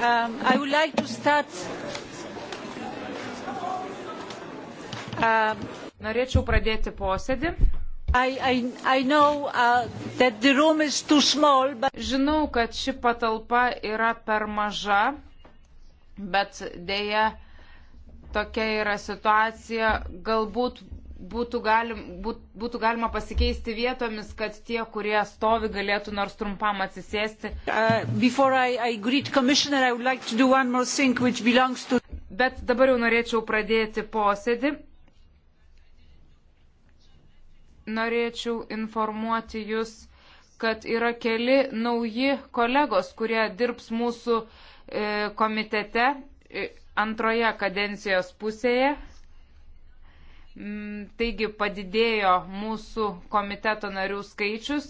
Um, I would like to start. Um, Norėčiau pradėti posėdį. I, I, I know, uh, small, but... Žinau, kad ši patalpa yra per maža, bet dėja tokia yra situacija. Galbūt būtų, galim, būt, būtų galima pasikeisti vietomis, kad tie, kurie stovi, galėtų nors trumpam atsisėsti. Uh, I, I greet, like thing, to... Bet dabar jau norėčiau pradėti posėdį. Norėčiau informuoti Jūs, kad yra keli nauji kolegos, kurie dirbs mūsų e, komitete e, antroje kadencijos pusėje. Mm, taigi padidėjo mūsų komiteto narių skaičius.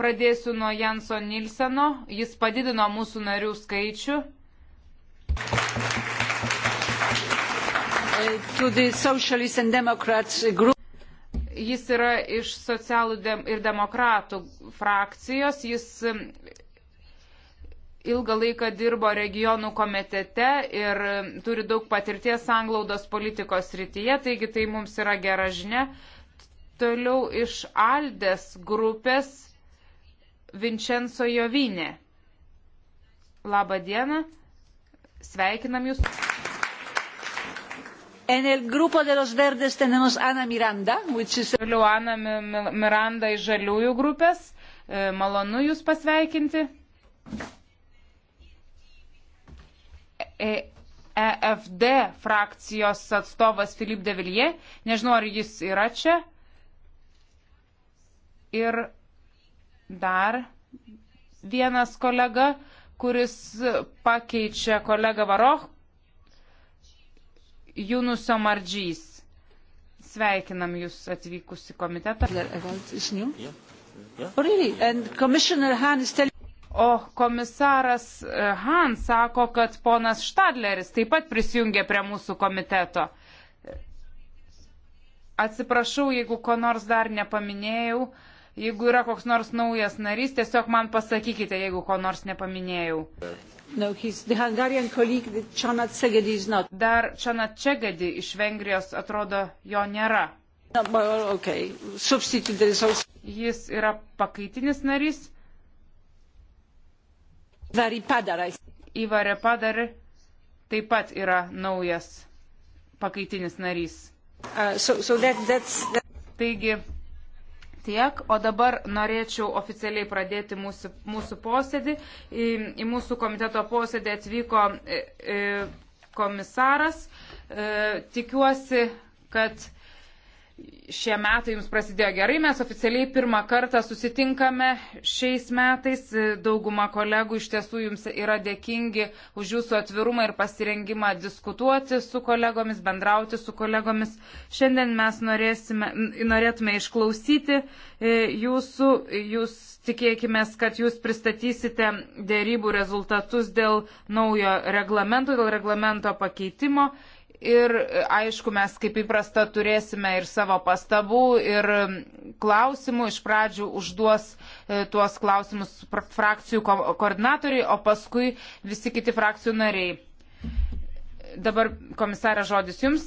Pradėsiu nuo Janso Nilseno. Jis padidino mūsų narių skaičių. Uh, Jis yra iš socialų ir demokratų frakcijos. Jis um, ilgą laiką dirbo regionų komitete ir turi daug patirties sanglaudos politikos rytyje, taigi tai mums yra gera žinia. Toliau iš Aldės grupės Vincenzo Jovinė. Labą dieną, sveikinam Jūs. En el grupo de los verdes tenemos Ana Miranda, which is... Toliau Ana Miranda iš Žaliųjų grupės. E, malonu Jūs pasveikinti. Thank you. EFD e frakcijos atstovas Filip Devilie. Nežinau, ar jis yra čia. Ir dar vienas kolega, kuris pakeičia kolegą Varoch, Junuso Mardžys. Sveikinam Jūs atvykus į komitetą. Yeah. Yeah. Oh, really? O komisaras e, Han sako, kad ponas Štadleris taip pat prisijungė prie mūsų komiteto. Atsiprašau, jeigu ko nors dar nepaminėjau. Jeigu yra koks nors naujas narys, tiesiog man pasakykite, jeigu ko nors nepaminėjau. No, Čanat not... Dar Čanat Čegedi iš Vengrijos atrodo jo nėra. No, okay. also... Jis yra pakaitinis narys. Ivarė Padarė taip pat yra naujas pakaitinis narys. Uh, so, so that, that's, that... Taigi tiek, o dabar norėčiau oficialiai pradėti mūsų, mūsų posėdį. Į, į mūsų komiteto posėdį atvyko e, e, komisaras. E, tikiuosi, kad šie metai jums prasidėjo gerai, mes oficialiai pirmą kartą susitinkame šiais metais. Dauguma kolegų iš tiesų jums yra dėkingi už jūsų atvirumą ir pasirengimą diskutuoti su kolegomis, bendrauti su kolegomis. Šiandien mes norėsime, norėtume išklausyti e, jūsų, jūs tikėkime, kad jūs pristatysite dėrybų rezultatus dėl naujo reglamento, dėl reglamento pakeitimo Ir e, aišku, mes kaip įprasta turėsime ir savo pastabų, ir klausimų. Iš pradžių užduos e, tuos klausimus frakcijų ko koordinatoriai, o paskui visi kiti frakcijų nariai. Dabar komisarė žodis jums.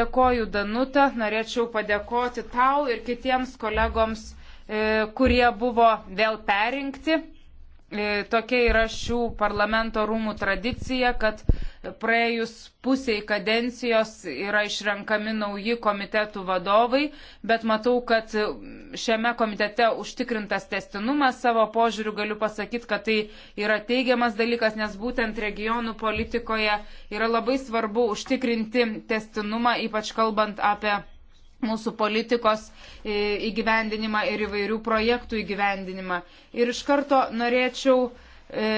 Dėkoju Danuta, norėčiau padėkoti tau ir kitiems kolegoms, e, kurie buvo vėl perinkti E, tokia yra šių parlamento rūmų tradicija, kad praėjus pusiai kadencijos yra išrenkami nauji komitetų vadovai, bet matau, kad šiame komitete užtikrintas testinumas savo požiūriu, galiu pasakyti, kad tai yra teigiamas dalykas, nes būtent regionų politikoje yra labai svarbu užtikrinti testinumą, ypač kalbant apie mūsų politikos e, įgyvendinimą ir įvairių projektų įgyvendinimą. Ir iš karto norėčiau e,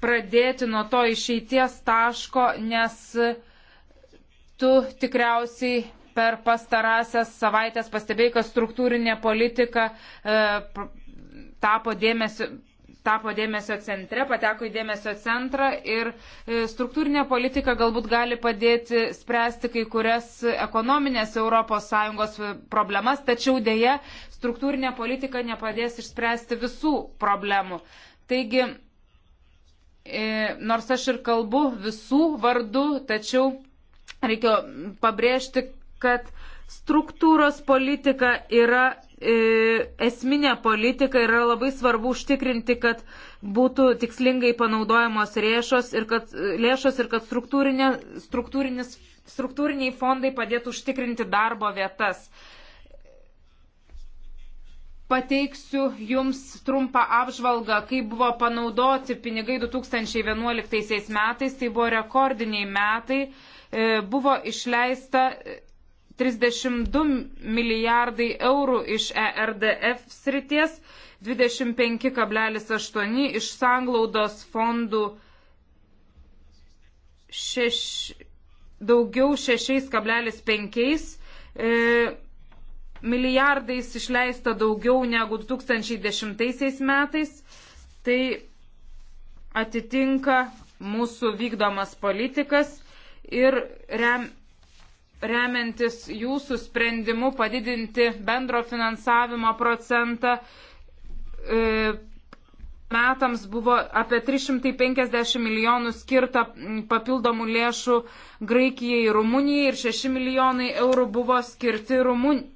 pradėti nuo to išeities taško, nes tu tikriausiai per pastarąsias savaitės pastebėjai, kad struktūrinė politika e, tapo dėmesio tapo dėmesio centre, pateko į dėmesio centrą ir e, struktūrinė politika galbūt gali padėti spręsti kai kurias ekonominės ES e, problemas, tačiau dėja struktūrinė politika nepadės išspręsti visų problemų. Taigi, e, nors aš ir kalbu visų vardų, tačiau reikia pabrėžti, kad struktūros politika yra E, esminė politika yra labai svarbu užtikrinti, kad būtų tikslingai panaudojamos e, lėšos ir kad, lėšos ir kad struktūriniai fondai padėtų užtikrinti darbo vietas. Pateiksiu Jums trumpą apžvalgą, kaip buvo panaudoti pinigai 2011 metais, tai buvo rekordiniai metai, e, buvo išleista 32 milijardai eurų iš ERDF srities, 25,8 iš sanglaudos fondų šeš, daugiau 6,5 e, milijardais išleista daugiau negu 2010 metais. Tai atitinka mūsų vykdomas politikas ir rem, remiantis jūsų sprendimu padidinti bendro finansavimo procentą, e, metams buvo apie 350 milijonų skirta papildomų lėšų Graikijai ir Rumunijai ir 6 milijonai eurų buvo skirti Rumunijai.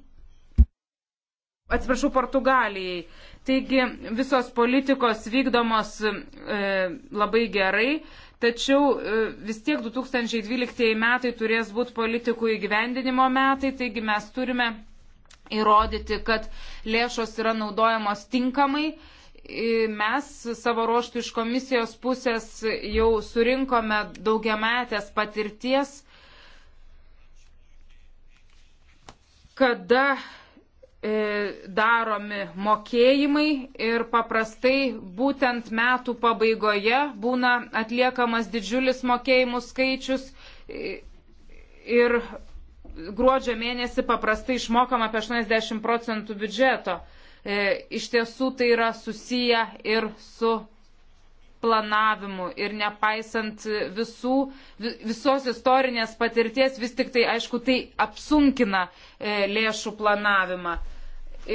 Atsiprašau, Portugalijai. Taigi visos politikos vykdomos e, labai gerai. Tačiau e, vis tiek 2012 metai turės būti politikų įgyvendinimo metai, taigi mes turime įrodyti, kad lėšos yra naudojamos tinkamai. E, mes savo ruoštų iš komisijos pusės jau surinkome daugiametės patirties, kada E, daromi mokėjimai ir paprastai būtent metų pabaigoje būna atliekamas didžiulis mokėjimų skaičius ir gruodžio mėnesį paprastai išmokama apie 80 procentų biudžeto. E, iš tiesų tai yra susiję ir su planavimu ir nepaisant visų, visos istorinės patirties, vis tik tai, aišku, tai apsunkina e, lėšų planavimą.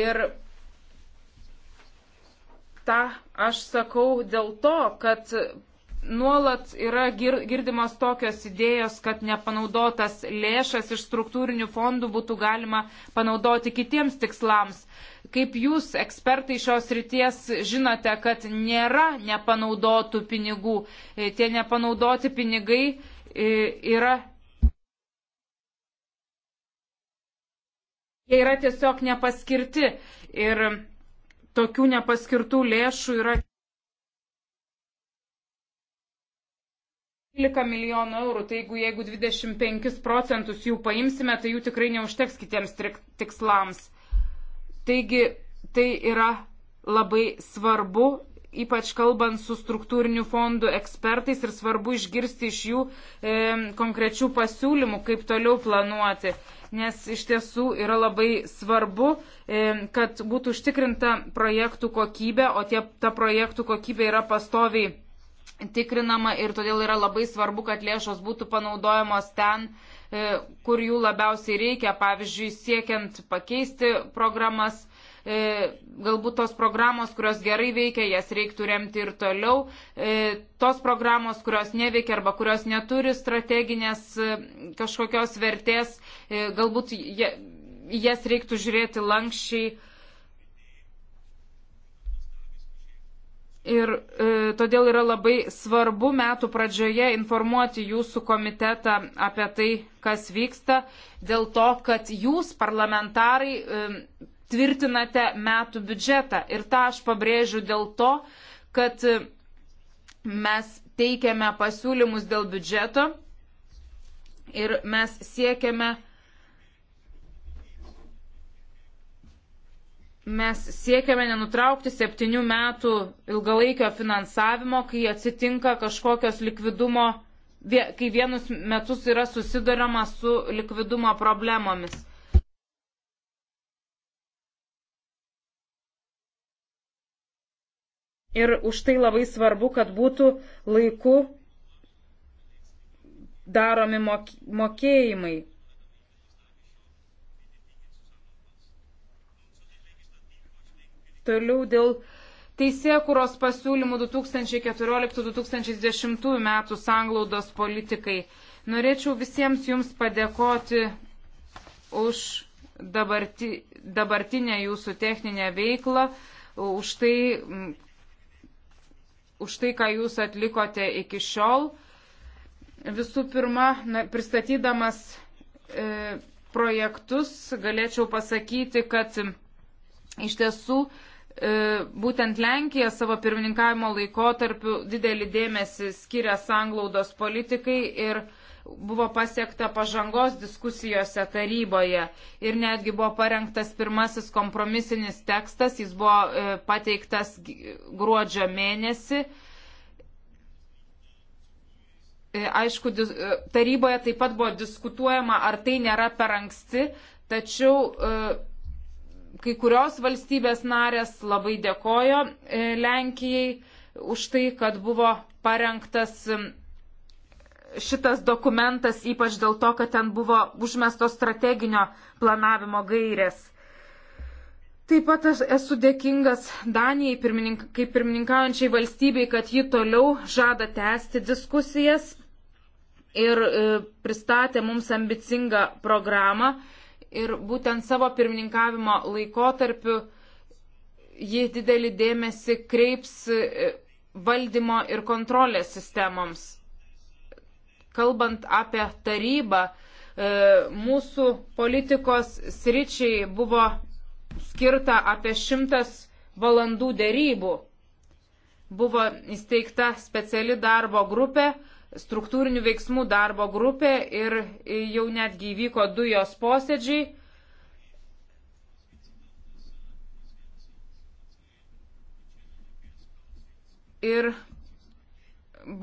Ir tą aš sakau dėl to, kad nuolat yra gir, girdimas tokios idėjos, kad nepanaudotas lėšas iš struktūrinių fondų būtų galima panaudoti kitiems tikslams. Kaip jūs, ekspertai šios ryties, žinote, kad nėra nepanaudotų pinigų, e, tie nepanaudoti pinigai e, yra. Jie yra tiesiog nepaskirti ir tokių nepaskirtų lėšų yra 12 milijonų eurų, tai jeigu, jeigu 25 procentus jų paimsime, tai jų tikrai neužteks kitiems tikslams. Taigi tai yra labai svarbu, ypač kalbant su struktūrinių fondų ekspertais ir svarbu išgirsti iš jų e, konkrečių pasiūlymų, kaip toliau planuoti. Nes iš tiesų yra labai svarbu, e, kad būtų užtikrinta projektų kokybė, o tie, ta projektų kokybė yra pastoviai tikrinama ir todėl yra labai svarbu, kad lėšos būtų panaudojamos ten, E, kur jų labiausiai reikia, pavyzdžiui, siekiant pakeisti programas. E, galbūt tos programos, kurios gerai veikia, jas reiktų remti ir toliau. E, tos programos, kurios neveikia arba kurios neturi strateginės kažkokios vertės, galbūt jas reiktų žiūrėti lankščiai Ir e, todėl yra labai svarbu metų pradžioje informuoti jūsų komitetą apie tai, kas vyksta, dėl to, kad jūs, parlamentarai, e, tvirtinate metų biudžetą. Ir tą aš pabrėžiu dėl to, kad e, mes teikiame pasiūlymus dėl biudžeto ir mes siekiame mes siekiame nenutraukti septynių metų ilgalaikio finansavimo, kai atsitinka kažkokios likvidumo, kai vienus metus yra susidurama su likvidumo problemomis. Ir už tai labai svarbu, kad būtų laiku daromi mokėjimai. Toliau dėl teisėkuros pasiūlymų 2014-2010 metų sanglaudos politikai. Norėčiau visiems jums padėkoti už dabarti, dabartinę jūsų techninę veiklą, už tai, už tai, ką jūs atlikote iki šiol. Visų pirma, na, pristatydamas e, projektus, galėčiau pasakyti, kad iš tiesų e, E, būtent Lenkija savo pirmininkavimo laikotarpiu didelį dėmesį skiria sanglaudos politikai ir buvo pasiekta pažangos diskusijose taryboje ir netgi buvo parengtas pirmasis kompromisinis tekstas, jis buvo e, pateiktas gruodžio mėnesį. E, aišku, taryboje taip pat buvo diskutuojama, ar tai nėra per anksti, tačiau kai kurios valstybės narės labai dėkojo e, Lenkijai už tai, kad buvo parengtas šitas dokumentas, ypač dėl to, kad ten buvo užmestos strateginio planavimo gairės. Taip pat aš esu dėkingas Danijai, pirmininka, kaip pirmininkaujančiai valstybei, kad ji toliau žada tęsti diskusijas ir e, pristatė mums ambicingą programą ir būtent savo pirmininkavimo laikotarpiu ji didelį dėmesį kreips e, valdymo ir kontrolės sistemoms. Kalbant apie tarybą, e, mūsų politikos sričiai buvo skirta apie šimtas valandų dėrybų. Buvo įsteigta speciali darbo grupė, struktūrinių veiksmų darbo grupė ir jau netgi įvyko du jos posėdžiai. Ir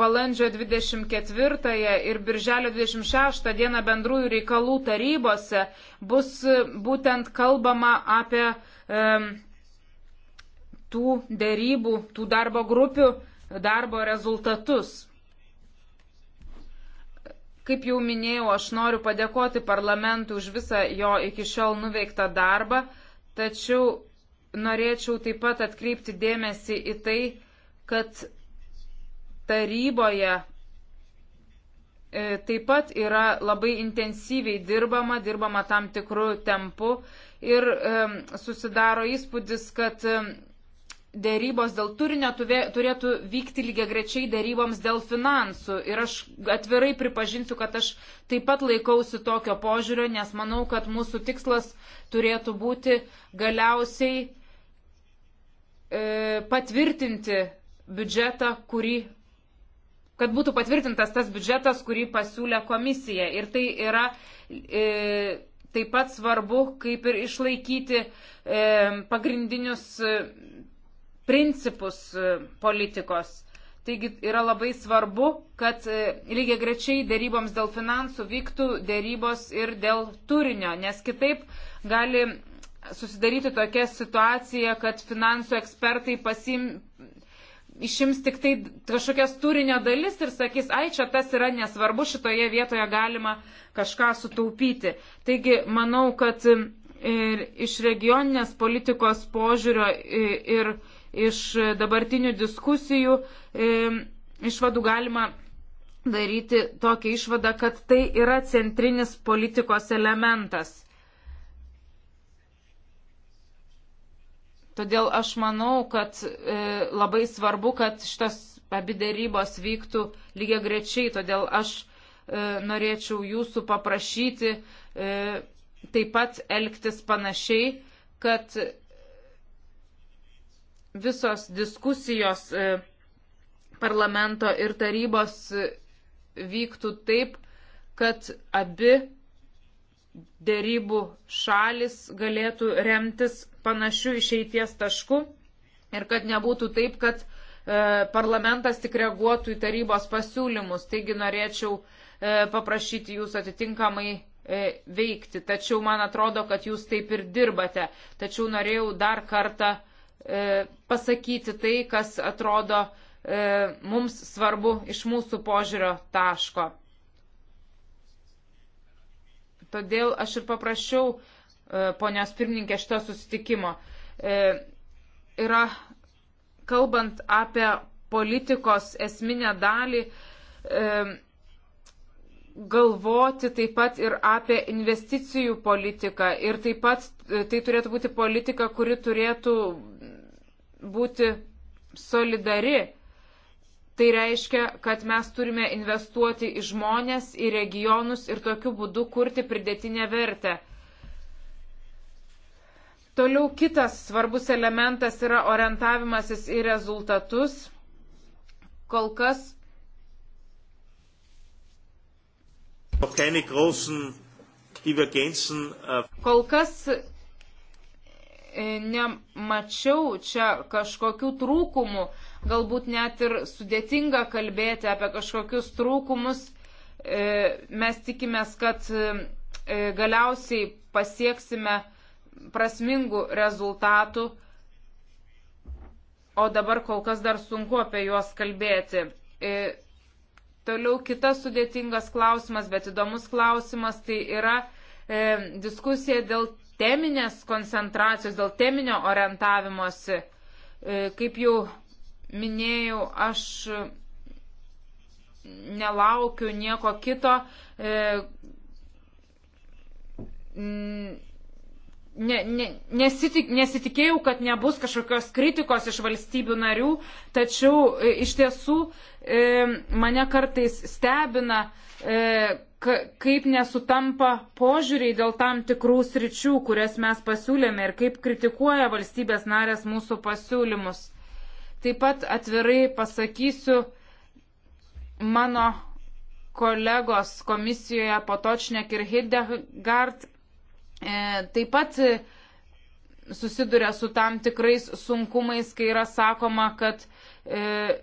balandžio 24 ir birželio 26 dieną bendrųjų reikalų tarybose bus e, būtent kalbama apie e, tų dėrybų, tų darbo grupių darbo rezultatus. Kaip jau minėjau, aš noriu padėkoti parlamentui už visą jo iki šiol nuveiktą darbą, tačiau norėčiau taip pat atkreipti dėmesį į tai, kad taryboje e, taip pat yra labai intensyviai dirbama, dirbama tam tikrų tempų ir e, susidaro įspūdis, kad e, dėrybos dėl turinio turėtų vykti lygiai grečiai dėryboms dėl finansų. Ir aš atvirai pripažinsiu, kad aš taip pat laikausi tokio požiūrio, nes manau, kad mūsų tikslas turėtų būti galiausiai e, patvirtinti biudžetą, kurį kad būtų patvirtintas tas biudžetas, kurį pasiūlė komisija. Ir tai yra e, taip pat svarbu, kaip ir išlaikyti e, pagrindinius principus e, politikos. Taigi yra labai svarbu, kad e, lygiai grečiai dėryboms dėl finansų vyktų dėrybos ir dėl turinio, nes kitaip gali susidaryti tokia situacija, kad finansų ekspertai pasim, išims tik tai kažkokias turinio dalis ir sakys, ai čia tas yra nesvarbu, šitoje vietoje galima kažką sutaupyti. Taigi manau, kad e, ir iš regioninės politikos požiūrio ir, ir iš dabartinių diskusijų e, išvadų galima daryti tokią išvadą, kad tai yra centrinis politikos elementas. Todėl aš manau, kad e, labai svarbu, kad šitas abi dėrybos vyktų lygiai grečiai. Todėl aš e, norėčiau jūsų paprašyti e, taip pat elgtis panašiai, kad visos diskusijos e, parlamento ir tarybos e, vyktų taip, kad abi dėrybų šalis galėtų remtis panašių išeities taškų ir kad nebūtų taip, kad e, parlamentas tik reaguotų į tarybos pasiūlymus. Taigi norėčiau e, paprašyti jūs atitinkamai e, veikti. Tačiau man atrodo, kad jūs taip ir dirbate. Tačiau norėjau dar kartą e, E, pasakyti tai, kas atrodo e, mums svarbu iš mūsų požiūrio taško. Todėl aš ir paprašiau e, ponios pirmininkė šito susitikimo. Yra, kalbant apie politikos esminę dalį, galvoti taip pat ir apie investicijų politiką. Ir taip pat tai turėtų būti politika, kuri turėtų būti solidari. Tai reiškia, kad mes turime investuoti į žmonės, į regionus ir tokiu būdu kurti pridėtinę vertę. Toliau kitas svarbus elementas yra orientavimasis į rezultatus. Kol kas. Äh, kol kas E, nemačiau čia kažkokių trūkumų, galbūt net ir sudėtinga kalbėti apie kažkokius trūkumus. E, mes tikimės, kad e, galiausiai pasieksime prasmingų rezultatų, o dabar kol kas dar sunku apie juos kalbėti. Toliau kitas sudėtingas klausimas, bet įdomus klausimas, tai yra diskusija dėl teminės koncentracijos, dėl teminio orientavimosi. E, kaip jau minėjau, aš nelaukiu nieko kito. E, ne, ne, nesitik, nesitikėjau, kad nebus kažkokios kritikos iš valstybių narių, tačiau e, iš tiesų e, mane kartais stebina, e, ka, kaip nesutampa požiūriai dėl tam tikrų sričių, kurias mes pasiūlėme ir kaip kritikuoja valstybės narės mūsų pasiūlymus. Taip pat atvirai pasakysiu, mano kolegos komisijoje Potočnek ir Hildegard E, taip pat e, susiduria su tam tikrais sunkumais, kai yra sakoma, kad e,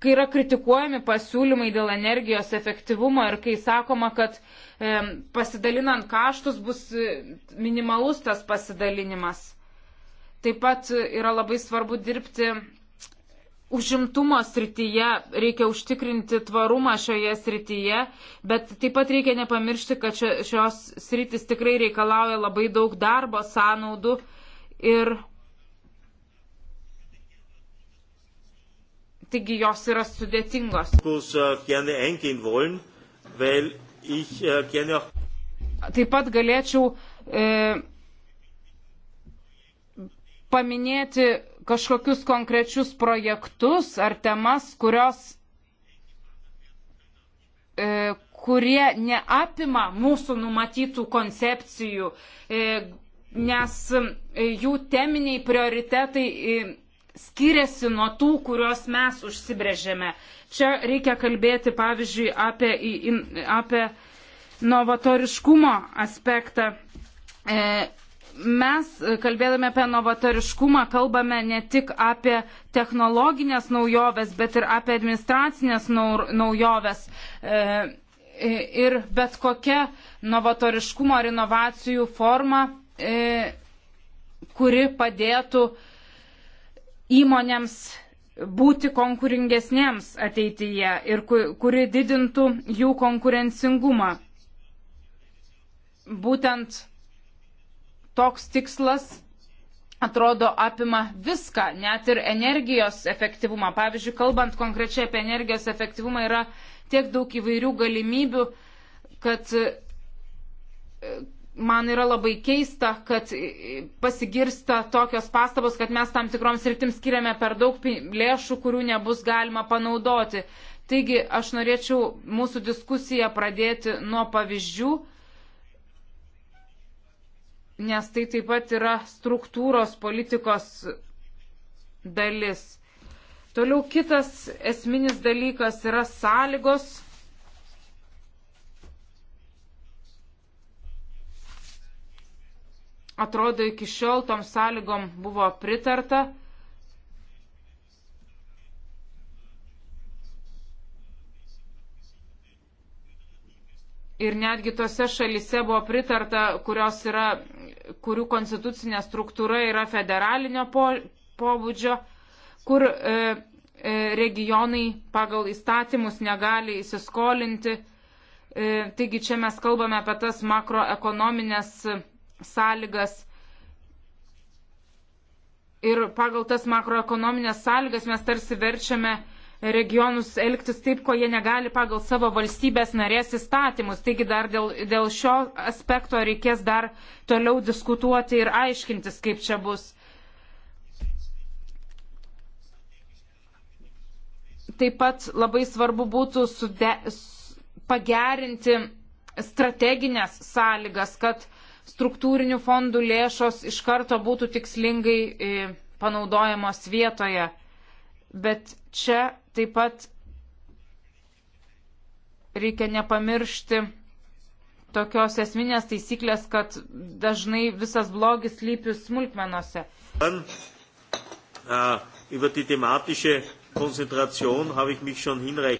kai yra kritikuojami pasiūlymai dėl energijos efektyvumo ir kai sakoma, kad e, pasidalinant kaštus bus minimalus tas pasidalinimas. Taip pat yra labai svarbu dirbti užimtumo srityje, reikia užtikrinti tvarumą šioje srityje, bet taip pat reikia nepamiršti, kad šios sritis tikrai reikalauja labai daug darbo, sąnaudų ir taigi jos yra sudėtingos. Äh, äh, taip pat galėčiau e, paminėti kažkokius konkrečius projektus ar temas, kurios, e, kurie neapima mūsų numatytų koncepcijų, e, nes e, jų teminiai prioritetai e, skiriasi nuo tų, kuriuos mes užsibrėžėme. Čia reikia kalbėti, pavyzdžiui, apie, in, apie novatoriškumo aspektą. E, mes, e, kalbėdami apie novatoriškumą, kalbame ne tik apie technologinės naujoves, bet ir apie administracinės naujoves. E, ir bet kokia novatoriškumo ar inovacijų forma, e, kuri padėtų įmonėms būti konkuringesniems ateityje ir kuri didintų jų konkurencingumą. Būtent toks tikslas atrodo apima viską, net ir energijos efektyvumą. Pavyzdžiui, kalbant konkrečiai apie energijos efektyvumą, yra tiek daug įvairių galimybių, kad e, man yra labai keista, kad pasigirsta tokios pastabos, kad mes tam tikroms rytims skiriame per daug lėšų, kurių nebus galima panaudoti. Taigi aš norėčiau mūsų diskusiją pradėti nuo pavyzdžių, nes tai taip pat yra struktūros politikos dalis. Toliau kitas esminis dalykas yra sąlygos. Atrodo, iki šiol tom sąlygom buvo pritarta. Ir netgi tose šalise buvo pritarta, kurios yra kurių konstitucinė struktūra yra federalinio po, pobūdžio, kur e, e, regionai pagal įstatymus negali įsiskolinti. E, taigi čia mes kalbame apie tas makroekonominės sąlygas. Ir pagal tas makroekonominės sąlygas mes tarsi verčiame regionus elgtis taip, ko jie negali pagal savo valstybės narės įstatymus. Taigi dar dėl, dėl šio aspekto reikės dar toliau diskutuoti ir aiškintis, kaip čia bus. Taip pat labai svarbu būtų sude, pagerinti strateginės sąlygas, kad struktūrinių fondų lėšos iš karto būtų tikslingai e, panaudojamos vietoje. Bet čia Taip pat reikia nepamiršti tokios esminės taisyklės, kad dažnai visas blogis lypi smulkmenose. Äh,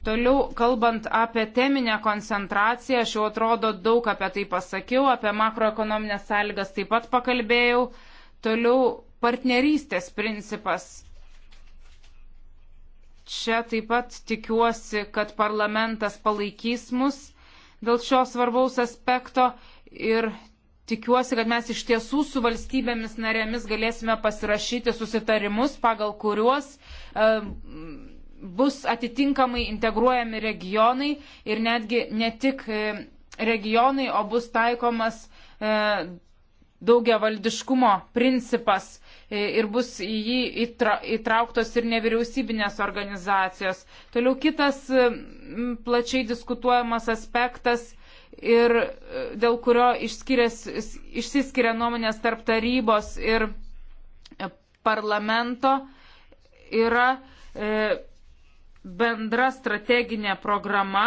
Toliau kalbant apie teminę koncentraciją, aš jau atrodo daug apie tai pasakiau, apie makroekonominės sąlygas taip pat pakalbėjau. Toliau partnerystės principas Čia taip pat tikiuosi, kad parlamentas palaikys mus dėl šio svarbaus aspekto ir tikiuosi, kad mes iš tiesų su valstybėmis narėmis galėsime pasirašyti susitarimus, pagal kuriuos e, bus atitinkamai integruojami regionai ir netgi ne tik e, regionai, o bus taikomas e, daugia valdiškumo principas E, ir bus į jį įtra, įtrauktos ir nevyriausybinės organizacijos. Toliau kitas plačiai diskutuojamas aspektas ir e, dėl kurio išsiskiria nuomonės tarp tarybos ir e, parlamento yra bendra strateginė programa.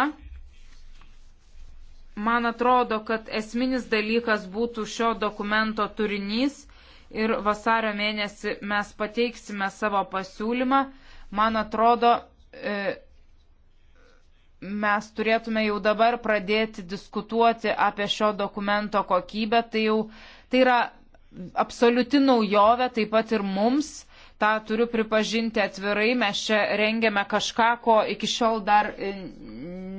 Man atrodo, kad esminis dalykas būtų šio dokumento turinys ir vasario mėnesį mes pateiksime savo pasiūlymą. Man atrodo, e, mes turėtume jau dabar pradėti diskutuoti apie šio dokumento kokybę. Tai jau tai yra absoliuti naujovė taip pat ir mums. Ta turiu pripažinti atvirai, mes čia rengiame kažką, ko iki šiol dar e,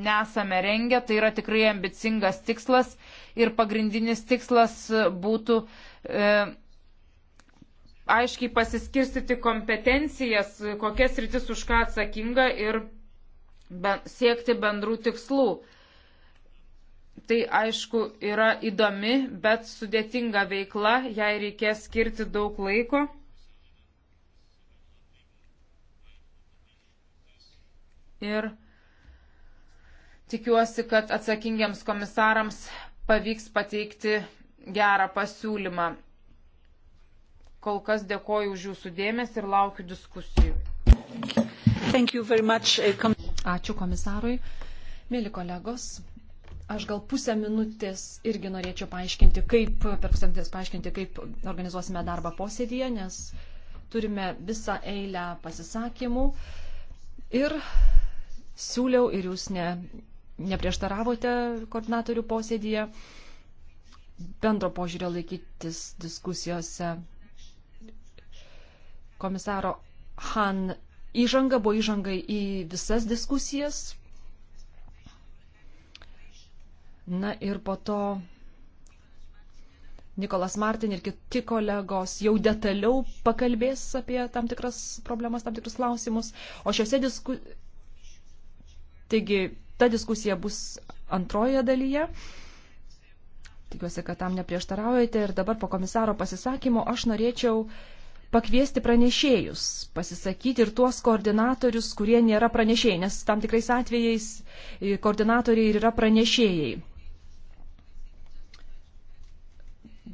nesame rengę. Tai yra tikrai ambicingas tikslas ir pagrindinis tikslas būtų. E, aiškiai pasiskirstyti kompetencijas, kokias rytis už ką atsakinga ir ben, siekti bendrų tikslų. Tai aišku yra įdomi, bet sudėtinga veikla, jai reikės skirti daug laiko. Ir tikiuosi, kad atsakingiams komisarams pavyks pateikti gerą pasiūlymą. Kol kas dėkoju už jūsų dėmesį ir laukiu diskusijų. Much, kom... Eh, Ačiū komisarui. Mėly kolegos, aš gal pusę minutės irgi norėčiau paaiškinti, kaip, per pusę minutės paaiškinti, kaip organizuosime darbą posėdėje, nes turime visą eilę pasisakymų. Ir siūliau ir jūs ne, neprieštaravote koordinatorių posėdėje bendro požiūrio laikytis diskusijose komisaro Han įžanga buvo įžanga į visas diskusijas. Na ir po to Nikolas Martin ir kiti kolegos jau detaliau pakalbės apie tam tikras problemas, tam tikrus klausimus. O šiuose disku... Taigi, ta diskusija bus antroje dalyje. Tikiuosi, kad tam neprieštaraujate. Ir dabar po komisaro pasisakymo aš norėčiau uh, pakviesti pranešėjus, pasisakyti ir tuos koordinatorius, kurie nėra pranešėjai, nes tam tikrais atvejais e, koordinatoriai ir yra pranešėjai.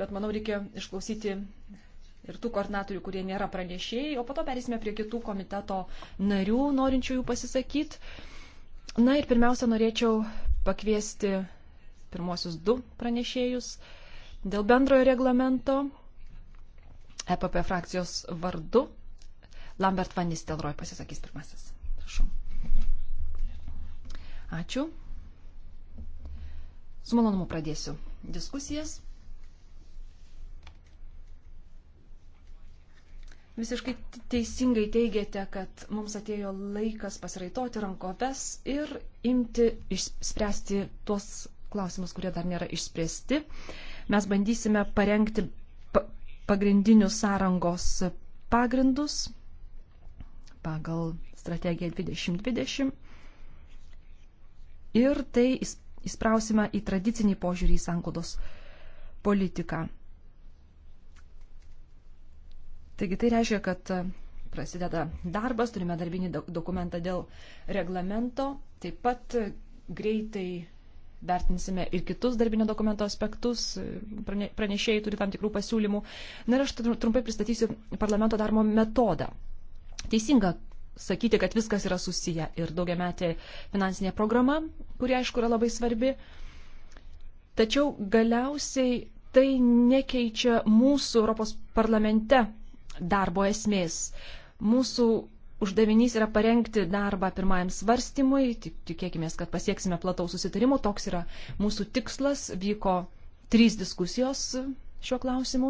Bet manau, reikia išklausyti ir tų koordinatorių, kurie nėra pranešėjai, o po to perėsime prie kitų komiteto narių, norinčių jų pasisakyti. Na ir pirmiausia, norėčiau pakviesti pirmosius du pranešėjus dėl bendrojo reglamento EPP frakcijos vardu. Lambert Van Nistelrooy pasisakys pirmasis. Prašau. Ačiū. Su malonumu pradėsiu diskusijas. Visiškai teisingai teigiate, kad mums atėjo laikas pasiraitoti rankoves ir imti išspręsti tuos klausimus, kurie dar nėra išspręsti. Mes bandysime parengti pagrindinius sąrangos pagrindus pagal strategiją 2020 ir tai įsprausime į tradicinį požiūrį į sankodos politiką. Taigi tai reiškia, kad prasideda darbas, turime darbinį dokumentą dėl reglamento, taip pat greitai vertinsime ir kitus darbinio dokumento aspektus, pranešėjai turi tam tikrų pasiūlymų. Na ir aš trumpai pristatysiu parlamento darbo metodą. Teisinga sakyti, kad viskas yra susiję ir daugiametė finansinė programa, kuri aišku yra labai svarbi. Tačiau galiausiai tai nekeičia mūsų Europos parlamente darbo esmės. Mūsų uždavinys yra parengti darbą pirmajam svarstymui, tik, tikėkime, kad pasieksime plataus susitarimo, toks yra mūsų tikslas, vyko trys diskusijos šiuo klausimu.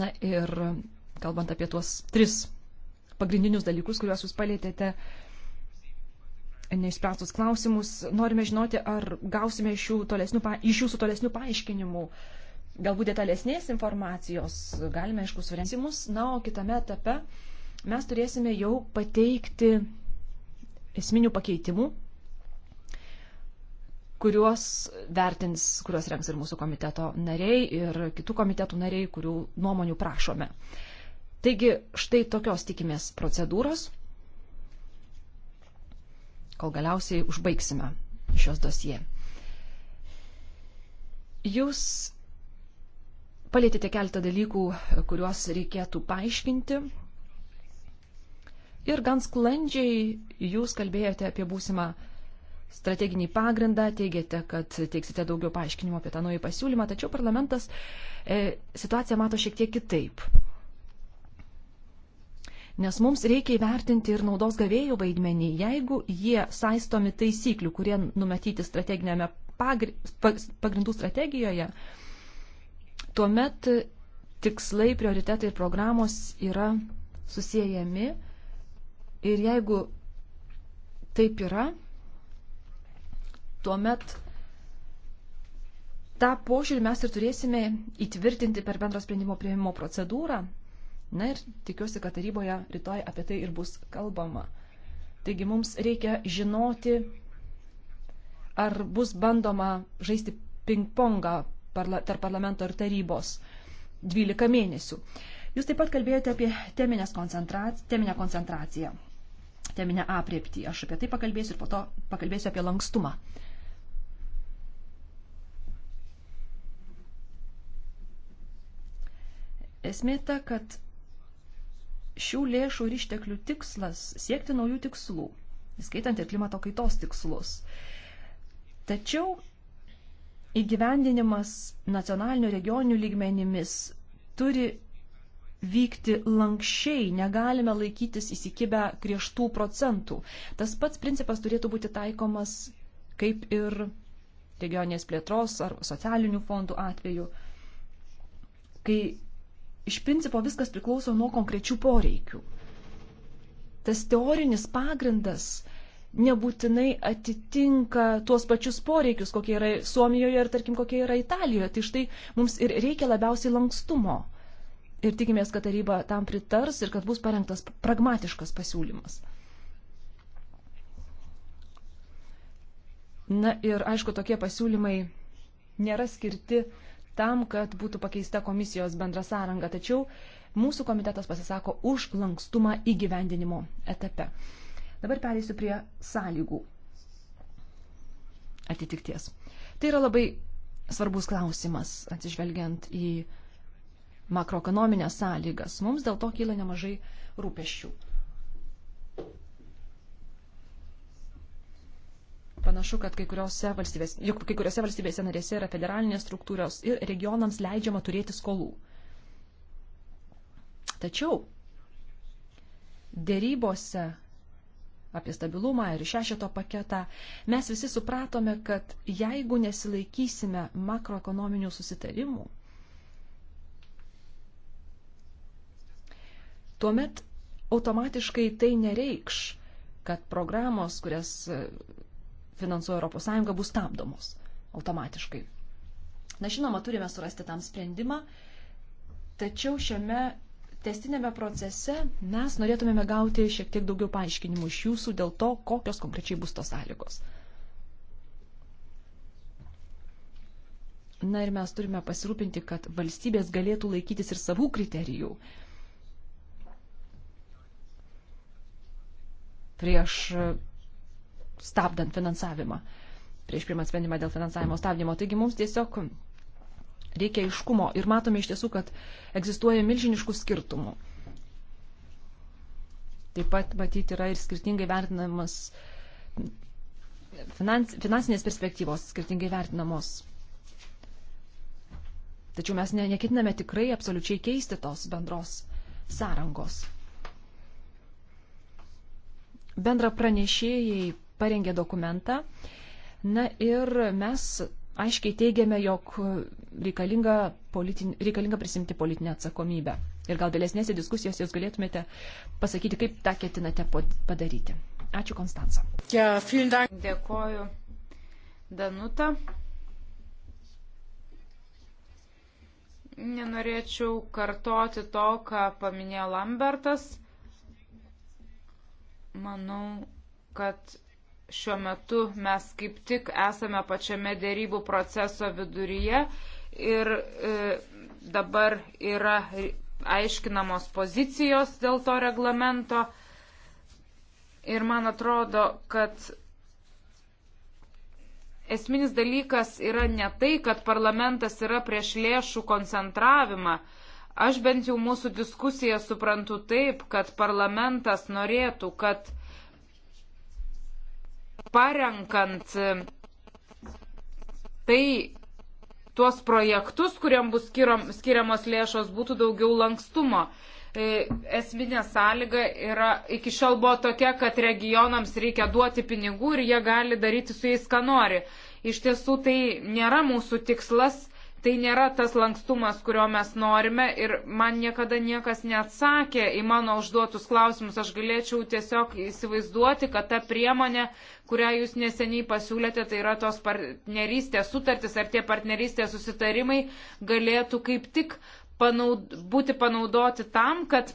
Na ir kalbant apie tuos tris pagrindinius dalykus, kuriuos jūs palėtėte, neišspręstus klausimus, norime žinoti, ar gausime iš, jų tolesnių, iš jūsų tolesnių paaiškinimų, galbūt detalesnės informacijos, galime aišku surensimus, na, o kitame etape uh, mes turėsime jau pateikti esminių pakeitimų, kuriuos vertins, kuriuos renks ir mūsų komiteto nariai ir kitų komitetų nariai, kurių nuomonių prašome. Taigi štai tokios tikimės procedūros, kol galiausiai užbaigsime šios dosie. Jūs palėtėte keletą dalykų, kuriuos reikėtų paaiškinti ir gan sklandžiai jūs kalbėjote apie būsimą strateginį pagrindą, teigiate, kad teiksite daugiau paaiškinimų apie tą naują pasiūlymą, tačiau parlamentas e, situaciją mato šiek tiek kitaip. Nes mums reikia įvertinti ir naudos gavėjų vaidmenį, jeigu jie saistomi taisyklių, kurie numatyti strateginėme pagri, pagrindų strategijoje, tuomet tikslai, prioritetai ir programos yra susijęjami Ir jeigu taip yra, tuomet tą požiūrį mes ir turėsime įtvirtinti per bendro sprendimo prieimimo procedūrą. Na ir tikiuosi, kad taryboje rytoj apie tai ir bus kalbama. Taigi mums reikia žinoti, ar bus bandoma žaisti ping-pongą tarp parlamento ir tarybos 12 mėnesių. Jūs taip pat kalbėjote apie teminę koncentraciją teminę apriepti. Aš apie tai pakalbėsiu ir po to pakalbėsiu apie lankstumą. Esmė ta, kad šių lėšų ir išteklių tikslas - siekti naujų tikslų, įskaitant ir klimato kaitos tikslus. Tačiau įgyvendinimas nacionalinių regioninių lygmenimis turi vykti lankščiai, negalime laikytis įsikibę griežtų procentų. Tas pats principas turėtų būti taikomas kaip ir regioninės plėtros ar socialinių fondų atveju, kai iš principo viskas priklauso nuo konkrečių poreikių. Tas teorinis pagrindas nebūtinai atitinka tuos pačius poreikius, kokie yra Suomijoje ir, tarkim, kokie yra Italijoje. Tai štai mums ir reikia labiausiai lankstumo ir tikimės, kad taryba tam pritars ir kad bus parengtas pragmatiškas pasiūlymas. Na ir aišku, tokie pasiūlymai nėra skirti tam, kad būtų pakeista komisijos bendra sąranga, tačiau mūsų komitetas pasisako už lankstumą įgyvendinimo etape. Dabar pereisiu prie sąlygų atitikties. Tai yra labai svarbus klausimas, atsižvelgiant į makroekonominės sąlygas. Mums dėl to kyla nemažai rūpeščių. Panašu, kad kai kuriuose valstybėse, juk kai kuriuose valstybėse narėse yra federalinės struktūros ir regionams leidžiama turėti skolų. Tačiau dėrybose apie stabilumą ir šešeto paketą, mes visi supratome, kad jeigu nesilaikysime makroekonominių susitarimų, tuomet automatiškai tai nereikš, kad programos, kurias e, finansuoja ES, bus stabdomos automatiškai. Na žinoma, turime surasti tam sprendimą, tačiau šiame testinėme procese mes norėtumėme gauti šiek tiek daugiau paaiškinimų iš jūsų dėl to, kokios konkrečiai bus tos sąlygos. Na ir mes turime pasirūpinti, kad valstybės galėtų laikytis ir savų kriterijų, uh, prieš stabdant finansavimą, prieš primant sprendimą dėl finansavimo stabdymo. Taigi mums tiesiog reikia iškumo ir matome iš tiesų, kad egzistuoja milžiniškų skirtumų. Taip pat matyti yra ir skirtingai vertinamas finans, finansinės perspektyvos, skirtingai vertinamos. Tačiau mes ne, neketiname tikrai absoliučiai keisti tos bendros sąrangos bendra pranešėjai parengė dokumentą. Na ir mes aiškiai teigiame, jog reikalinga, politin, reikalinga prisimti politinę atsakomybę. Ir gal vėlesnėse diskusijose jūs galėtumėte pasakyti, kaip tą ketinate padaryti. Ačiū, Konstanca. Ja, Dėkoju, Danuta. Nenorėčiau kartoti to, ką paminėjo Lambertas Manau, kad šiuo metu mes kaip tik esame pačiame dėrybų proceso viduryje ir e, dabar yra aiškinamos pozicijos dėl to reglamento. Ir man atrodo, kad esminis dalykas yra ne tai, kad parlamentas yra prieš lėšų koncentravimą, Aš bent jau mūsų diskusiją suprantu taip, kad parlamentas norėtų, kad parenkant tai tuos projektus, kuriam bus skiriamos lėšos, būtų daugiau lankstumo e, esminė sąlyga yra iki šiol buvo tokia, kad regionams reikia duoti pinigų ir jie gali daryti su jais, ką nori. Iš tiesų tai nėra mūsų tikslas, tai nėra tas lankstumas, kurio mes norime ir man niekada niekas neatsakė į mano užduotus klausimus. Aš galėčiau tiesiog įsivaizduoti, kad ta priemonė, kurią jūs neseniai pasiūlėte, tai yra tos partnerystės sutartis ar tie partnerystės susitarimai galėtų kaip tik panaud būti panaudoti tam, kad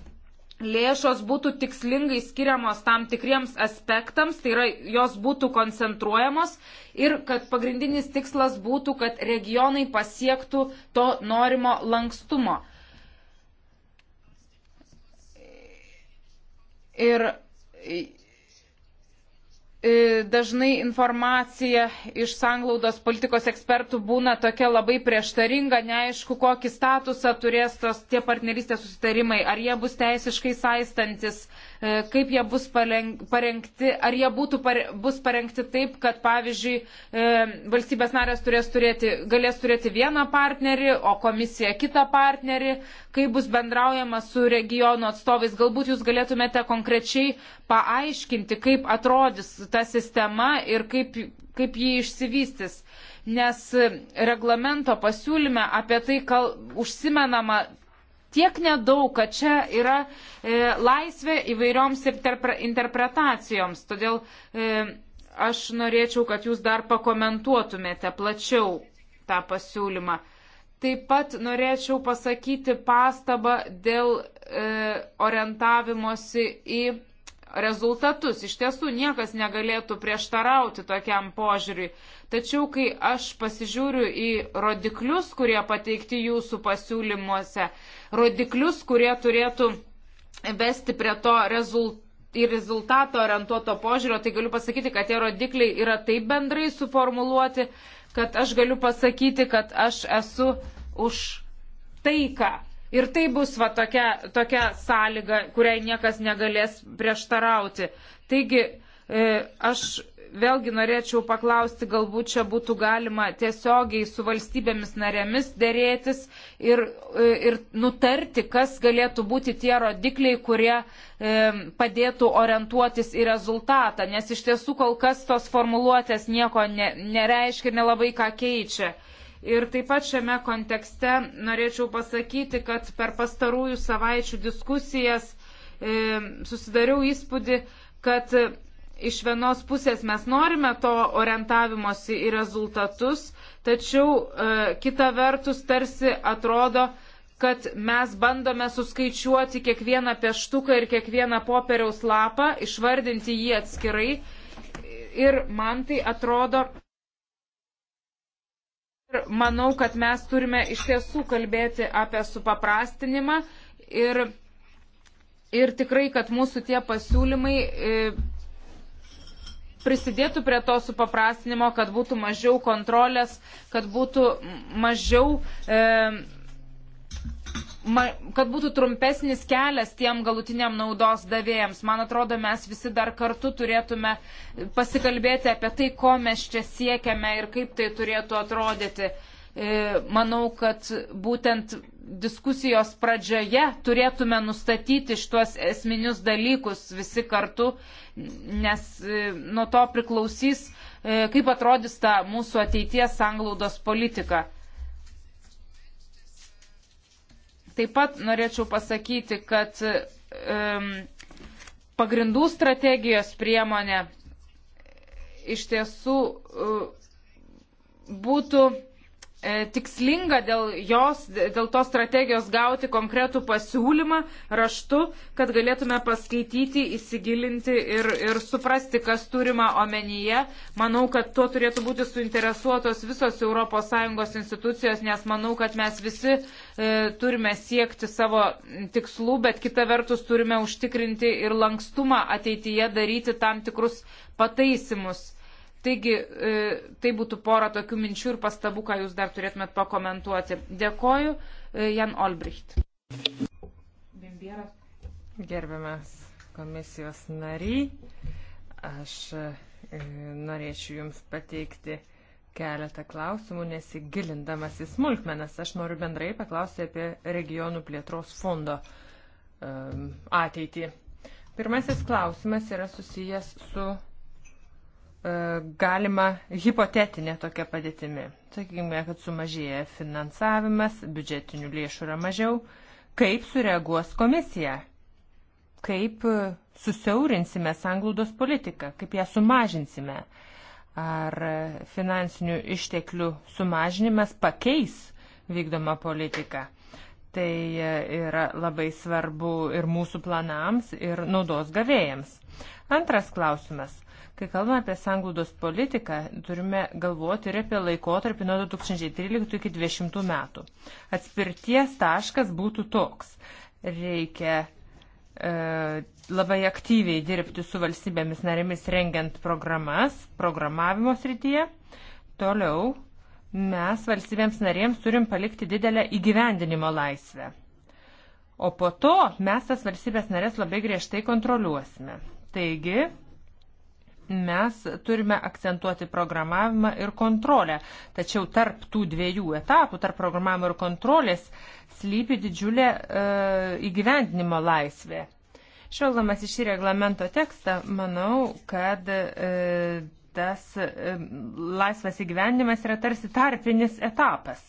lėšos būtų tikslingai skiriamos tam tikriems aspektams, tai yra jos būtų koncentruojamos ir kad pagrindinis tikslas būtų, kad regionai pasiektų to norimo lankstumo. Ir E, dažnai informacija iš sanglaudos politikos ekspertų būna tokia labai prieštaringa, neaišku, kokį statusą turės tos tie partnerystės susitarimai, ar jie bus teisiškai saistantis, E, kaip jie bus parengti, ar jie būtų, pare, bus parengti taip, kad pavyzdžiui e, valstybės narės turės turėti, galės turėti vieną partnerį, o komisija kitą partnerį, kaip bus bendraujama su regionų atstovais. Galbūt jūs galėtumėte konkrečiai paaiškinti, kaip atrodys ta sistema ir kaip, kaip ji išsivystys. Nes e, reglamento pasiūlyme apie tai kal, užsimenama tiek nedaug, kad čia yra e, laisvė įvairioms interpre, interpretacijoms. Todėl e, aš norėčiau, kad jūs dar pakomentuotumėte plačiau tą pasiūlymą. Taip pat norėčiau pasakyti pastabą dėl e, orientavimosi į rezultatus. Iš tiesų niekas negalėtų prieštarauti tokiam požiūriui. Tačiau, kai aš pasižiūriu į rodiklius, kurie pateikti jūsų pasiūlymuose, rodiklius, kurie turėtų vesti prie to rezultato. Į rezultatą orientuoto požiūrio, tai galiu pasakyti, kad tie rodikliai yra taip bendrai suformuluoti, kad aš galiu pasakyti, kad aš esu už taiką. Ir tai bus va tokia, tokia sąlyga, kuriai niekas negalės prieštarauti. Taigi, e, aš vėlgi norėčiau paklausti, galbūt čia būtų galima tiesiogiai su valstybėmis narėmis dėrėtis ir, ir nutarti, kas galėtų būti tie rodikliai, kurie e, padėtų orientuotis į rezultatą, nes iš tiesų kol kas tos formuluotės nieko ne, nereiškia ir nelabai ką keičia. Ir taip pat šiame kontekste norėčiau pasakyti, kad per pastarųjų savaičių diskusijas e, susidariau įspūdį, kad iš vienos pusės mes norime to orientavimosi į rezultatus, tačiau e, kita vertus tarsi atrodo, kad mes bandome suskaičiuoti kiekvieną peštuką ir kiekvieną popieriaus lapą, išvardinti jį atskirai. Ir man tai atrodo. Ir manau, kad mes turime iš tiesų kalbėti apie supaprastinimą ir, ir tikrai, kad mūsų tie pasiūlymai e, prisidėtų prie to supaprastinimo, kad būtų mažiau kontrolės, kad būtų mažiau. E, ma, kad būtų trumpesnis kelias tiem galutiniam naudos davėjams. Man atrodo, mes visi dar kartu turėtume pasikalbėti apie tai, ko mes čia siekiame ir kaip tai turėtų atrodyti. E, manau, kad būtent diskusijos pradžioje turėtume nustatyti šitos esminius dalykus visi kartu, nes e, nuo to priklausys, e, kaip atrodys ta mūsų ateities sanglaudos politika. Taip pat norėčiau pasakyti, kad um, pagrindų strategijos priemonė iš tiesų uh, būtų E, tikslinga dėl jos, dėl tos strategijos gauti konkretų pasiūlymą raštu, kad galėtume paskaityti, įsigilinti ir, ir suprasti, kas turima omenyje. Manau, kad tuo turėtų būti suinteresuotos visos ES institucijos, nes manau, kad mes visi e, turime siekti savo tikslų, bet kita vertus turime užtikrinti ir lankstumą ateityje daryti tam tikrus pataisimus Taigi, e, tai būtų pora tokių minčių ir pastabų, ką jūs dar turėtumėt pakomentuoti. Dėkoju, e, Jan Olbricht. Gerbiamas komisijos nariai, aš e, norėčiau Jums pateikti keletą klausimų, nesigilindamas į smulkmenas. Aš noriu bendrai paklausti apie regionų plėtros fondo ateitį. Pirmasis klausimas yra susijęs su E, galima hipotetinė tokia padėtimi. Sakykime, kad sumažėja finansavimas, biudžetinių lėšų yra mažiau. Kaip sureaguos komisija? Kaip e, susiaurinsime sanglaudos politiką? Kaip ją sumažinsime? Ar finansinių išteklių sumažinimas pakeis vykdomą politiką? Tai yra labai svarbu ir mūsų planams, ir naudos gavėjams. Antras klausimas. Kai kalbame apie sanglaudos politiką, turime galvoti ir apie laikotarpį nuo 2013 iki 2020 metų. Atspirties taškas būtų toks. Reikia e, labai aktyviai dirbti su valstybėmis narėmis rengiant programas, programavimo srityje. Toliau mes valstybėms narėms turim palikti didelę įgyvendinimo laisvę. O po to mes tas valstybės narės labai griežtai kontroliuosime. Taigi, mes turime akcentuoti programavimą ir kontrolę. Tačiau tarp tų dviejų etapų, tarp programavimo ir kontrolės, slypi didžiulė e, įgyvendinimo laisvė. Švelgdamas į šį reglamento tekstą, manau, kad e, tas laisvas įgyvendimas yra tarsi tarpinis etapas,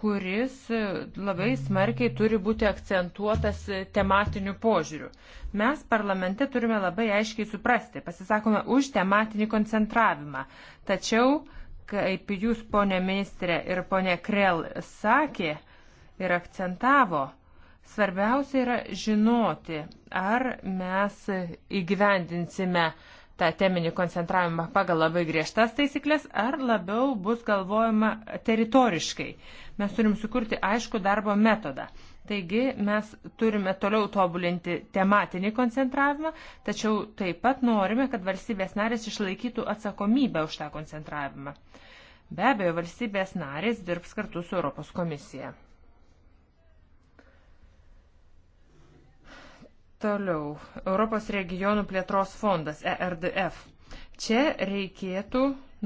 kuris e, labai smarkiai turi būti akcentuotas e, tematiniu požiūriu. Mes parlamente turime labai aiškiai suprasti, pasisakome už tematinį koncentravimą, tačiau, kaip jūs, ponė ministrė ir ponė Krell, sakė ir akcentavo, Svarbiausia yra žinoti, ar mes įgyvendinsime uh, tą teminį koncentravimą pagal labai griežtas taisyklės, ar labiau bus galvojama teritoriškai. Mes turim sukurti aišku darbo metodą. Taigi mes turime toliau tobulinti tematinį koncentravimą, tačiau taip pat norime, kad valstybės narės išlaikytų atsakomybę už tą koncentravimą. Be abejo, valstybės narės dirbs kartu su Europos komisija. Toliau. Europos regionų plėtros fondas ERDF. Čia reikėtų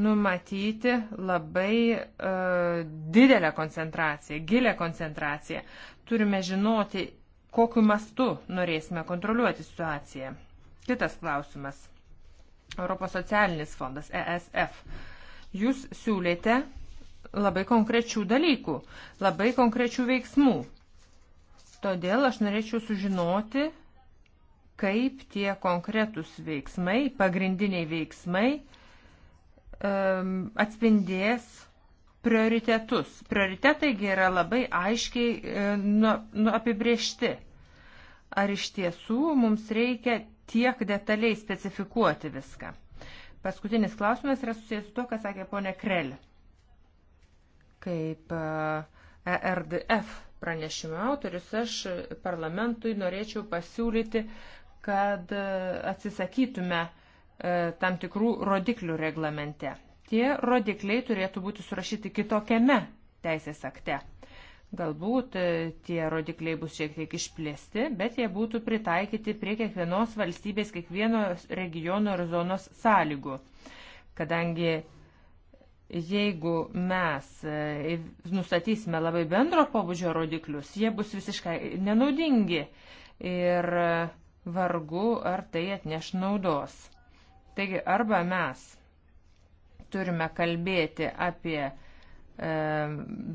numatyti labai uh, e, didelę koncentraciją, gilę koncentraciją. Turime žinoti, kokiu mastu norėsime kontroliuoti situaciją. Kitas klausimas. Europos socialinis fondas ESF. Jūs siūlėte labai konkrečių dalykų, labai konkrečių veiksmų. Todėl aš norėčiau sužinoti, kaip tie konkretūs veiksmai, pagrindiniai veiksmai um, atspindės prioritetus. Prioritetai yra labai aiškiai e, nu, nu, apibriešti. Ar iš tiesų mums reikia tiek detaliai specifikuoti viską? Paskutinis klausimas yra susijęs su to, ką sakė ponė Krelė. Kaip ERDF e pranešimo autorius, aš parlamentui norėčiau pasiūlyti kad e, atsisakytume e, tam tikrų rodiklių reglamente. Tie rodikliai turėtų būti surašyti kitokiame teisės akte. Galbūt e, tie rodikliai bus šiek tiek išplėsti, bet jie būtų pritaikyti prie kiekvienos valstybės, kiekvieno regiono ir zonos sąlygų. Kadangi jeigu mes nustatysime labai bendro pobūdžio rodiklius, jie bus visiškai nenaudingi. Ir uh, vargu ar tai atneš naudos. Taigi arba mes turime kalbėti apie e,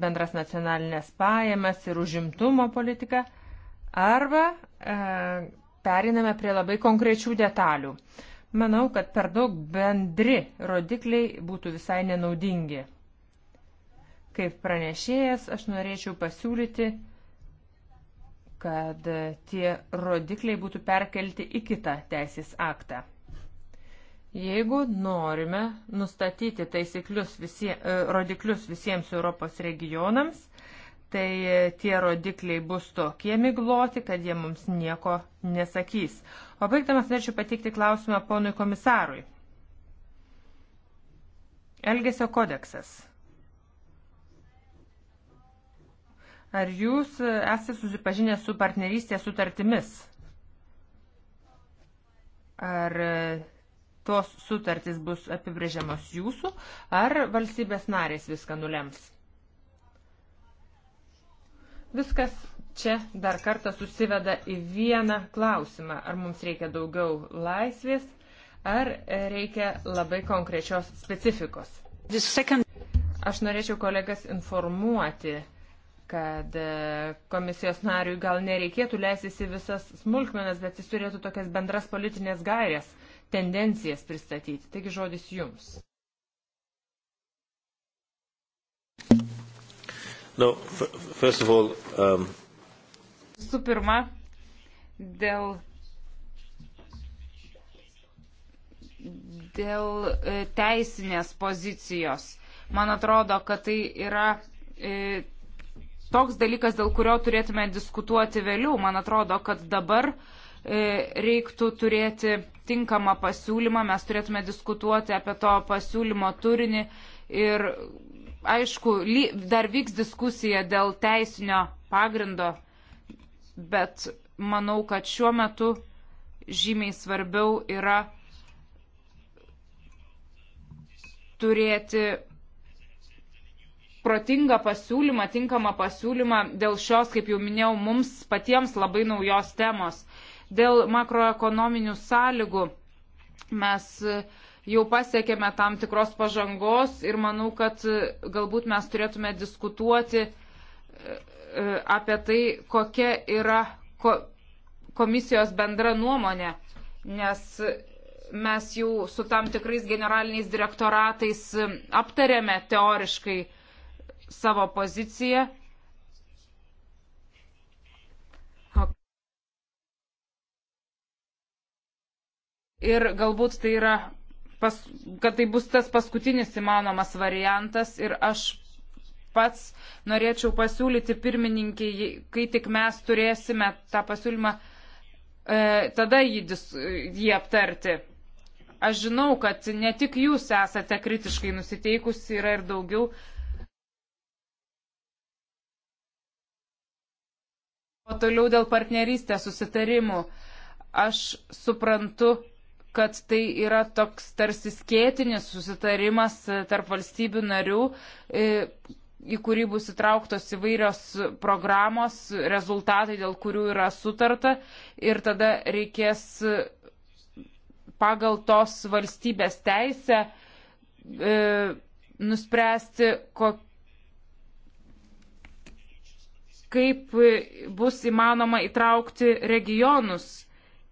bendras nacionalinės pajamas ir užimtumo politiką, arba e, periname prie labai konkrečių detalių. Manau, kad per daug bendri rodikliai būtų visai nenaudingi. Kaip pranešėjas aš norėčiau pasiūlyti kad tie rodikliai būtų perkelti į kitą teisės aktą. Jeigu norime nustatyti taisyklius visie, e, rodiklius visiems Europos regionams, tai tie rodikliai bus tokie migloti, kad jie mums nieko nesakys. O baigdamas norėčiau patikti klausimą ponui komisarui. Elgesio kodeksas. Ar jūs esate susipažinę su partnerystės sutartimis? Ar e, tos sutartys bus apibrėžiamos jūsų, ar valstybės narės viską nulems? Viskas čia dar kartą susiveda į vieną klausimą. Ar mums reikia daugiau laisvės, ar reikia labai konkrečios specifikos? Aš norėčiau kolegas informuoti kad e, komisijos nariui gal nereikėtų leistis į visas smulkmenas, bet jis turėtų tokias bendras politinės gairės, tendencijas pristatyti. Taigi žodis jums. No, first of all, um... Su pirma, dėl, dėl e, teisinės pozicijos. Man atrodo, kad tai yra e, toks dalykas, dėl kurio turėtume diskutuoti vėliau. Man atrodo, kad dabar e, reiktų turėti tinkamą pasiūlymą, mes turėtume diskutuoti apie to pasiūlymo turinį ir aišku, dar vyks diskusija dėl teisinio pagrindo, bet manau, kad šiuo metu žymiai svarbiau yra turėti protingą pasiūlymą, tinkamą pasiūlymą dėl šios, kaip jau minėjau, mums patiems labai naujos temos. Dėl makroekonominių sąlygų mes e, jau pasiekėme tam tikros pažangos ir manau, kad e, galbūt mes turėtume diskutuoti e, apie tai, kokia yra komisijos bendra nuomonė, nes mes jau su tam tikrais generaliniais direktoratais aptarėme teoriškai savo poziciją. Ir galbūt tai yra, pas, kad tai bus tas paskutinis įmanomas variantas ir aš pats norėčiau pasiūlyti pirmininkiai, kai tik mes turėsime tą pasiūlymą, e, tada jį, dis, jį aptarti. Aš žinau, kad ne tik jūs esate kritiškai nusiteikusi, yra ir daugiau O toliau dėl partnerystės susitarimų. Aš suprantu, kad tai yra toks tarsi skėtinis susitarimas tarp valstybių narių, e, į kurį bus įtrauktos įvairios programos, rezultatai, dėl kurių yra sutarta. Ir tada reikės pagal tos valstybės teisę e, nuspręsti, kokia kaip bus įmanoma įtraukti regionus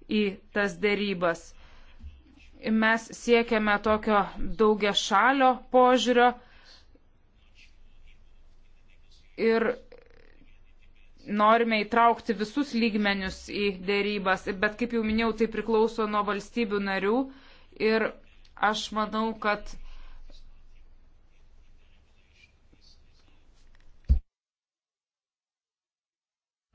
į tas dėrybas. Mes siekiame tokio daugia šalio požiūrio ir norime įtraukti visus lygmenius į dėrybas, bet kaip jau minėjau, tai priklauso nuo valstybių narių ir aš manau, kad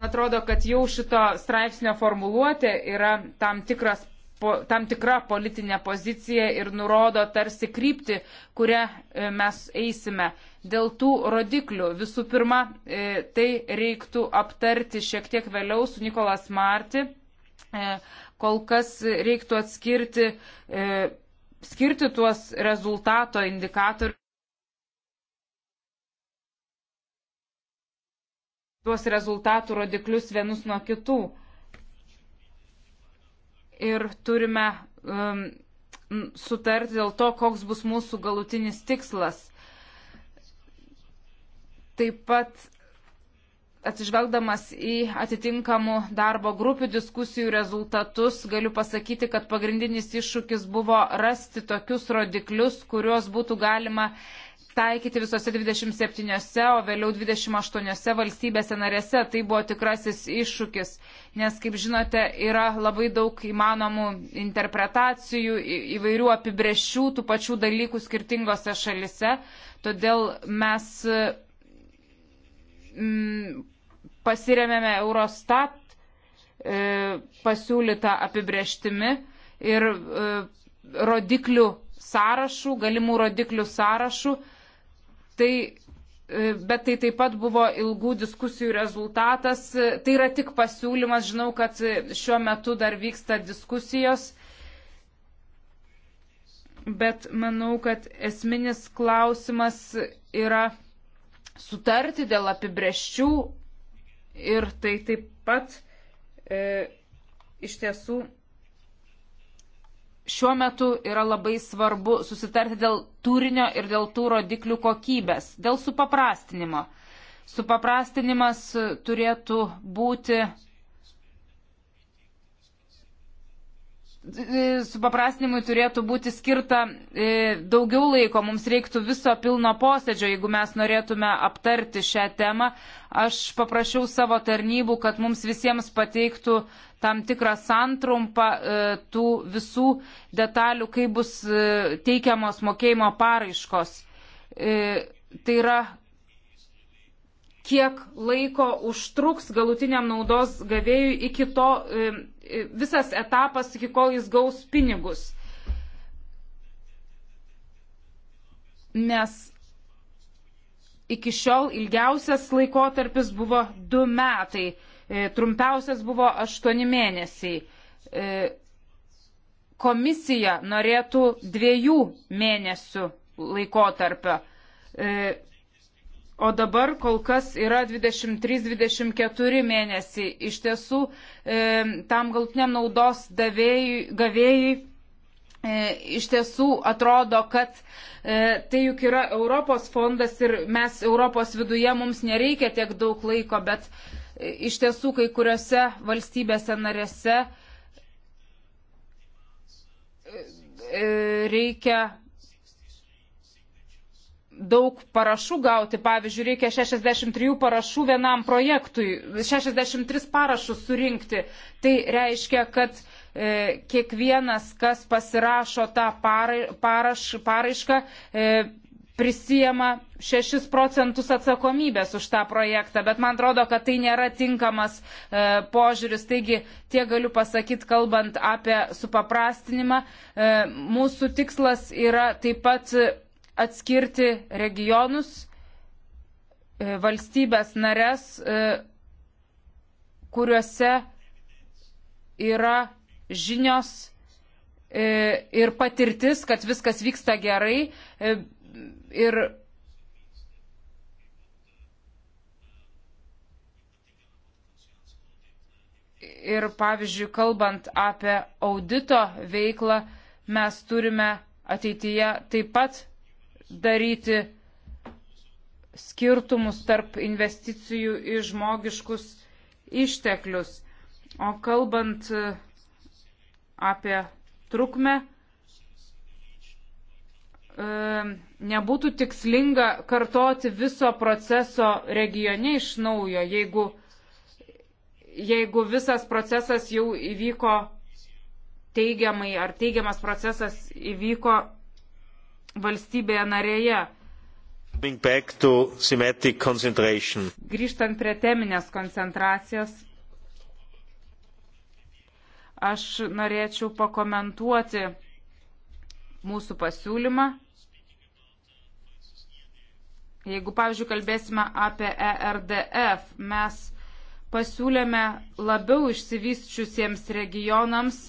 Atrodo, kad jau šito straipsnio formuluotė yra tam, tikras, po, tam tikra politinė pozicija ir nurodo tarsi krypti, kurią e, mes eisime. Dėl tų rodiklių visų pirma, e, tai reiktų aptarti šiek tiek vėliau su Nikolas Marti. E, kol kas reiktų atskirti skirti tuos rezultato indikatorius tuos rezultatų rodiklius vienus nuo kitų. Ir turime um, sutarti dėl to, koks bus mūsų galutinis tikslas. Taip pat atsižvelgdamas į atitinkamų darbo grupių diskusijų rezultatus, galiu pasakyti, kad pagrindinis iššūkis buvo rasti tokius rodiklius, kuriuos būtų galima taikyti visose 27, o vėliau 28 valstybėse narėse. Tai buvo tikrasis iššūkis, nes, kaip žinote, yra labai daug įmanomų interpretacijų, įvairių apibrėžčių tų pačių dalykų skirtingose šalise. Todėl mes mm, pasiremėme Eurostat e, pasiūlytą apibrėžtimi ir e, rodiklių sąrašų, galimų rodiklių sąrašų Tai, e, bet tai taip pat buvo ilgų diskusijų rezultatas. E, tai yra tik pasiūlymas, žinau, kad e, šiuo metu dar vyksta diskusijos. Bet manau, kad esminis klausimas yra sutarti dėl apibrėžčių ir tai taip pat e, iš tiesų šiuo metu yra labai svarbu susitarti dėl turinio ir dėl tų rodiklių kokybės, dėl supaprastinimo. Supaprastinimas turėtų būti. Supaprastinimui turėtų būti skirta e, daugiau laiko, mums reiktų viso pilno posėdžio, jeigu mes norėtume aptarti šią temą. Aš paprašiau savo tarnybų, kad mums visiems pateiktų uh, tam tikrą santrumpą e, tų visų detalių, kaip bus e, teikiamos mokėjimo paraiškos. E, tai yra, kiek laiko užtruks galutiniam naudos gavėjui iki to visas etapas, iki kol jis gaus pinigus. Nes iki šiol ilgiausias laikotarpis buvo du metai. E, trumpiausias buvo 8 mėnesiai. E, komisija norėtų dviejų mėnesių laikotarpio. E, o dabar kol kas yra 23-24 mėnesiai. Iš tiesų, tam galtiniam naudos davėjui, gavėjui iš tiesų atrodo, kad tai juk yra Europos fondas ir mes Europos viduje mums nereikia tiek daug laiko, bet iš tiesų kai kuriuose valstybėse narėse e, reikia daug parašų gauti. Pavyzdžiui, reikia 63 parašų vienam projektui, 63 parašus surinkti. Tai reiškia, kad e, kiekvienas, kas pasirašo tą para, paraš, paraišką, e, prisijama 6 procentus atsakomybės už tą projektą, bet man atrodo, kad tai nėra tinkamas e, požiūris. Taigi, tie galiu pasakyti, kalbant apie supaprastinimą, e, mūsų tikslas yra taip pat atskirti regionus, e, valstybės nares, e, kuriuose yra žinios e, ir patirtis, kad viskas vyksta gerai. E, ir Ir pavyzdžiui, kalbant apie audito veiklą, mes turime ateityje taip pat daryti skirtumus tarp investicijų į žmogiškus išteklius. O kalbant e, apie trukmę, nebūtų tikslinga kartoti viso proceso regione iš naujo, jeigu, jeigu visas procesas jau įvyko teigiamai ar teigiamas procesas įvyko valstybėje narėje. Grįžtant prie teminės koncentracijos, aš norėčiau pakomentuoti mūsų pasiūlymą Jeigu, pavyzdžiui, kalbėsime apie ERDF, mes pasiūlėme labiau išsivysčiusiems regionams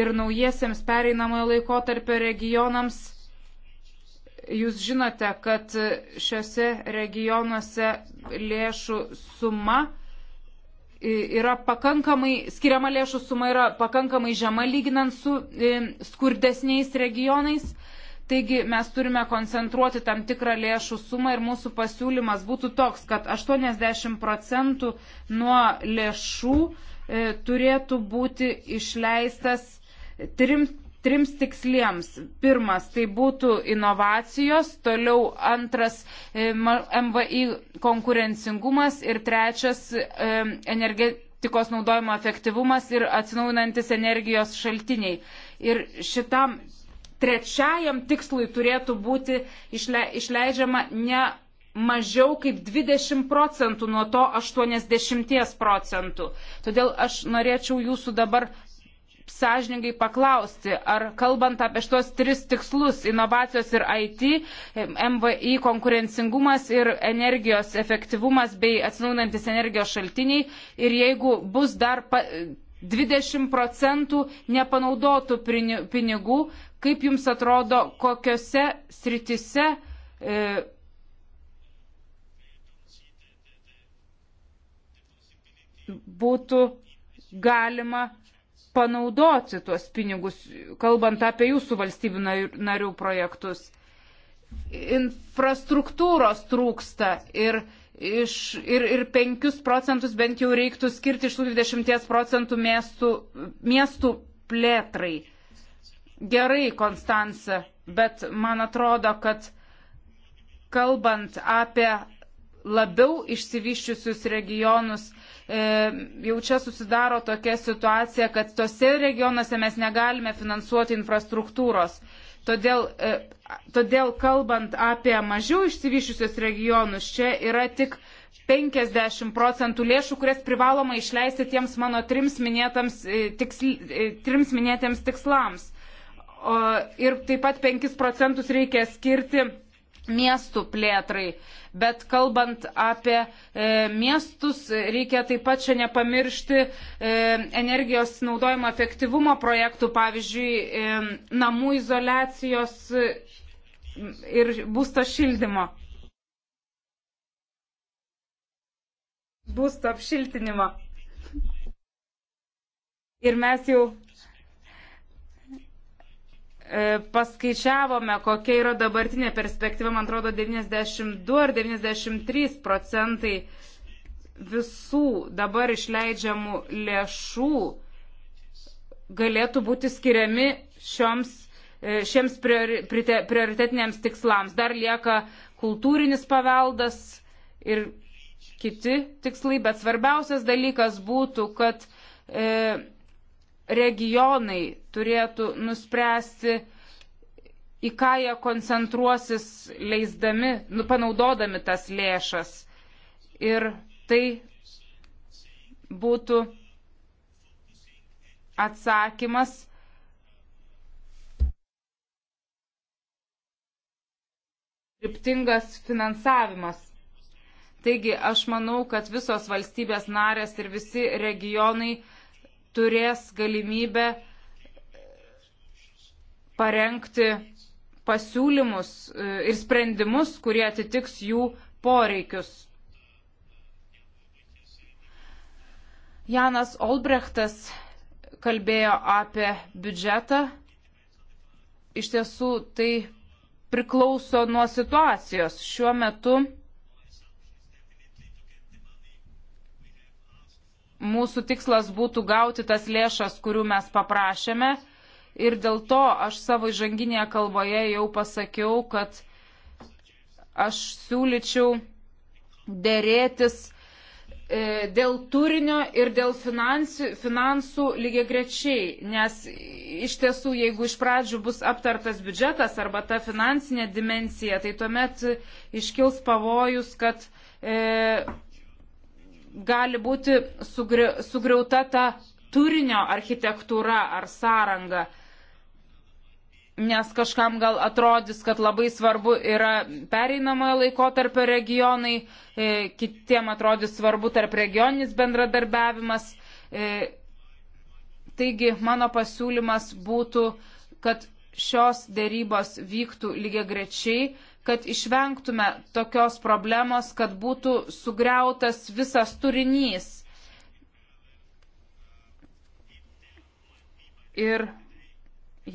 ir naujiesiems pereinamojo laikotarpio regionams. Jūs žinote, kad šiuose regionuose lėšų suma yra pakankamai, skiriama lėšų suma yra pakankamai žema lyginant su skurdesniais regionais. Taigi mes turime koncentruoti tam tikrą lėšų sumą ir mūsų pasiūlymas būtų toks, kad 80 procentų nuo lėšų e, turėtų būti išleistas trim, trims tiksliems. Pirmas tai būtų inovacijos, toliau antras e, MVI konkurencingumas ir trečias e, energetikos tikos naudojimo efektyvumas ir atsinaujinantis energijos šaltiniai. Ir šitam trečiajam tikslui turėtų būti išle, išleidžiama ne mažiau kaip 20 procentų nuo to 80 procentų. Todėl aš norėčiau jūsų dabar sąžiningai paklausti, ar kalbant apie šitos tris tikslus - inovacijos ir IT, MVI konkurencingumas ir energijos efektyvumas bei atsinaujantis energijos šaltiniai, ir jeigu bus dar 20 procentų nepanaudotų pinigų, Kaip jums atrodo, kokiuose sritise e, būtų galima panaudoti tuos pinigus, kalbant apie jūsų valstybių narių projektus. Infrastruktūros trūksta ir, iš, ir, ir 5 procentus bent jau reiktų skirti iš tų 20 procentų miestų, miestų plėtrai. Gerai, Konstanca, bet man atrodo, kad kalbant apie labiau išsivyščiusius regionus, e, jau čia susidaro tokia situacija, kad tose regionuose mes negalime finansuoti infrastruktūros. Todėl, e, todėl kalbant apie mažiau išsivyščiusius regionus, čia yra tik 50 procentų lėšų, kurias privaloma išleisti tiems mano trims minėtams, e, tiksl, e, trims minėtiems tikslams ir taip pat 5 procentus reikia skirti miestų plėtrai. Bet kalbant apie e, miestus, reikia taip pat čia nepamiršti e, energijos naudojimo efektyvumo projektų, pavyzdžiui, e, namų izolacijos e, ir būsto šildymo. Būsto apšiltinimo. Ir mes jau E, paskaičiavome, kokia yra dabartinė perspektyva, man atrodo, 92 ar 93 procentai visų dabar išleidžiamų lėšų galėtų būti skiriami šioms, e, šiems priori, prioritetiniams tikslams. Dar lieka kultūrinis paveldas ir kiti tikslai, bet svarbiausias dalykas būtų, kad e, regionai turėtų nuspręsti, į ką jie koncentruosis, leisdami, nu, panaudodami tas lėšas. Ir tai būtų atsakymas. Kryptingas finansavimas. Taigi aš manau, kad visos valstybės narės ir visi regionai turės galimybę parengti pasiūlymus e, ir sprendimus, kurie atitiks jų poreikius. Janas Olbrechtas kalbėjo apie biudžetą. Iš tiesų tai priklauso nuo situacijos. Šiuo metu mūsų tikslas būtų gauti tas lėšas, kurių mes paprašėme. Ir dėl to aš savo įžanginėje kalboje jau pasakiau, kad aš siūlyčiau dėrėtis e, dėl turinio ir dėl finansų, finansų lygiai grečiai, nes iš tiesų, jeigu iš pradžių bus aptartas biudžetas arba ta finansinė dimensija, tai tuomet iškils pavojus, kad e, gali būti sugri, sugriauta ta turinio architektūra ar sąranga. Nes kažkam gal atrodys, kad labai svarbu yra pereinamojo laikotarpio regionai, e, kitiem atrodys svarbu tarp regioninis bendradarbiavimas. E, taigi mano pasiūlymas būtų, kad šios dėrybos vyktų lygiagrečiai kad išvengtume tokios problemos, kad būtų sugriautas visas turinys. Ir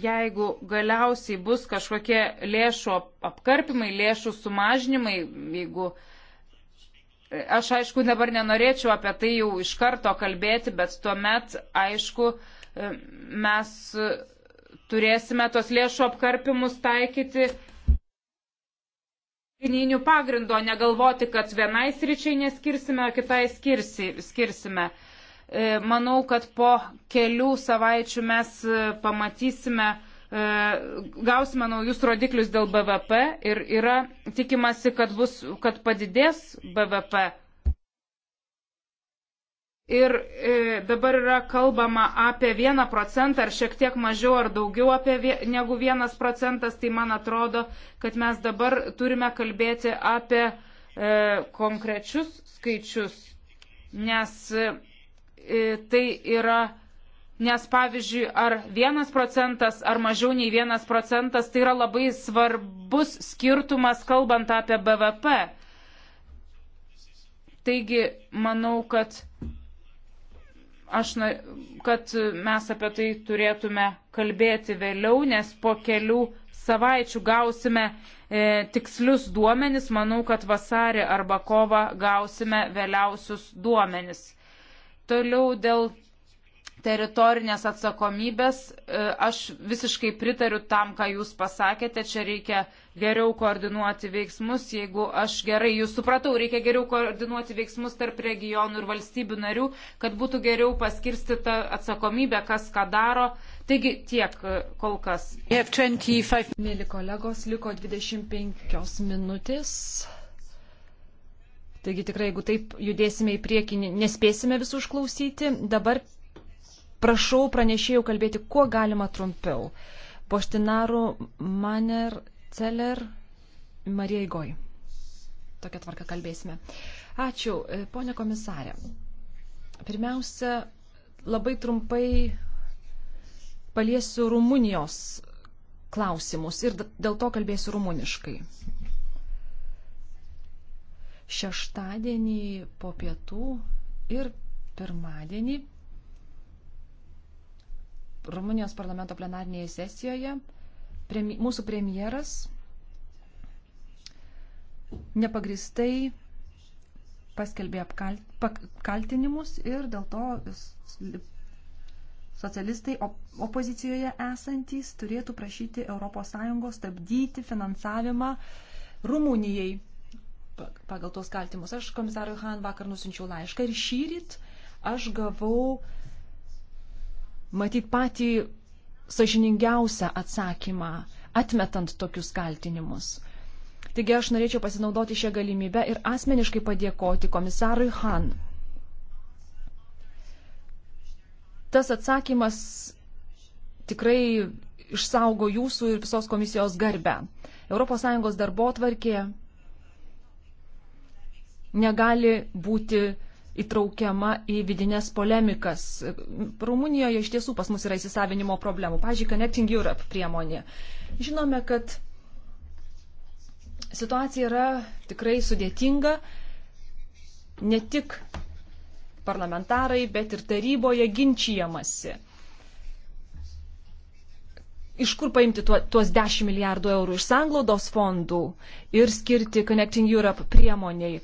jeigu galiausiai bus kažkokie lėšų apkarpimai, lėšų sumažinimai, jeigu aš aišku dabar nenorėčiau apie tai jau iš karto kalbėti, bet tuomet aišku mes turėsime tos lėšų apkarpimus taikyti linijinių pagrindo, negalvoti, kad vienai sričiai neskirsime, kitai skirsi, skirsime. E, manau, kad po kelių savaičių mes e, pamatysime, e, gausime naujus rodiklius dėl BVP ir yra tikimasi, kad, bus, kad padidės BVP Ir e, dabar yra kalbama apie vieną procentą ar šiek tiek mažiau ar daugiau apie vie, negu vienas procentas, tai man atrodo, kad mes dabar turime kalbėti apie e, konkrečius skaičius, nes e, tai yra, nes pavyzdžiui, ar vienas procentas ar mažiau nei vienas procentas, tai yra labai svarbus skirtumas kalbant apie BVP. Taigi, manau, kad aš, kad mes apie tai turėtume kalbėti vėliau, nes po kelių savaičių gausime e, tikslius duomenis. Manau, kad vasarį arba kovą gausime vėliausius duomenis. Toliau dėl teritorinės atsakomybės, e, aš visiškai pritariu tam, ką Jūs pasakėte, čia reikia geriau koordinuoti veiksmus, jeigu aš gerai Jūs supratau, reikia geriau koordinuoti veiksmus tarp regionų ir valstybių narių, kad būtų geriau paskirstita atsakomybė, kas ką daro. Taigi tiek e, kol kas. 25... Mėly kolegos, liko 25 minutės. Taigi tikrai, jeigu taip judėsime į priekį, nespėsime visų užklausyti. Dabar prašau pranešėjų kalbėti kuo galima trumpiau. Poštinaru Maner Celer Marija Igoj. Tokia tvarka kalbėsime. Ačiū, e, ponė komisarė. Pirmiausia, labai trumpai paliesiu Rumunijos klausimus ir dėl to kalbėsiu rumuniškai. Šeštadienį po pietų ir pirmadienį Rumunijos parlamento plenarnėje sesijoje premj mūsų premjeras nepagristai paskelbė apkaltinimus ir dėl to socialistai opozicijoje esantys turėtų prašyti ES stabdyti finansavimą Rumunijai pagal tuos kaltimus. Aš komisarui Han vakar nusinčiau laišką ir šyrit aš gavau matyt patį sažiningiausią atsakymą, atmetant tokius kaltinimus. Taigi aš norėčiau pasinaudoti šią galimybę ir asmeniškai padėkoti komisarui Han. Tas atsakymas tikrai išsaugo jūsų ir visos komisijos garbę. ES darbo tvarkė negali būti įtraukiama į vidinės polemikas. Rumunijoje iš tiesų pas mus yra įsisavinimo problemų. Pavyzdžiui, Connecting Europe priemonė. Žinome, kad situacija yra tikrai sudėtinga. Ne tik parlamentarai, bet ir taryboje ginčijamasi iš kur paimti tuo, tuos 10 milijardų eurų iš sanglaudos fondų ir skirti Connecting Europe priemoniai.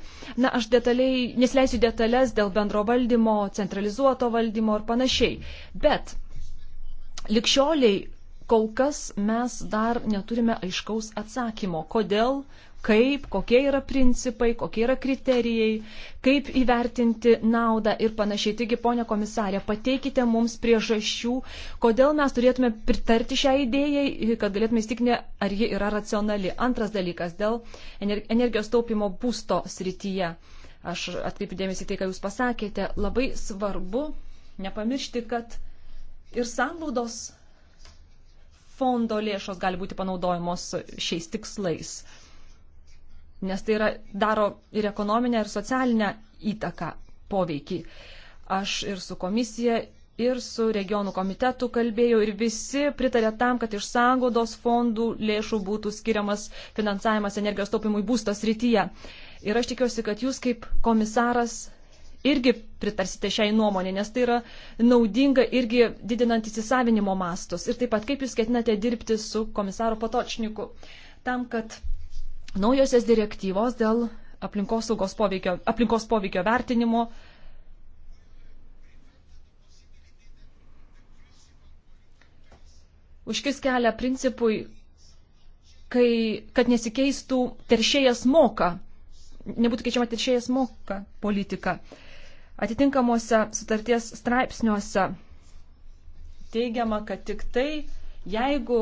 Na, aš detaliai, nesileisiu detalės dėl bendro valdymo, centralizuoto valdymo ir panašiai. Bet likščioliai kol kas mes dar neturime aiškaus atsakymo, kodėl kaip, kokie yra principai, kokie yra kriterijai, kaip įvertinti naudą ir panašiai. Taigi, ponia komisarė, pateikite mums priežasčių, kodėl mes turėtume pritarti šią idėją, kad galėtume įstikinę, ar ji yra racionali. Antras dalykas dėl energijos taupimo būsto srityje. Aš atkreipiu dėmesį tai, ką Jūs pasakėte. Labai svarbu nepamiršti, kad ir sanglaudos fondo lėšos gali būti panaudojamos šiais tikslais nes tai yra, daro ir ekonominę, ir socialinę įtaką poveikį. Aš ir su komisija, ir su regionų komitetu kalbėjau ir visi pritarė tam, kad iš sąngodos fondų lėšų būtų skiriamas finansavimas energijos taupimui būstos rytyje. Ir aš tikiuosi, kad jūs kaip komisaras irgi pritarsite šiai nuomonė, nes tai yra naudinga irgi didinant įsisavinimo mastus. Ir taip pat kaip jūs ketinate dirbti su komisaro Patočniku, tam, kad naujosios direktyvos dėl aplinkos, poveikio, aplinkos poveikio vertinimo užkis kelią principui, kai, kad nesikeistų teršėjas moka, nebūtų keičiama teršėjas moka politika. Atitinkamuose sutarties straipsniuose teigiama, kad tik tai, jeigu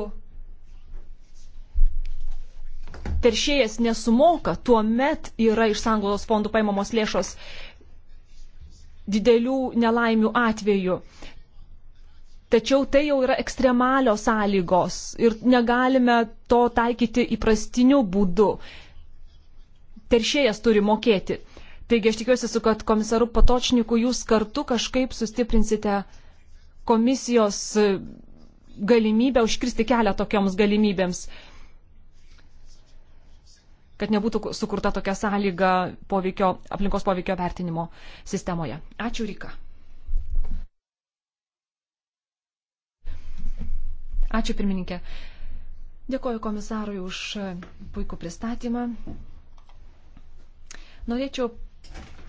teršėjas nesumoka, tuo met yra iš sanglaudos fondų paimamos lėšos didelių nelaimių atveju. Tačiau tai jau yra ekstremalios sąlygos ir negalime to taikyti įprastiniu būdu. Teršėjas turi mokėti. Taigi aš tikiuosi, su kad komisaru Patočniku jūs kartu kažkaip sustiprinsite komisijos galimybę užkirsti kelią tokioms galimybėms kad nebūtų sukurta tokia sąlyga poveikio, aplinkos poveikio vertinimo sistemoje. Ačiū, Rika. Ačiū, pirmininkė. Dėkoju komisarui už puikų pristatymą. Norėčiau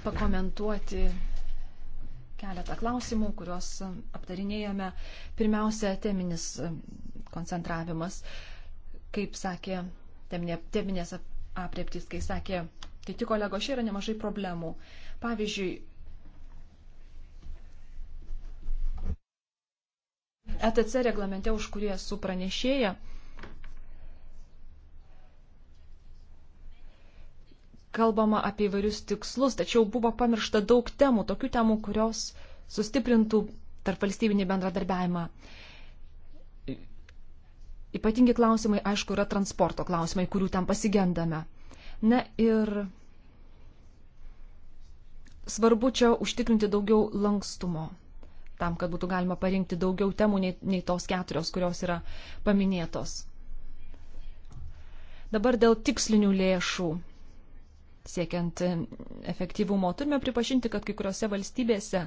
pakomentuoti keletą klausimų, kuriuos aptarinėjome. Pirmiausia, teminis koncentravimas. Kaip sakė teminė, teminės apreptis, kai sakė kiti tai kolegos, čia yra nemažai problemų. Pavyzdžiui, ETC reglamente, už kurį esu pranešėję, kalbama apie įvairius tikslus, tačiau buvo pamiršta daug temų, tokių temų, kurios sustiprintų tarp valstybinį bendradarbiavimą. Ypatingi klausimai, aišku, yra transporto klausimai, kurių ten pasigendame. Na ir svarbu čia užtikrinti daugiau lankstumo, tam, kad būtų galima parinkti daugiau temų nei, nei tos keturios, kurios yra paminėtos. Dabar dėl tikslinių lėšų. Siekiant efektyvumo, turime pripažinti, kad kai kuriuose valstybėse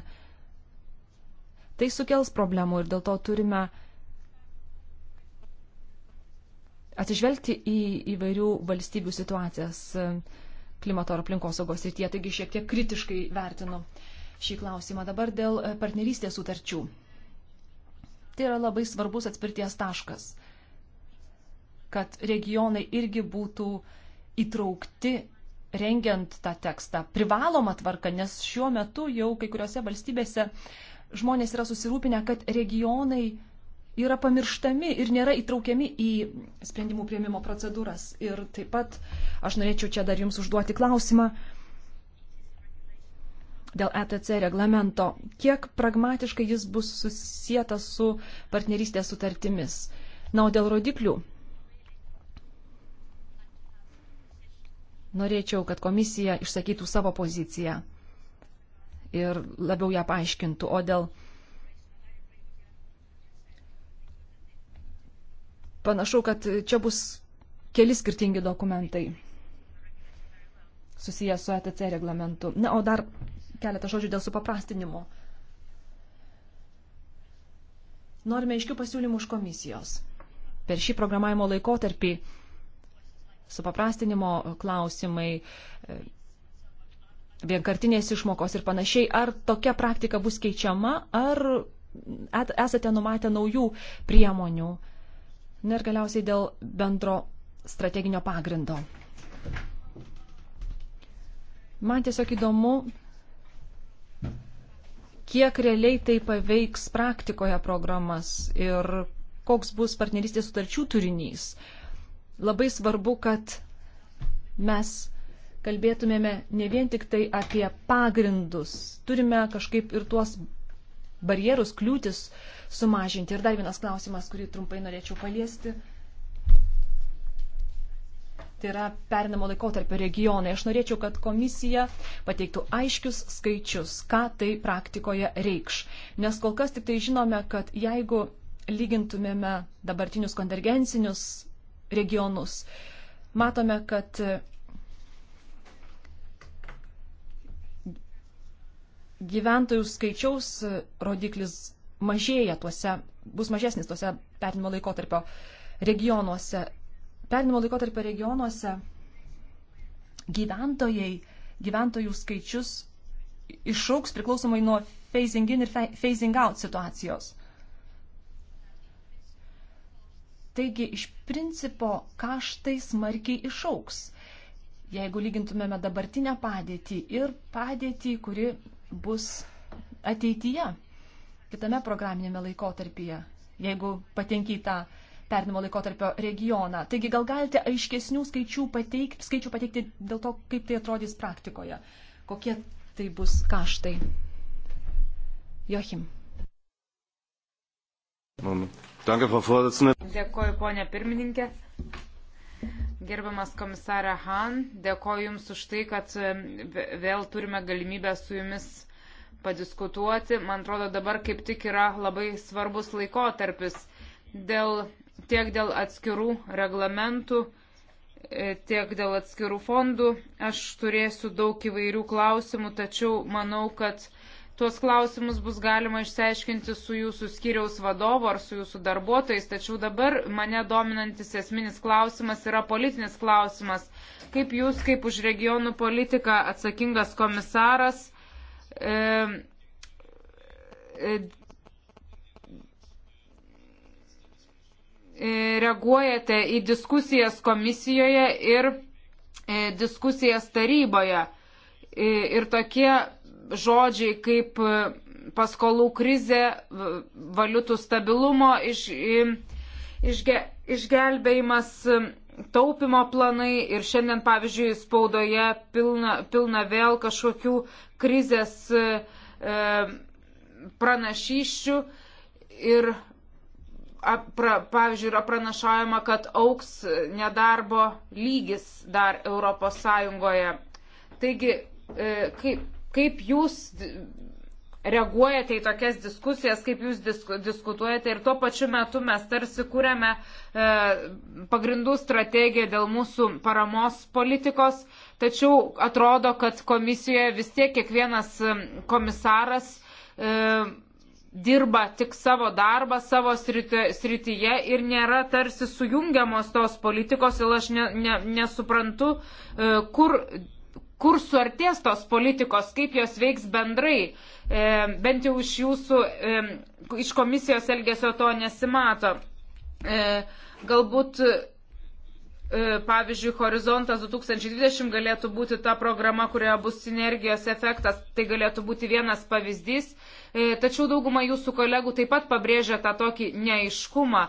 tai sukels problemų ir dėl to turime atsižvelgti į įvairių valstybių situacijas e, klimato ar aplinkosaugos rytyje, taigi šiek tiek kritiškai vertinu šį klausimą. Dabar dėl e, partnerystės sutarčių. Tai yra labai svarbus atspirties taškas, kad regionai irgi būtų įtraukti rengiant tą tekstą. Privaloma tvarka, nes šiuo metu jau kai kuriuose valstybėse žmonės yra susirūpinę, kad regionai yra pamirštami ir nėra įtraukiami į sprendimų prieimimo procedūras. Ir taip pat aš norėčiau čia dar Jums užduoti klausimą dėl ETC reglamento. Kiek pragmatiškai jis bus susijęs su partnerystės sutartimis? Na, o dėl rodiklių. Norėčiau, kad komisija išsakytų savo poziciją ir labiau ją paaiškintų. O dėl panašu, kad čia bus keli skirtingi dokumentai susijęs su ETC reglamentu. Na, o dar keletą žodžių dėl supaprastinimo. Norime iškių pasiūlymų iš komisijos. Per šį programavimo laikotarpį supaprastinimo klausimai, e, vienkartinės išmokos ir panašiai, ar tokia praktika bus keičiama, ar esate numatę naujų priemonių Na ir galiausiai dėl bendro strateginio pagrindo. Man tiesiog įdomu, kiek realiai tai paveiks praktikoje programas ir koks bus partnerystės sutarčių turinys. Labai svarbu, kad mes kalbėtumėme ne vien tik tai apie pagrindus, turime kažkaip ir tuos barjerus, kliūtis sumažinti. Ir dar vienas klausimas, kurį trumpai norėčiau paliesti. Tai yra perinamo laikotarpio regionai. Aš norėčiau, kad komisija pateiktų aiškius skaičius, ką tai praktikoje reikš. Nes kol kas tik tai žinome, kad jeigu lygintumėme dabartinius konvergencinius regionus, matome, kad gyventojų skaičiaus rodiklis mažėja tuose, bus mažesnis tuose perinimo laikotarpio regionuose. Perinimo laikotarpio regionuose gyventojai, gyventojų skaičius išauks priklausomai nuo phasing in ir phasing out situacijos. Taigi, iš principo, kaštai smarkiai išauks, jeigu lygintumėme dabartinę padėtį ir padėtį, kuri bus ateityje, kitame programinėme laikotarpyje, jeigu patenki į tą pernimo laikotarpio regioną. Taigi gal galite aiškesnių skaičių pateikti, skaičių pateikti dėl to, kaip tai atrodys praktikoje, kokie tai bus kaštai. Joachim. Danke, Frau Vorsitzende. Dėkuoju, ponė pirmininkė. Gerbiamas komisarė Han, dėkoju Jums už tai, kad vėl turime galimybę su Jumis padiskutuoti. Man atrodo, dabar kaip tik yra labai svarbus laikotarpis dėl, tiek dėl atskirų reglamentų, e, tiek dėl atskirų fondų. Aš turėsiu daug įvairių klausimų, tačiau manau, kad Tuos klausimus bus galima išsiaiškinti su jūsų skyriaus vadovu ar su jūsų darbuotojais, tačiau dabar mane dominantis esminis klausimas yra politinis klausimas. Kaip jūs, kaip už regionų politiką atsakingas komisaras, e, e, e reaguojate į diskusijas komisijoje ir e, diskusijas taryboje. E, ir tokie žodžiai kaip e, paskolų krizė, valiutų stabilumo iš, išge, išgelbėjimas, e, taupimo planai ir šiandien, pavyzdžiui, spaudoje pilna, pilna vėl kažkokių krizės e, e pranašyščių ir, apra, pavyzdžiui, yra pranašaujama, kad auks nedarbo lygis dar Europos Sąjungoje. Taigi, e, kaip kaip jūs reaguojate į tokias diskusijas, kaip jūs disku, diskutuojate ir tuo pačiu metu mes tarsi kūrėme e, pagrindų strategiją dėl mūsų paramos politikos, tačiau atrodo, kad komisijoje vis tiek kiekvienas e, komisaras e, dirba tik savo darbą, savo sriti, srityje ir nėra tarsi sujungiamos tos politikos ir aš ne, ne, nesuprantu, e, kur kur suartės tos politikos, kaip jos veiks bendrai. E, bent jau iš jūsų, e, iš komisijos elgesio to nesimato. E, galbūt, e, pavyzdžiui, Horizontas 2020 galėtų būti ta programa, kurioje bus sinergijos efektas, tai galėtų būti vienas pavyzdys. E, tačiau dauguma jūsų kolegų taip pat pabrėžia tą tokį neaiškumą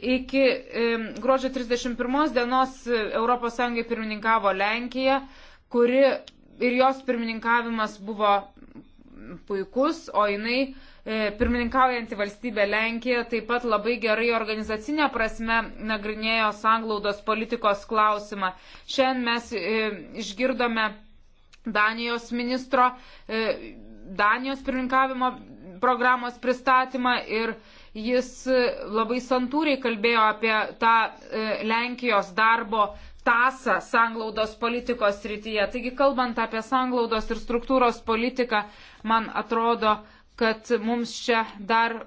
iki e, gruodžio 31 dienos ES pirmininkavo Lenkija kuri ir jos pirmininkavimas buvo puikus, o jinai e, pirmininkaujanti valstybė Lenkija taip pat labai gerai organizacinė prasme nagrinėjo sanglaudos politikos klausimą. Šiandien mes e, išgirdome Danijos ministro, e, Danijos pirmininkavimo programos pristatymą ir jis labai santūriai kalbėjo apie tą Lenkijos darbo sąsą sanglaudos politikos rytyje. Taigi, kalbant apie sanglaudos ir struktūros politiką, man atrodo, kad mums čia dar uh,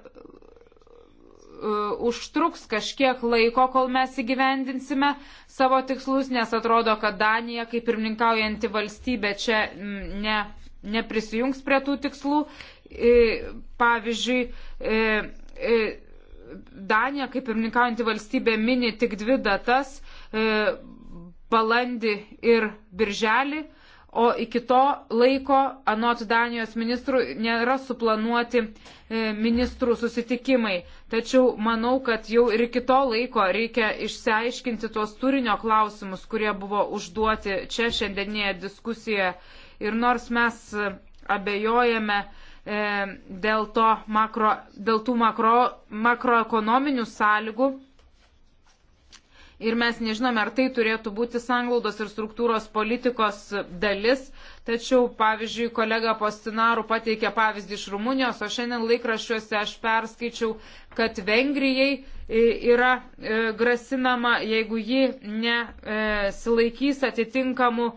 užtruks kažkiek laiko, kol mes įgyvendinsime savo tikslus, nes atrodo, kad Danija, kaip pirmininkaujanti valstybė, čia ne, neprisijungs prie tų tikslų. E, pavyzdžiui, e, Danija, kaip pirmininkaujanti valstybė, mini tik dvi datas balandį ir birželį, o iki to laiko, anot Danijos ministrų, nėra suplanuoti e, ministrų susitikimai. Tačiau manau, kad jau ir iki to laiko reikia išsiaiškinti tuos turinio klausimus, kurie buvo užduoti čia šiandienėje diskusijoje. Ir nors mes e, abejojame e, dėl, makro, dėl tų makro, makroekonominių sąlygų, ir mes nežinome, ar tai turėtų būti sanglaudos ir struktūros politikos dalis. Tačiau, pavyzdžiui, kolega Postinarų pateikė pavyzdį iš Rumunijos, o šiandien laikraščiuose aš perskaičiau, kad Vengrijai e, yra e, grasinama, jeigu ji nesilaikys e, atitinkamų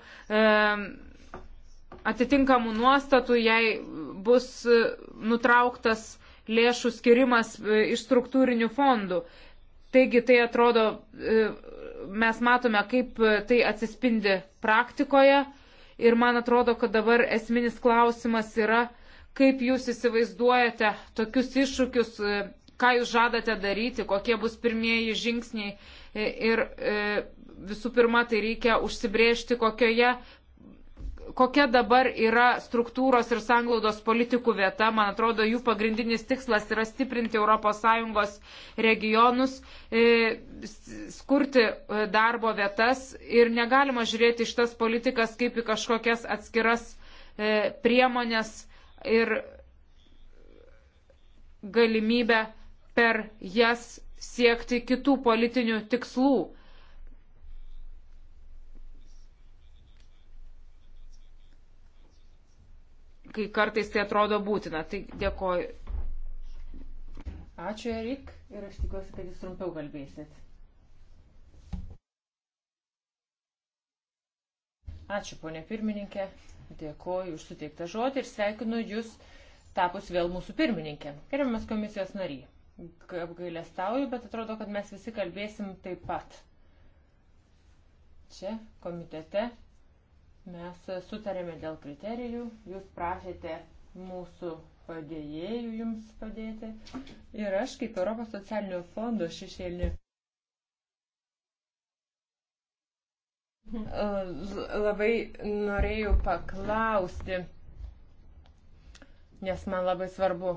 atitinkamų nuostatų, jei bus nutrauktas lėšų skirimas iš struktūrinių fondų. Taigi tai atrodo, e, mes matome, kaip tai atsispindi praktikoje ir man atrodo, kad dabar esminis klausimas yra, kaip jūs įsivaizduojate tokius iššūkius, e, ką jūs žadate daryti, kokie bus pirmieji žingsniai e, ir visų pirma, tai reikia užsibriežti, kokioje kokia dabar yra struktūros ir sanglaudos politikų vieta. Man atrodo, jų pagrindinis tikslas yra stiprinti ES regionus, e, skurti e, darbo vietas ir negalima žiūrėti iš tas politikas kaip į kažkokias atskiras e, priemonės ir galimybę per jas siekti kitų politinių tikslų. kai kartais tai atrodo būtina. Tai dėkoju. Ačiū, Erik, ir aš tikiuosi, kad jūs trumpiau kalbėsit. Ačiū, ponė pirmininkė. Dėkoju už suteiktą žodį ir sveikinu jūs tapus vėl mūsų pirmininkė. Gerbiamas komisijos nariai. Apgailestauju, bet atrodo, kad mes visi kalbėsim taip pat. Čia komitete Mes sutarėme dėl kriterijų, jūs prašėte mūsų padėjėjų jums padėti ir aš kaip Europos socialinio fondo šešėlį. Labai norėjau paklausti, nes man labai svarbu,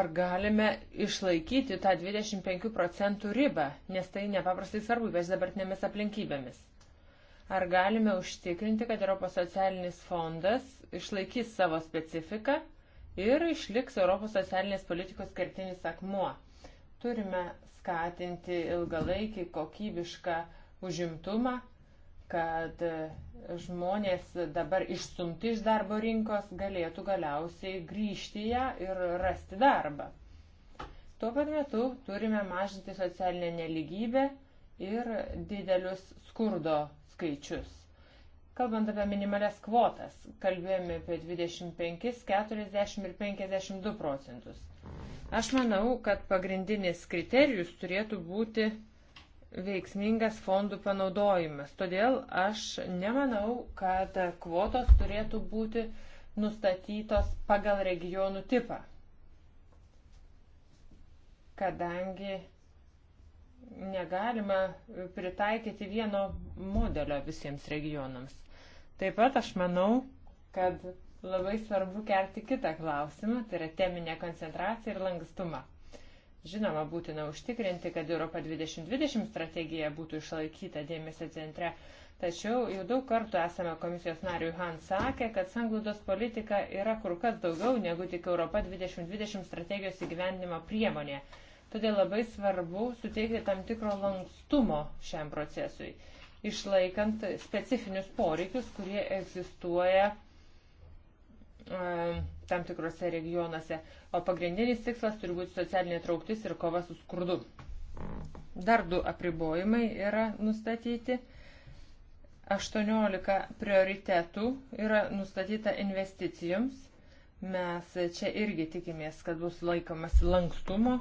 ar galime išlaikyti tą 25 procentų ribą, nes tai nepaprastai svarbu, bet dabartinėmis aplinkybėmis. Ar galime užtikrinti, kad Europos socialinis fondas išlaikys savo specifiką ir išliks Europos socialinės politikos kertinis akmuo? Turime skatinti ilgalaikį kokybišką užimtumą, kad žmonės dabar išstumti iš darbo rinkos galėtų galiausiai grįžti ją ir rasti darbą. Tuo pat metu turime mažinti socialinę neligybę ir didelius skurdo skaičius. Kalbant apie minimales kvotas, kalbėjome apie 25, 40 ir 52 procentus. Aš manau, kad pagrindinis kriterijus turėtų būti veiksmingas fondų panaudojimas. Todėl aš nemanau, kad kvotos turėtų būti nustatytos pagal regionų tipą. Kadangi negalima pritaikyti vieno modelio visiems regionams. Taip pat aš manau, kad labai svarbu kelti kitą klausimą, tai yra teminė koncentracija ir lankstumą. Žinoma, būtina užtikrinti, kad Europa 2020 strategija būtų išlaikyta dėmesio centre, tačiau jau daug kartų esame komisijos nariui Han sakę, kad sanglaudos politika yra kur kas daugiau negu tik Europa 2020 strategijos įgyvendimo priemonė. Todėl labai svarbu suteikti tam tikro lankstumo šiam procesui, išlaikant specifinius poreikius, kurie egzistuoja e, tam tikrose regionuose. O pagrindinis tikslas turi būti socialinė trauktis ir kova su skurdu. Dar du apribojimai yra nustatyti. 18 prioritetų yra nustatyta investicijoms. Mes čia irgi tikimės, kad bus laikomasi lankstumo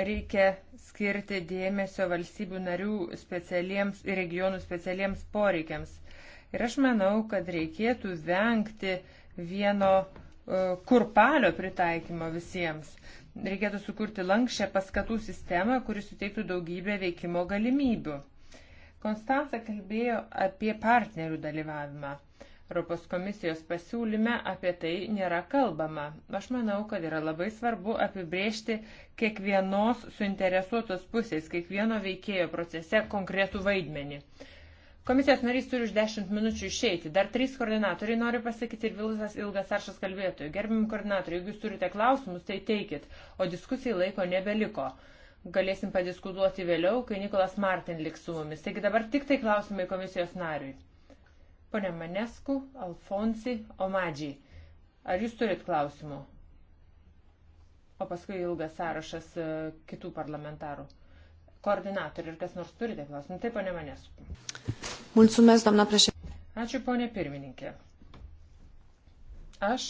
reikia skirti dėmesio valstybių narių specialiems ir regionų specialiems poreikiams. Ir aš manau, kad reikėtų vengti vieno e, kurpalio pritaikymo visiems. Reikėtų sukurti lankščią paskatų sistemą, kuris suteiktų daugybę veikimo galimybių. Konstantas kalbėjo apie partnerių dalyvavimą. Europos komisijos pasiūlyme apie tai nėra kalbama. Aš manau, kad yra labai svarbu apibriežti kiekvienos suinteresuotos pusės, kiekvieno veikėjo procese konkretų vaidmenį. Komisijos narys turi už 10 minučių išeiti. Dar trys koordinatoriai nori pasakyti ir Vilusas ilgas aršas kalbėtojų. Gerbim koordinatoriai, jeigu jūs turite klausimus, tai teikit, o diskusijai laiko nebeliko. Galėsim padiskutuoti vėliau, kai Nikolas Martin liks su mumis. Taigi dabar tik tai klausimai komisijos nariui. Pone Manesku, Alfonsi, Omadžiai. Ar jūs turit klausimų? O paskui ilgas sąrašas e, kitų parlamentarų. Koordinatoriai ir kas nors turite klausimų? Taip, ponė Manesku. Mulțumesc, doamna președinte. Ačiū, ponė pirmininkė. Aš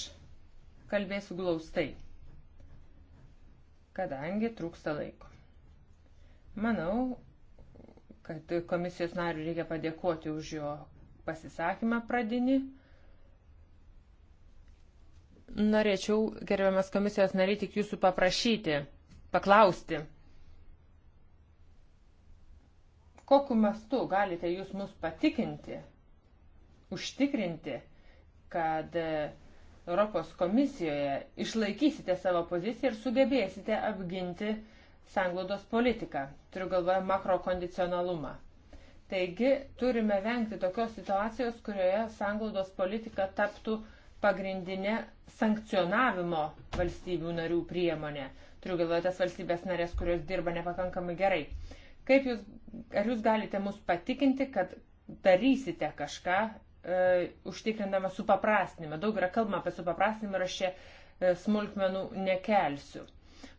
kalbėsiu glaustai, kadangi trūksta laiko. Manau, kad komisijos nariu reikia padėkoti už jo pasisakymą pradinį. Norėčiau, gerbiamas komisijos nariai, tik jūsų paprašyti, paklausti, kokiu mastu galite jūs mus patikinti, užtikrinti, kad e, Europos komisijoje išlaikysite savo poziciją ir sugebėsite apginti sanglaudos politiką. Turiu galvoje makrokondicionalumą. Taigi turime vengti tokios situacijos, kurioje sanglaudos politika taptų pagrindinė sankcionavimo valstybių narių priemonė. Turiu galvoje tas valstybės narės, kurios dirba nepakankamai gerai. Kaip jūs, ar jūs galite mus patikinti, kad darysite kažką e, užtikrindama supaprastinimą? Daug yra kalbama apie supaprastinimą ir aš čia e, smulkmenų nekelsiu.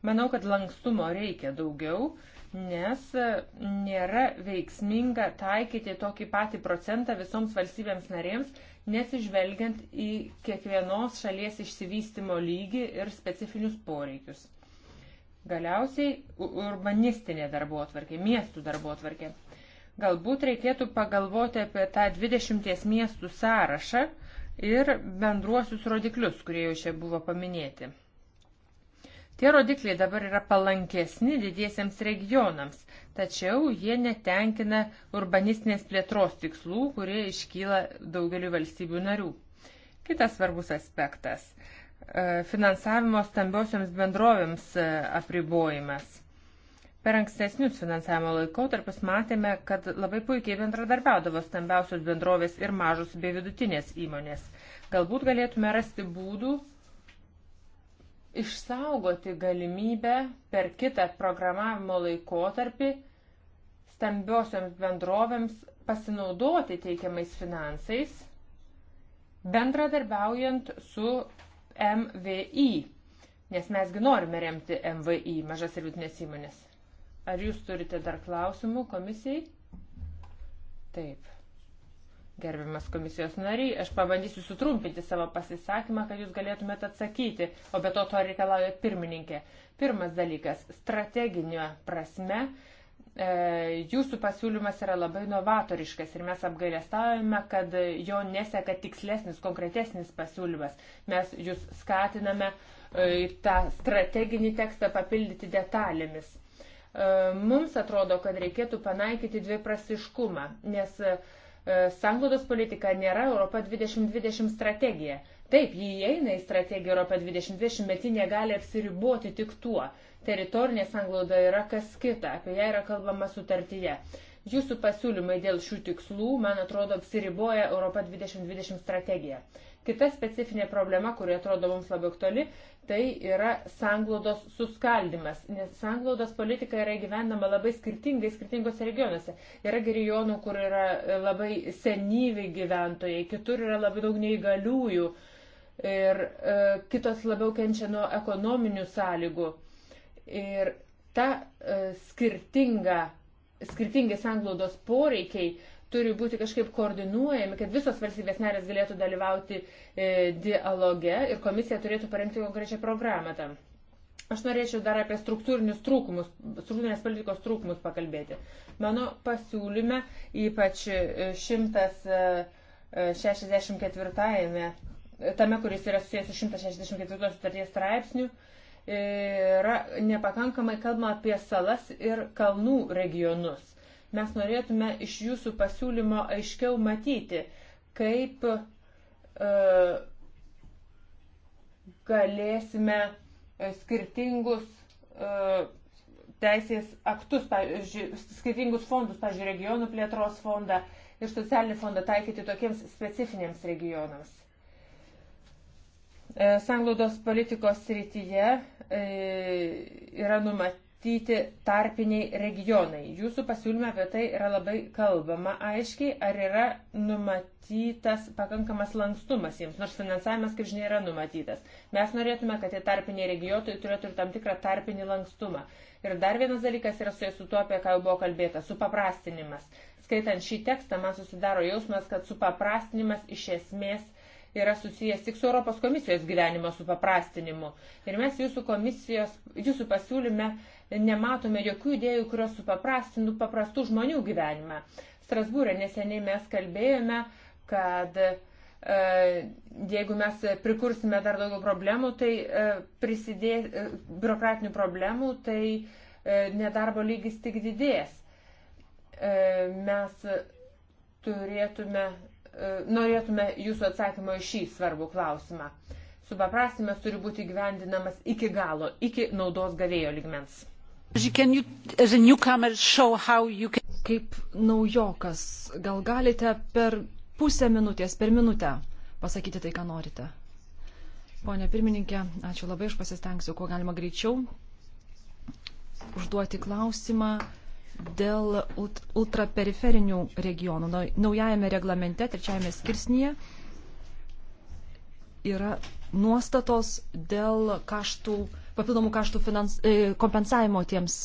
Manau, kad lankstumo reikia daugiau. E, nes e, nėra veiksminga taikyti tokį patį procentą visoms valstybėms narėms, nesižvelgiant į kiekvienos šalies išsivystimo lygį ir specifinius poreikius. Galiausiai urbanistinė darbo atvarkė, miestų darbo atvarkė. Galbūt reikėtų pagalvoti apie tą 20 miestų sąrašą ir bendruosius rodiklius, kurie jau čia buvo paminėti. Tie rodikliai dabar yra palankesni didiesiems regionams, tačiau jie netenkina urbanistinės plėtros tikslų, kurie iškyla daugeliu valstybių narių. Kitas svarbus aspektas - e, finansavimo stambiosioms bendrovėms e, apribojimas. Per ankstesnius finansavimo laikotarpius matėme, kad labai puikiai bendradarbiaudavo stambiausios bendrovės ir mažos bei vidutinės įmonės. Galbūt galėtume rasti būdų, išsaugoti galimybę per kitą programavimo laikotarpį stambiosioms bendrovėms pasinaudoti teikiamais finansais, bendradarbiaujant su MVI, nes mesgi norime remti MVI, mažas ir vidutinės įmonės. Ar jūs turite dar klausimų komisijai? Taip. Gerbiamas komisijos nariai, aš pabandysiu sutrumpinti savo pasisakymą, kad jūs galėtumėte atsakyti, o be to to reikalauja pirmininkė. Pirmas dalykas - strateginio prasme. E, jūsų pasiūlymas yra labai novatoriškas ir mes apgailestavome, kad jo neseka tikslesnis, konkretesnis pasiūlymas. Mes jūs skatiname e, tą strateginį tekstą papildyti detalėmis. E, mums atrodo, kad reikėtų panaikyti dviprasiškumą, nes e, E, sanglaudos politika nėra Europa 2020 strategija. Taip, jį įeina į strategiją Europa 2020, bet ji negali apsiriboti tik tuo. Teritorinė sanglauda yra kas kita, apie ją yra kalbama sutartyje. Jūsų pasiūlymai dėl šių tikslų, man atrodo, apsiriboja Europa 2020 strategiją. Kita specifinė problema, kuri atrodo mums labai aktuali, tai yra sanglaudos suskaldimas, nes sanglaudos politika yra gyvenama labai skirtingai skirtingose regionuose. Yra regionų, kur yra e, labai senyvi gyventojai, kitur yra labai daug neįgaliųjų ir e, kitos labiau kenčia nuo ekonominių sąlygų. Ir ta e, skirtinga, skirtingi sanglaudos poreikiai turi būti kažkaip koordinuojami, kad visos valstybės narės galėtų dalyvauti e, dialoge ir komisija turėtų parengti konkrečią programą tam. Aš norėčiau dar apie struktūrinius trūkumus, struktūrinės politikos trūkumus pakalbėti. Mano pasiūlyme, ypač 164-ame, e, e, e, tame, kuris yra susijęs su 164 sutarties straipsniu, yra nepakankamai kalbama apie salas ir kalnų regionus Mes norėtume iš jūsų pasiūlymo aiškiau matyti, kaip e, galėsime e, skirtingus e, teisės aktus, pavyzdžiui, skirtingus fondus, pavyzdžiui, regionų plėtros fondą ir socialinį fondą taikyti tokiems specifiniams regionams. E, sanglaudos politikos srityje e, yra numat, nustatyti tarpiniai regionai. Jūsų pasiūlyme apie tai yra labai kalbama aiškiai, ar yra numatytas pakankamas lankstumas jiems, nors finansavimas, kaip žinia, yra numatytas. Mes norėtume, kad tie tarpiniai regionai turėtų ir tam tikrą tarpinį lankstumą. Ir dar vienas dalykas yra su, su tuo, apie ką jau buvo kalbėta, supaprastinimas. Skaitant šį tekstą, man susidaro jausmas, kad supaprastinimas iš esmės yra susijęs tik su Europos komisijos gyvenimo supaprastinimu. Ir mes jūsų komisijos, jūsų pasiūlyme e, nematome jokių idėjų, kurios supaprastintų paprastų žmonių gyvenimą. Strasbūrė neseniai mes kalbėjome, kad e, jeigu mes prikursime dar daugiau problemų, tai e, prisidės e, biurokratinių problemų, tai e, nedarbo lygis tik didės. E, mes turėtume, e, norėtume jūsų atsakymo į šį svarbų klausimą supaprastimas turi būti gyvendinamas iki galo, iki naudos gavėjo ligmens. Kaip naujokas, gal galite per pusę minutės, per minutę pasakyti tai, ką norite? Pone pirmininkė, ačiū labai, aš pasistengsiu, kuo galima greičiau užduoti klausimą dėl ultraperiferinių regionų. Naujajame reglamente, trečiajame skirsnyje, yra nuostatos dėl kaštų papildomų kaštų finans, e, kompensavimo tiems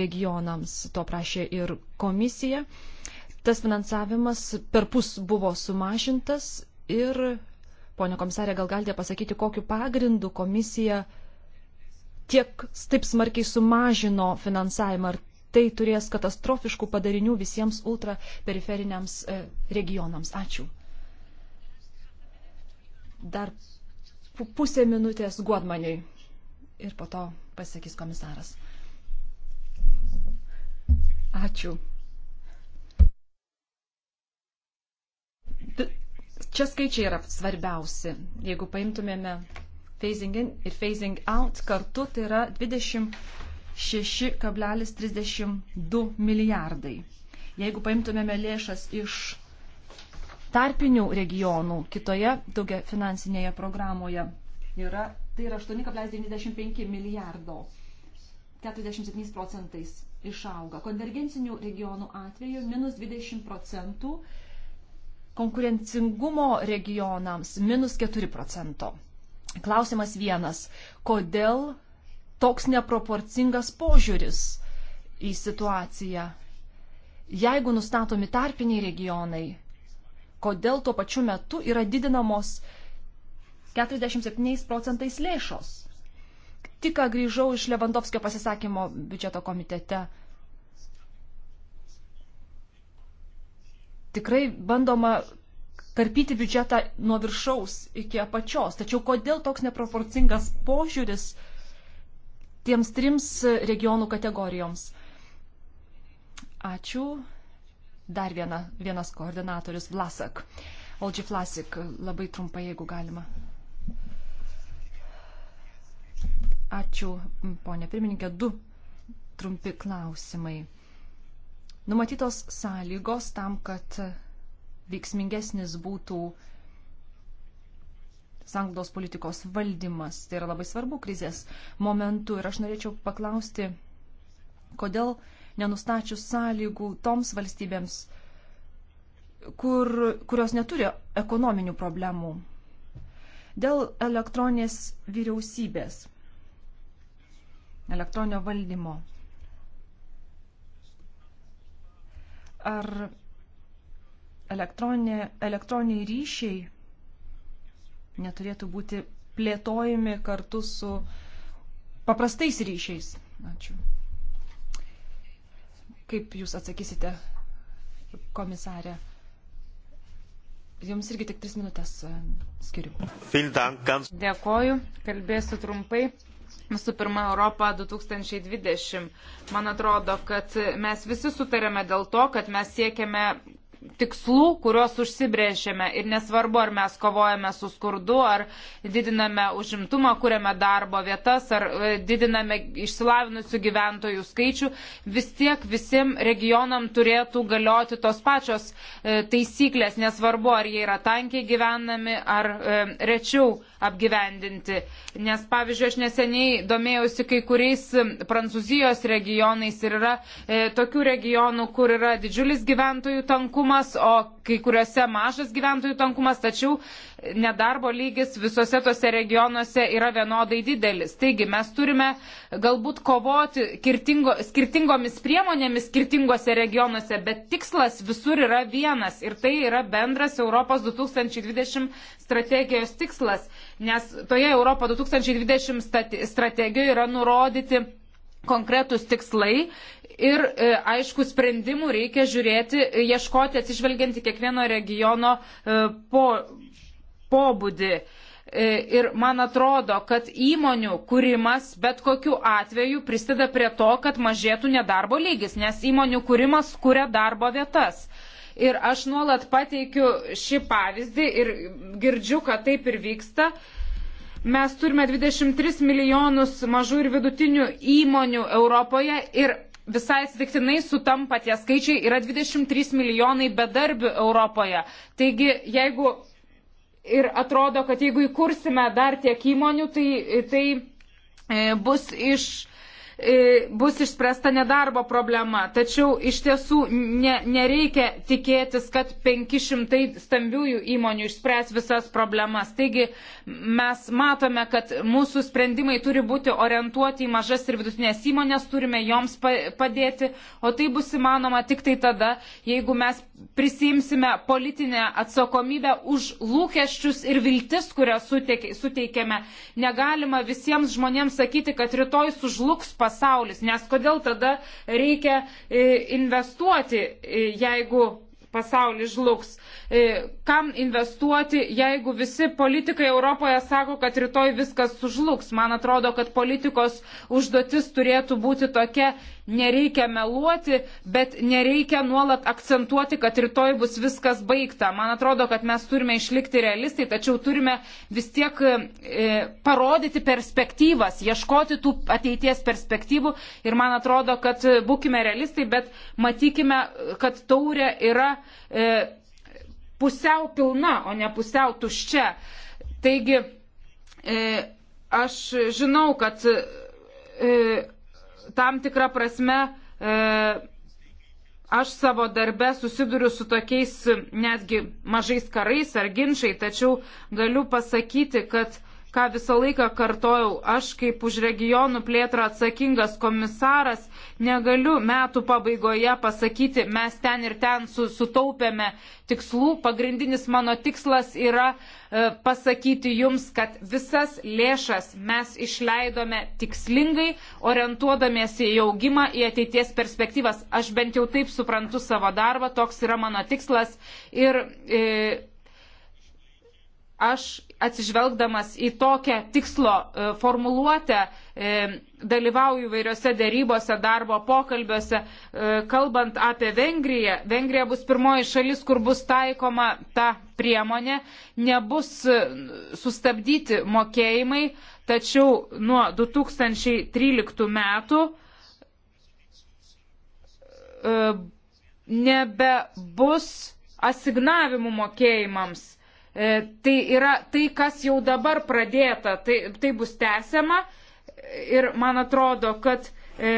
regionams. To prašė ir komisija. Tas finansavimas per pus buvo sumažintas ir, ponė komisarė, gal galite pasakyti, kokiu pagrindu komisija tiek taip smarkiai sumažino finansavimą, ar tai turės katastrofiškų padarinių visiems ultraperiferiniams e, regionams. Ačiū. Dar pusę minutės Guodmaniui ir po to pasakys komisaras. Ačiū. Čia skaičiai yra svarbiausi. Jeigu paimtumėme phasing in ir phasing out kartu, tai yra 26,32 milijardai. Jeigu paimtumėme lėšas iš tarpinių regionų, kitoje daugia finansinėje programoje yra tai yra 8,95 milijardo, 47 procentais išauga. Konvergencinių regionų atveju minus 20 procentų, konkurencingumo regionams minus 4 procento. Klausimas vienas, kodėl toks neproporcingas požiūris į situaciją? Jeigu nustatomi tarpiniai regionai, kodėl tuo pačiu metu yra didinamos uh, 47 procentais lėšos. Tik ką grįžau iš Levandovskio pasisakymo biudžeto komitete. Tikrai bandoma karpyti biudžetą nuo viršaus iki apačios. Tačiau kodėl toks neproporcingas požiūris tiems trims regionų kategorijoms? Ačiū. Dar viena, vienas koordinatorius Vlasak. Olgi Vlasik, labai trumpai, jeigu galima. Ačiū, ponė pirmininkė. Du trumpi klausimai. Numatytos sąlygos tam, kad veiksmingesnis būtų sanglos politikos valdymas. Tai yra labai svarbu krizės momentu. Ir aš norėčiau paklausti, kodėl nenustačius sąlygų toms valstybėms, kur, kurios neturi ekonominių problemų. Dėl elektroninės vyriausybės elektroninio valdymo. Ar elektroniniai ryšiai neturėtų būti plėtojami kartu su paprastais ryšiais? Ačiū. Kaip Jūs atsakysite, komisarė? Jums irgi tik tris minutės e, skiriu. Dėkoju, kalbėsiu trumpai. Visų pirma, Europa 2020. Man atrodo, kad mes visi sutarėme dėl to, kad mes siekiame tikslų, kuriuos užsibrėžėme. Ir nesvarbu, ar mes kovojame su skurdu, ar didiname užimtumą, kuriame darbo vietas, ar e, didiname išsilavinusių gyventojų skaičių, vis tiek visiems regionam turėtų galioti tos pačios e, taisyklės, nesvarbu, ar jie yra tankiai gyvenami, ar e, rečiau apgyvendinti. Nes, pavyzdžiui, aš neseniai domėjausi kai kuriais Prancūzijos regionais ir yra e, tokių regionų, kur yra didžiulis gyventojų tankumas, tankumas, o kai kuriuose mažas gyventojų tankumas, tačiau nedarbo lygis visose tose regionuose yra vienodai didelis. Taigi mes turime galbūt kovoti kirtingo, skirtingomis priemonėmis skirtingose regionuose, bet tikslas visur yra vienas ir tai yra bendras Europos 2020 strategijos tikslas, nes toje Europo 2020 strategijoje yra nurodyti konkretus tikslai ir, e, aišku, sprendimų reikia žiūrėti, e, ieškoti atsižvelgiant į kiekvieno regiono e, po, pobūdį. Ir man atrodo, kad įmonių kūrimas bet kokiu atveju prisideda prie to, kad mažėtų nedarbo lygis, nes įmonių kūrimas kuria darbo vietas. Ir aš nuolat pateikiu šį pavyzdį ir girdžiu, kad taip ir vyksta. Mes turime 23 milijonus mažų ir vidutinių įmonių Europoje ir visai atsitiktinai sutampa tie skaičiai, yra 23 milijonai bedarbių Europoje. Taigi, jeigu ir atrodo, kad jeigu įkursime dar tiek įmonių, tai, tai e, bus iš E, bus išspręsta nedarbo problema. Tačiau iš tiesų ne, nereikia tikėtis, kad 500 stambiųjų įmonių išspręs visas problemas. Taigi mes matome, kad mūsų sprendimai turi būti orientuoti į mažas ir vidutinės įmonės, turime joms padėti, o tai bus įmanoma tik tai tada, jeigu mes prisimsime politinę atsakomybę už lūkesčius ir viltis, kurias suteikėme. Negalima visiems žmonėms sakyti, kad rytoj sužlugs pasaulis pasaulis, nes kodėl tada reikia e, investuoti, e, jeigu pasaulis žlugs. E, kam investuoti, jeigu visi politikai Europoje sako, kad rytoj viskas sužlugs? Man atrodo, kad politikos užduotis turėtų būti tokia nereikia meluoti, bet nereikia nuolat akcentuoti, kad rytoj bus viskas baigta. Man atrodo, kad mes turime išlikti realistai, tačiau turime vis tiek e, parodyti perspektyvas, ieškoti tų ateities perspektyvų ir man atrodo, kad būkime realistai, bet matykime, kad taurė yra e, pusiau pilna, o ne pusiau tuščia. Taigi, e, aš žinau, kad e, tam tikrą prasme e, aš savo darbę susiduriu su tokiais netgi mažais karais ar ginčiai, tačiau galiu pasakyti, kad ką visą laiką kartojau, aš kaip už regionų plėtrą atsakingas komisaras negaliu metų pabaigoje pasakyti, mes ten ir ten su, sutaupėme tikslų. Pagrindinis mano tikslas yra e, pasakyti jums, kad visas lėšas mes išleidome tikslingai, orientuodamiesi į augimą, į ateities perspektyvas. Aš bent jau taip suprantu savo darbą, toks yra mano tikslas. Ir, e, Aš atsižvelgdamas į tokią tikslo e, formuluotę, e, dalyvauju vairiose dėrybose, darbo pokalbiuose, e, kalbant apie Vengriją. Vengrija bus pirmoji šalis, kur bus taikoma ta priemonė, nebus sustabdyti mokėjimai, tačiau nuo 2013 metų nebebus asignavimų mokėjimams E, tai yra tai, kas jau dabar pradėta, tai, tai bus tęsiama ir man atrodo, kad E,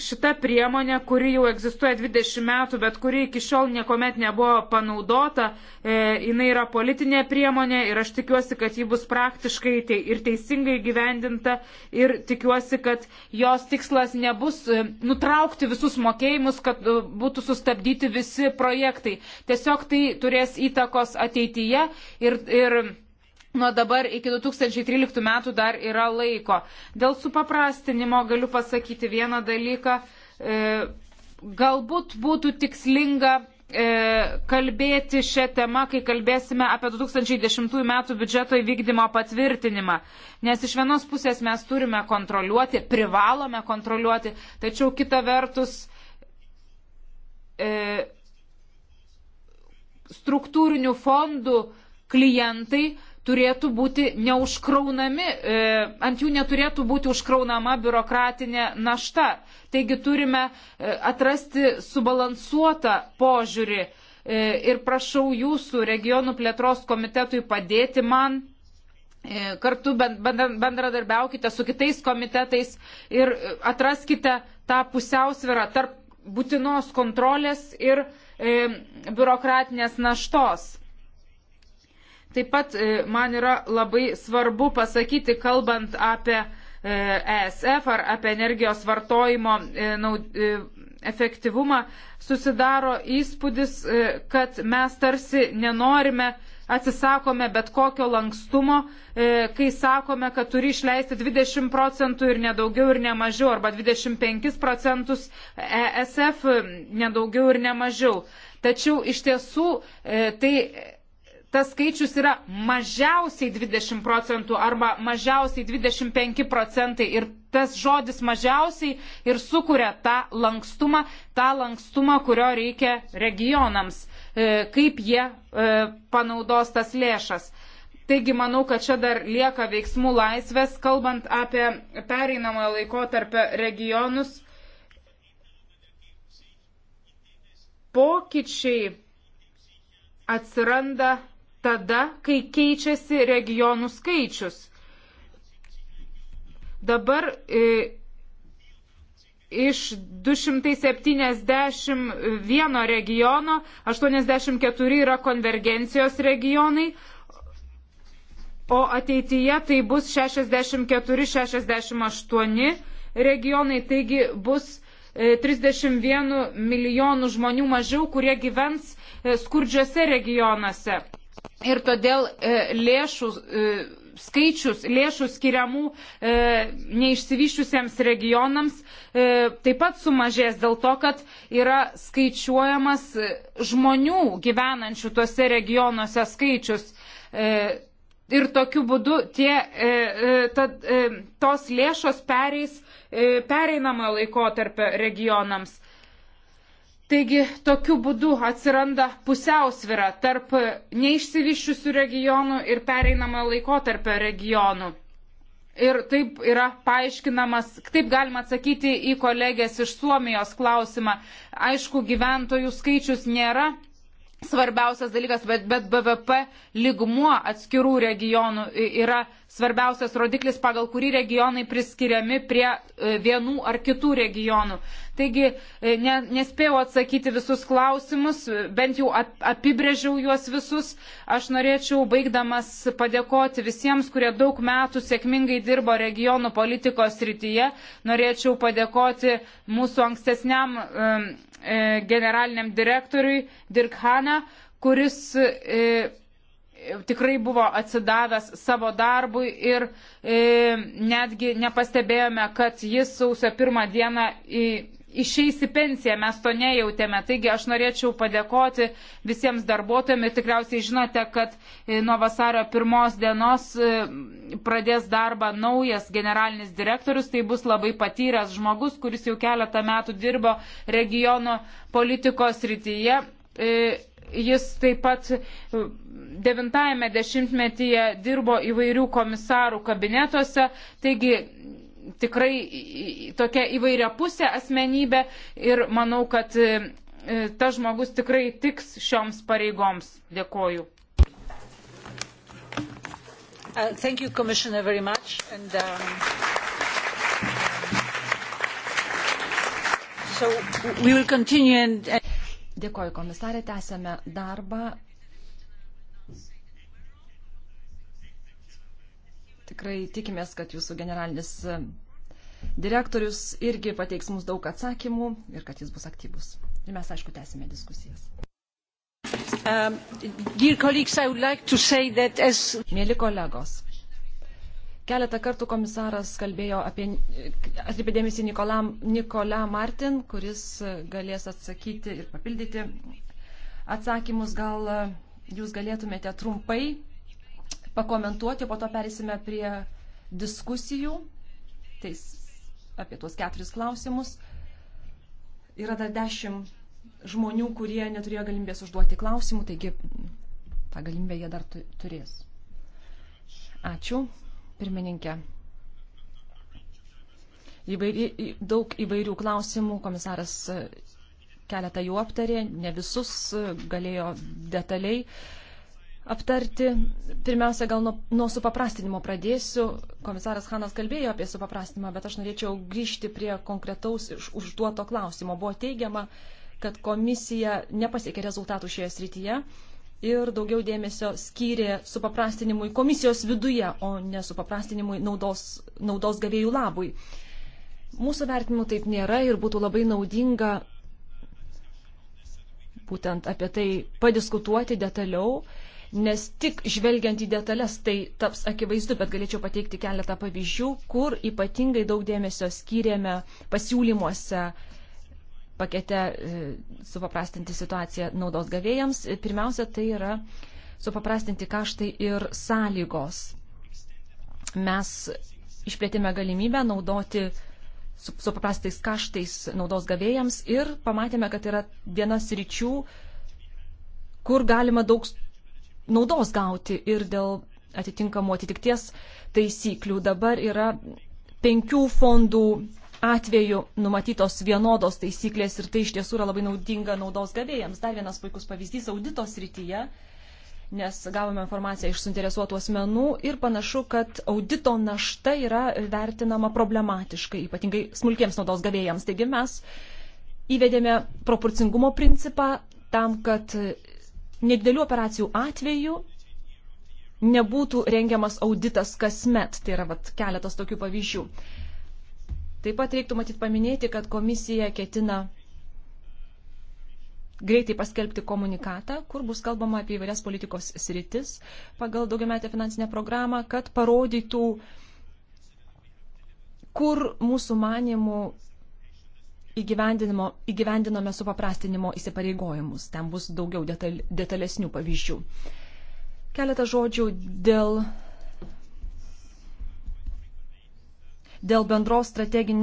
šita priemonė, kuri jau egzistuoja 20 metų, bet kuri iki šiol niekuomet nebuvo panaudota, e, jinai yra politinė priemonė ir aš tikiuosi, kad ji bus praktiškai ir teisingai gyvendinta ir tikiuosi, kad jos tikslas nebus e, nutraukti visus mokėjimus, kad būtų sustabdyti visi projektai. Tiesiog tai turės įtakos ateityje ir, ir Nuo dabar iki 2013 metų dar yra laiko. Dėl supaprastinimo galiu pasakyti vieną dalyką. E, galbūt būtų tikslinga e, kalbėti šią temą, kai kalbėsime apie 2010 metų biudžeto įvykdymo patvirtinimą. Nes iš vienos pusės mes turime kontroliuoti, privalome kontroliuoti, tačiau kita vertus. E, struktūrinių fondų klientai turėtų būti neužkraunami, e, ant jų neturėtų būti užkraunama biurokratinė našta. Taigi turime e, atrasti subalansuotą požiūrį e, ir prašau jūsų regionų plėtros komitetui padėti man. Kartu bendradarbiaukite su kitais komitetais ir atraskite tą pusiausvyrą tarp būtinos kontrolės ir e, biurokratinės naštos. Taip pat e, man yra labai svarbu pasakyti, kalbant apie ESF e ar apie energijos vartojimo e, efektyvumą, susidaro įspūdis, kad mes tarsi nenorime atsisakome bet kokio lankstumo, kai sakome, kad turi išleisti 20 procentų ir nedaugiau ir nemažiau, arba 25 procentus ESF nedaugiau ir nemažiau. Tačiau iš tiesų tai tas skaičius yra mažiausiai 20 procentų arba mažiausiai 25 procentai ir tas žodis mažiausiai ir sukuria tą lankstumą, tą lankstumą, kurio reikia regionams, e, kaip jie e, panaudos tas lėšas. Taigi manau, kad čia dar lieka veiksmų laisvės, kalbant apie pereinamojo laiko tarp regionus. Pokyčiai atsiranda tada, kai keičiasi regionų skaičius. Dabar e, iš 271 regiono 84 yra konvergencijos regionai, o ateityje tai bus 64-68 regionai, taigi bus 31 e, milijonų žmonių mažiau, kurie gyvens e, skurdžiose regionuose ir todėl e, lėšų e, skaičius, lėšų skiriamų e, neišsivyščiusiems regionams taip pat sumažės dėl to, kad yra skaičiuojamas žmonių gyvenančių tuose regionuose skaičius. Ir tokiu būdu tie, tad, tos lėšos pereis pereinamą laikotarpį regionams. Taigi tokiu būdu atsiranda pusiausvira tarp neišsivyščiusių regionų ir pereinamojo laikotarpio regionų. Ir taip yra paaiškinamas, taip galima atsakyti į kolegės iš Suomijos klausimą. Aišku, gyventojų skaičius nėra svarbiausias dalykas, bet, bet BVP lygmuo atskirų regionų yra svarbiausias rodiklis, pagal kurį regionai priskiriami prie e, vienų ar kitų regionų. Taigi e, ne, nespėjau atsakyti visus klausimus, bent jau apibrėžiau juos visus. Aš norėčiau baigdamas padėkoti visiems, kurie daug metų sėkmingai dirbo regionų politikos rytyje. Norėčiau padėkoti mūsų ankstesniam. Um, E, generaliniam direktoriui Dirk Hana, kuris e, tikrai buvo atsidavęs savo darbui ir e, netgi nepastebėjome, kad jis sausio pirmą dieną į, išeis į pensiją, mes to nejautėme. Taigi aš norėčiau padėkoti visiems darbuotojams ir tikriausiai žinote, kad e, nuo vasario pirmos dienos e, pradės darbą naujas generalinis direktorius, tai bus labai patyręs žmogus, kuris jau keletą metų dirbo regiono politikos rytyje. E, jis taip pat devintajame dešimtmetyje dirbo įvairių komisarų kabinetuose, taigi tikrai tokia įvairia pusė asmenybė ir manau, kad e, e, tas žmogus tikrai tiks šioms pareigoms. Dėkoju. Uh, thank you, Commissioner, very much. And, um, so we will continue and. Dėkoju, komisarė, tęsėme darbą. tikrai tikimės, kad jūsų generalinis e, direktorius irgi pateiks mums daug atsakymų ir kad jis bus aktyvus. Ir mes, aišku, tęsime diskusijas. Um, like as... Mėly kolegos, keletą kartų komisaras kalbėjo apie, atkreipė dėmesį Nikola, Nikola Martin, kuris e, galės atsakyti ir papildyti atsakymus. Gal e, jūs galėtumėte trumpai pakomentuoti, po to perėsime prie diskusijų tais, apie tuos keturis klausimus. Yra dar dešimt žmonių, kurie neturėjo galimybės užduoti klausimų, taigi tą galimybę jie dar turės. Ačiū, pirmininkė. Įvairi, daug įvairių klausimų komisaras e, keletą jų aptarė, ne visus e, galėjo detaliai aptarti. Pirmiausia, gal nuo, nuo supaprastinimo pradėsiu. Komisaras Hanas kalbėjo apie supaprastinimą, bet aš norėčiau grįžti prie konkretaus iš, užduoto klausimo. Buvo teigiama, kad komisija nepasiekė rezultatų šioje srityje ir daugiau dėmesio skyrė supaprastinimui komisijos viduje, o ne supaprastinimui naudos, naudos gavėjų labui. Mūsų vertinimu taip nėra ir būtų labai naudinga būtent apie tai padiskutuoti detaliau nes tik žvelgiant į detalės tai taps akivaizdu, bet galėčiau pateikti keletą pavyzdžių, kur ypatingai daug dėmesio skyrėme pasiūlymuose pakete e, supaprastinti situaciją naudos gavėjams. Pirmiausia, tai yra supaprastinti kaštai ir sąlygos. Mes išplėtėme galimybę naudoti su, su paprastais kaštais naudos gavėjams ir pamatėme, kad yra vienas ryčių, kur galima daug naudos gauti ir dėl atitinkamų atitikties taisyklių. Dabar yra penkių fondų atveju numatytos vienodos taisyklės ir tai iš tiesų yra labai naudinga naudos gavėjams. Dar vienas puikus pavyzdys audito srityje, nes gavome informaciją iš suinteresuotų asmenų ir panašu, kad audito našta yra vertinama problematiškai, ypatingai smulkiems naudos gavėjams. Taigi mes įvedėme proporcingumo principą tam, kad nedidelių operacijų atveju nebūtų rengiamas auditas kasmet. Tai yra vat, keletas tokių pavyzdžių. Taip pat reiktų matyt paminėti, kad komisija ketina greitai paskelbti komunikatą, kur bus kalbama apie įvairias politikos sritis pagal daugiametę finansinę programą, kad parodytų, kur mūsų manimų įgyvendinome supaprastinimo įsipareigojimus. Ten bus daugiau detal, detalesnių pavyzdžių. Keletą žodžių dėl, dėl bendros strategin,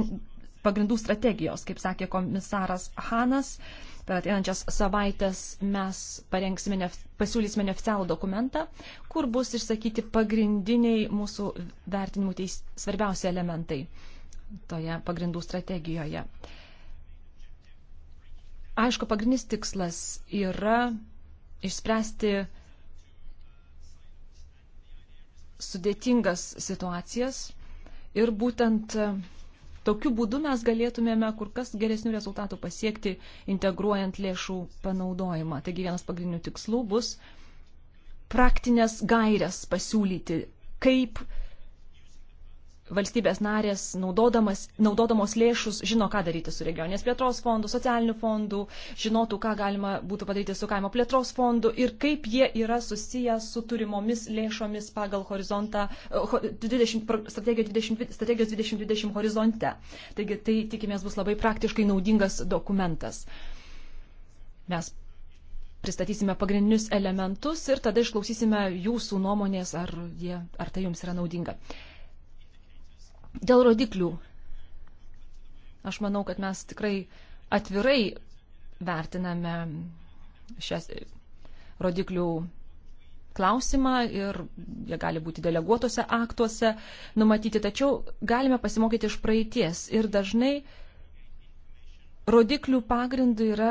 pagrindų strategijos. Kaip sakė komisaras Hanas, per ateinančias savaitės mes parengsime, nef, pasiūlysime neoficialų dokumentą, kur bus išsakyti pagrindiniai mūsų vertinimų teis, svarbiausi elementai toje pagrindų strategijoje. Uh, Aišku, pagrindinis tikslas yra išspręsti sudėtingas situacijas ir būtent tokiu būdu mes galėtumėme kur kas geresnių rezultatų pasiekti, integruojant lėšų panaudojimą. Taigi vienas pagrindinių tikslų bus praktinės gairias pasiūlyti, kaip valstybės narės, naudodamos lėšus, žino, ką daryti su regionės plėtros fondu, socialiniu fondu, žinotų, ką galima būtų padaryti su kaimo plėtros fondu ir kaip jie yra susiję su turimomis lėšomis pagal horizontą 20, strategijos, 20, strategijos 2020 horizonte. Taigi tai tikimės bus labai praktiškai naudingas dokumentas. Mes pristatysime pagrindinius elementus ir tada išklausysime jūsų nuomonės, ar, jie, ar tai jums yra naudinga. Dėl rodiklių. Aš manau, kad mes tikrai atvirai vertiname šias rodiklių klausimą ir jie gali būti deleguotose aktuose numatyti, tačiau galime pasimokyti iš praeities ir dažnai rodiklių pagrindų yra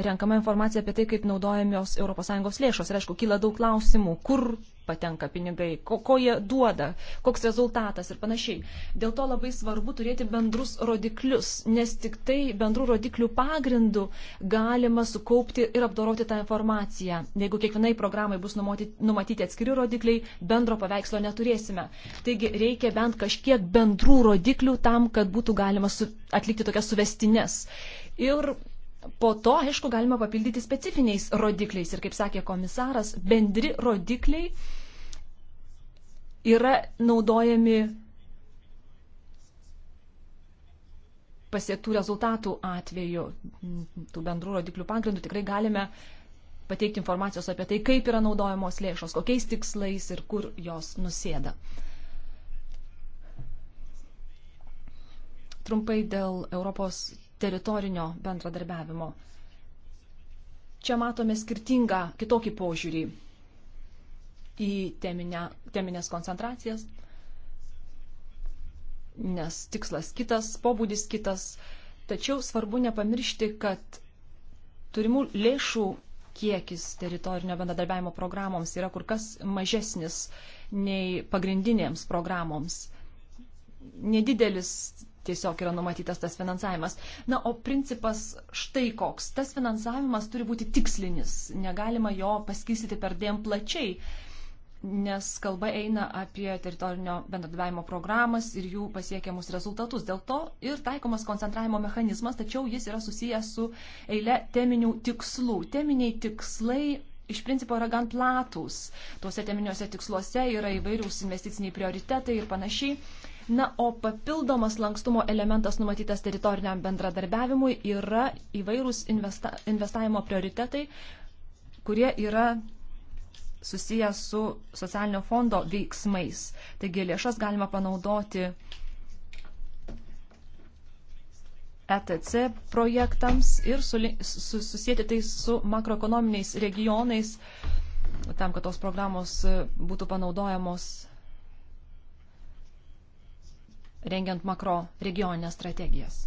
renkama informacija apie tai, kaip naudojamos ES lėšos. Ir aišku, kyla daug klausimų, kur patenka pinigai, ko, ko jie duoda, koks rezultatas ir panašiai. Dėl to labai svarbu turėti bendrus rodiklius, nes tik tai bendrų rodiklių pagrindų galima sukaupti ir apdoroti tą informaciją. Jeigu kiekvienai programai bus numatyti atskiri rodikliai, bendro paveikslo neturėsime. Taigi reikia bent kažkiek bendrų rodiklių tam, kad būtų galima su, atlikti tokias suvestines. Ir Po to, aišku, galima papildyti specifiniais rodikliais. Ir kaip sakė komisaras, bendri rodikliai yra naudojami pasiektų rezultatų atveju, tų bendrų rodiklių pagrindų tikrai galime pateikti informacijos apie tai, kaip yra naudojamos lėšos, kokiais tikslais ir kur jos nusėda. Trumpai dėl Europos teritorinio bendradarbiavimo. Čia matome skirtingą kitokį požiūrį į teminę, teminės koncentracijas, nes tikslas kitas, pobūdis kitas, tačiau svarbu nepamiršti, kad turimų lėšų kiekis teritorinio bendradarbiavimo programoms yra kur kas mažesnis nei pagrindinėms programoms. Nedidelis tiesiog yra numatytas tas finansavimas. Na, o principas štai koks. Tas finansavimas turi būti tikslinis. Negalima jo paskirstyti per dėm plačiai, nes kalba eina apie teritorinio bendradarbiavimo programas ir jų pasiekiamus rezultatus. Dėl to ir taikomas koncentravimo mechanizmas, tačiau jis yra susijęs su eile teminių tikslų. Teminiai tikslai iš principo yra gan platūs. Tuose teminiuose tiksluose yra įvairiūs investiciniai prioritetai ir panašiai. Na, o papildomas lankstumo elementas numatytas teritoriniam bendradarbiavimui yra įvairūs investa investavimo prioritetai, kurie yra susiję su socialinio fondo veiksmais. Taigi lėšas galima panaudoti ETC projektams ir susijęti tai su makroekonominiais regionais, tam, kad tos programos e, būtų panaudojamos rengiant makro regioninės strategijas.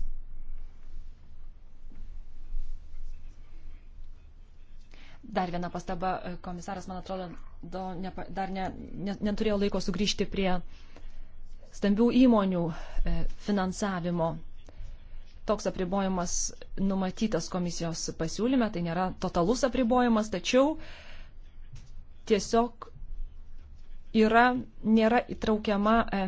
Dar viena pastaba, komisaras, man atrodo, dar ne, ne, neturėjo laiko sugrįžti prie stambių įmonių e, finansavimo. Toks apribojimas numatytas komisijos pasiūlyme, tai nėra totalus apribojimas, tačiau tiesiog yra, nėra įtraukiama e,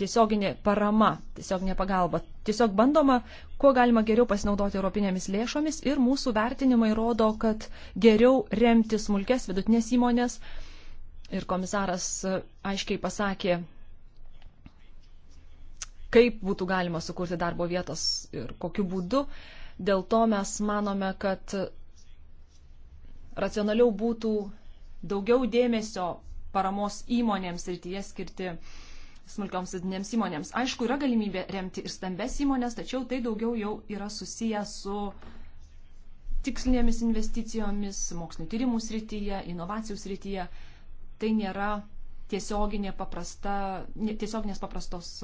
tiesioginė parama, tiesioginė pagalba. Tiesiog bandoma, kuo galima geriau pasinaudoti europinėmis lėšomis ir mūsų vertinimai rodo, kad geriau remti smulkės vidutinės įmonės. Ir komisaras e, aiškiai pasakė, kaip būtų galima sukurti darbo vietas ir kokiu būdu. Dėl to mes manome, kad racionaliau būtų daugiau dėmesio paramos įmonėms rytyje skirti uh, smulkioms didinėms įmonėms. Aišku, yra galimybė remti ir stambes įmonės, tačiau tai daugiau jau yra susiję su tikslinėmis investicijomis, mokslinio tyrimų srityje, inovacijų srityje. Tai nėra tiesioginė paprasta, tiesioginės paprastos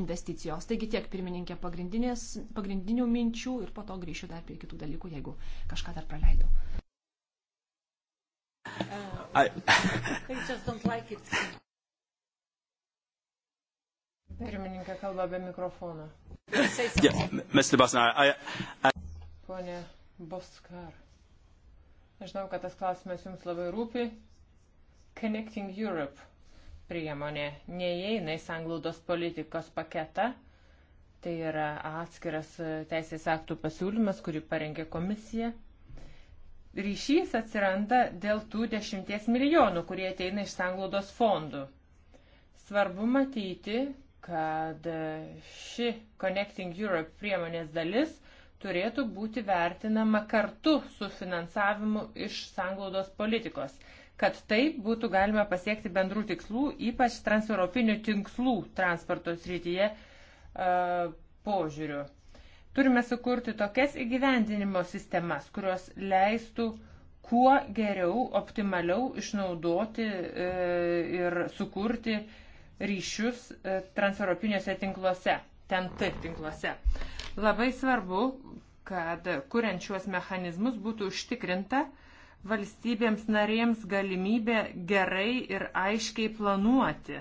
investicijos. Taigi tiek pirmininkė pagrindinių minčių ir po to grįšiu dar prie kitų dalykų, jeigu kažką dar praleidau. Uh, I, I just don't like it. Pirmininkė kalba be mikrofono. Pone Boskar, aš žinau, kad tas klausimas jums labai rūpi. Connecting Europe priemonė neįeina į sanglaudos politikos paketą. Tai yra atskiras teisės aktų pasiūlymas, kurį parengė komisija. Ryšys atsiranda dėl tų dešimties milijonų, kurie ateina iš sanglaudos fondų. Svarbu matyti, kad ši Connecting Europe priemonės dalis turėtų būti vertinama kartu su finansavimu iš sanglaudos politikos, kad taip būtų galima pasiekti bendrų tikslų, ypač transeuropinių tinklų transporto srityje e, požiūriu. Turime sukurti tokias įgyvendinimo sistemas, kurios leistų kuo geriau, optimaliau išnaudoti e, ir sukurti ryšius e, transeuropiniuose tinkluose, ten taip tinkluose. Labai svarbu, kad kuriant šiuos mechanizmus būtų užtikrinta valstybėms narėms galimybė gerai ir aiškiai planuoti,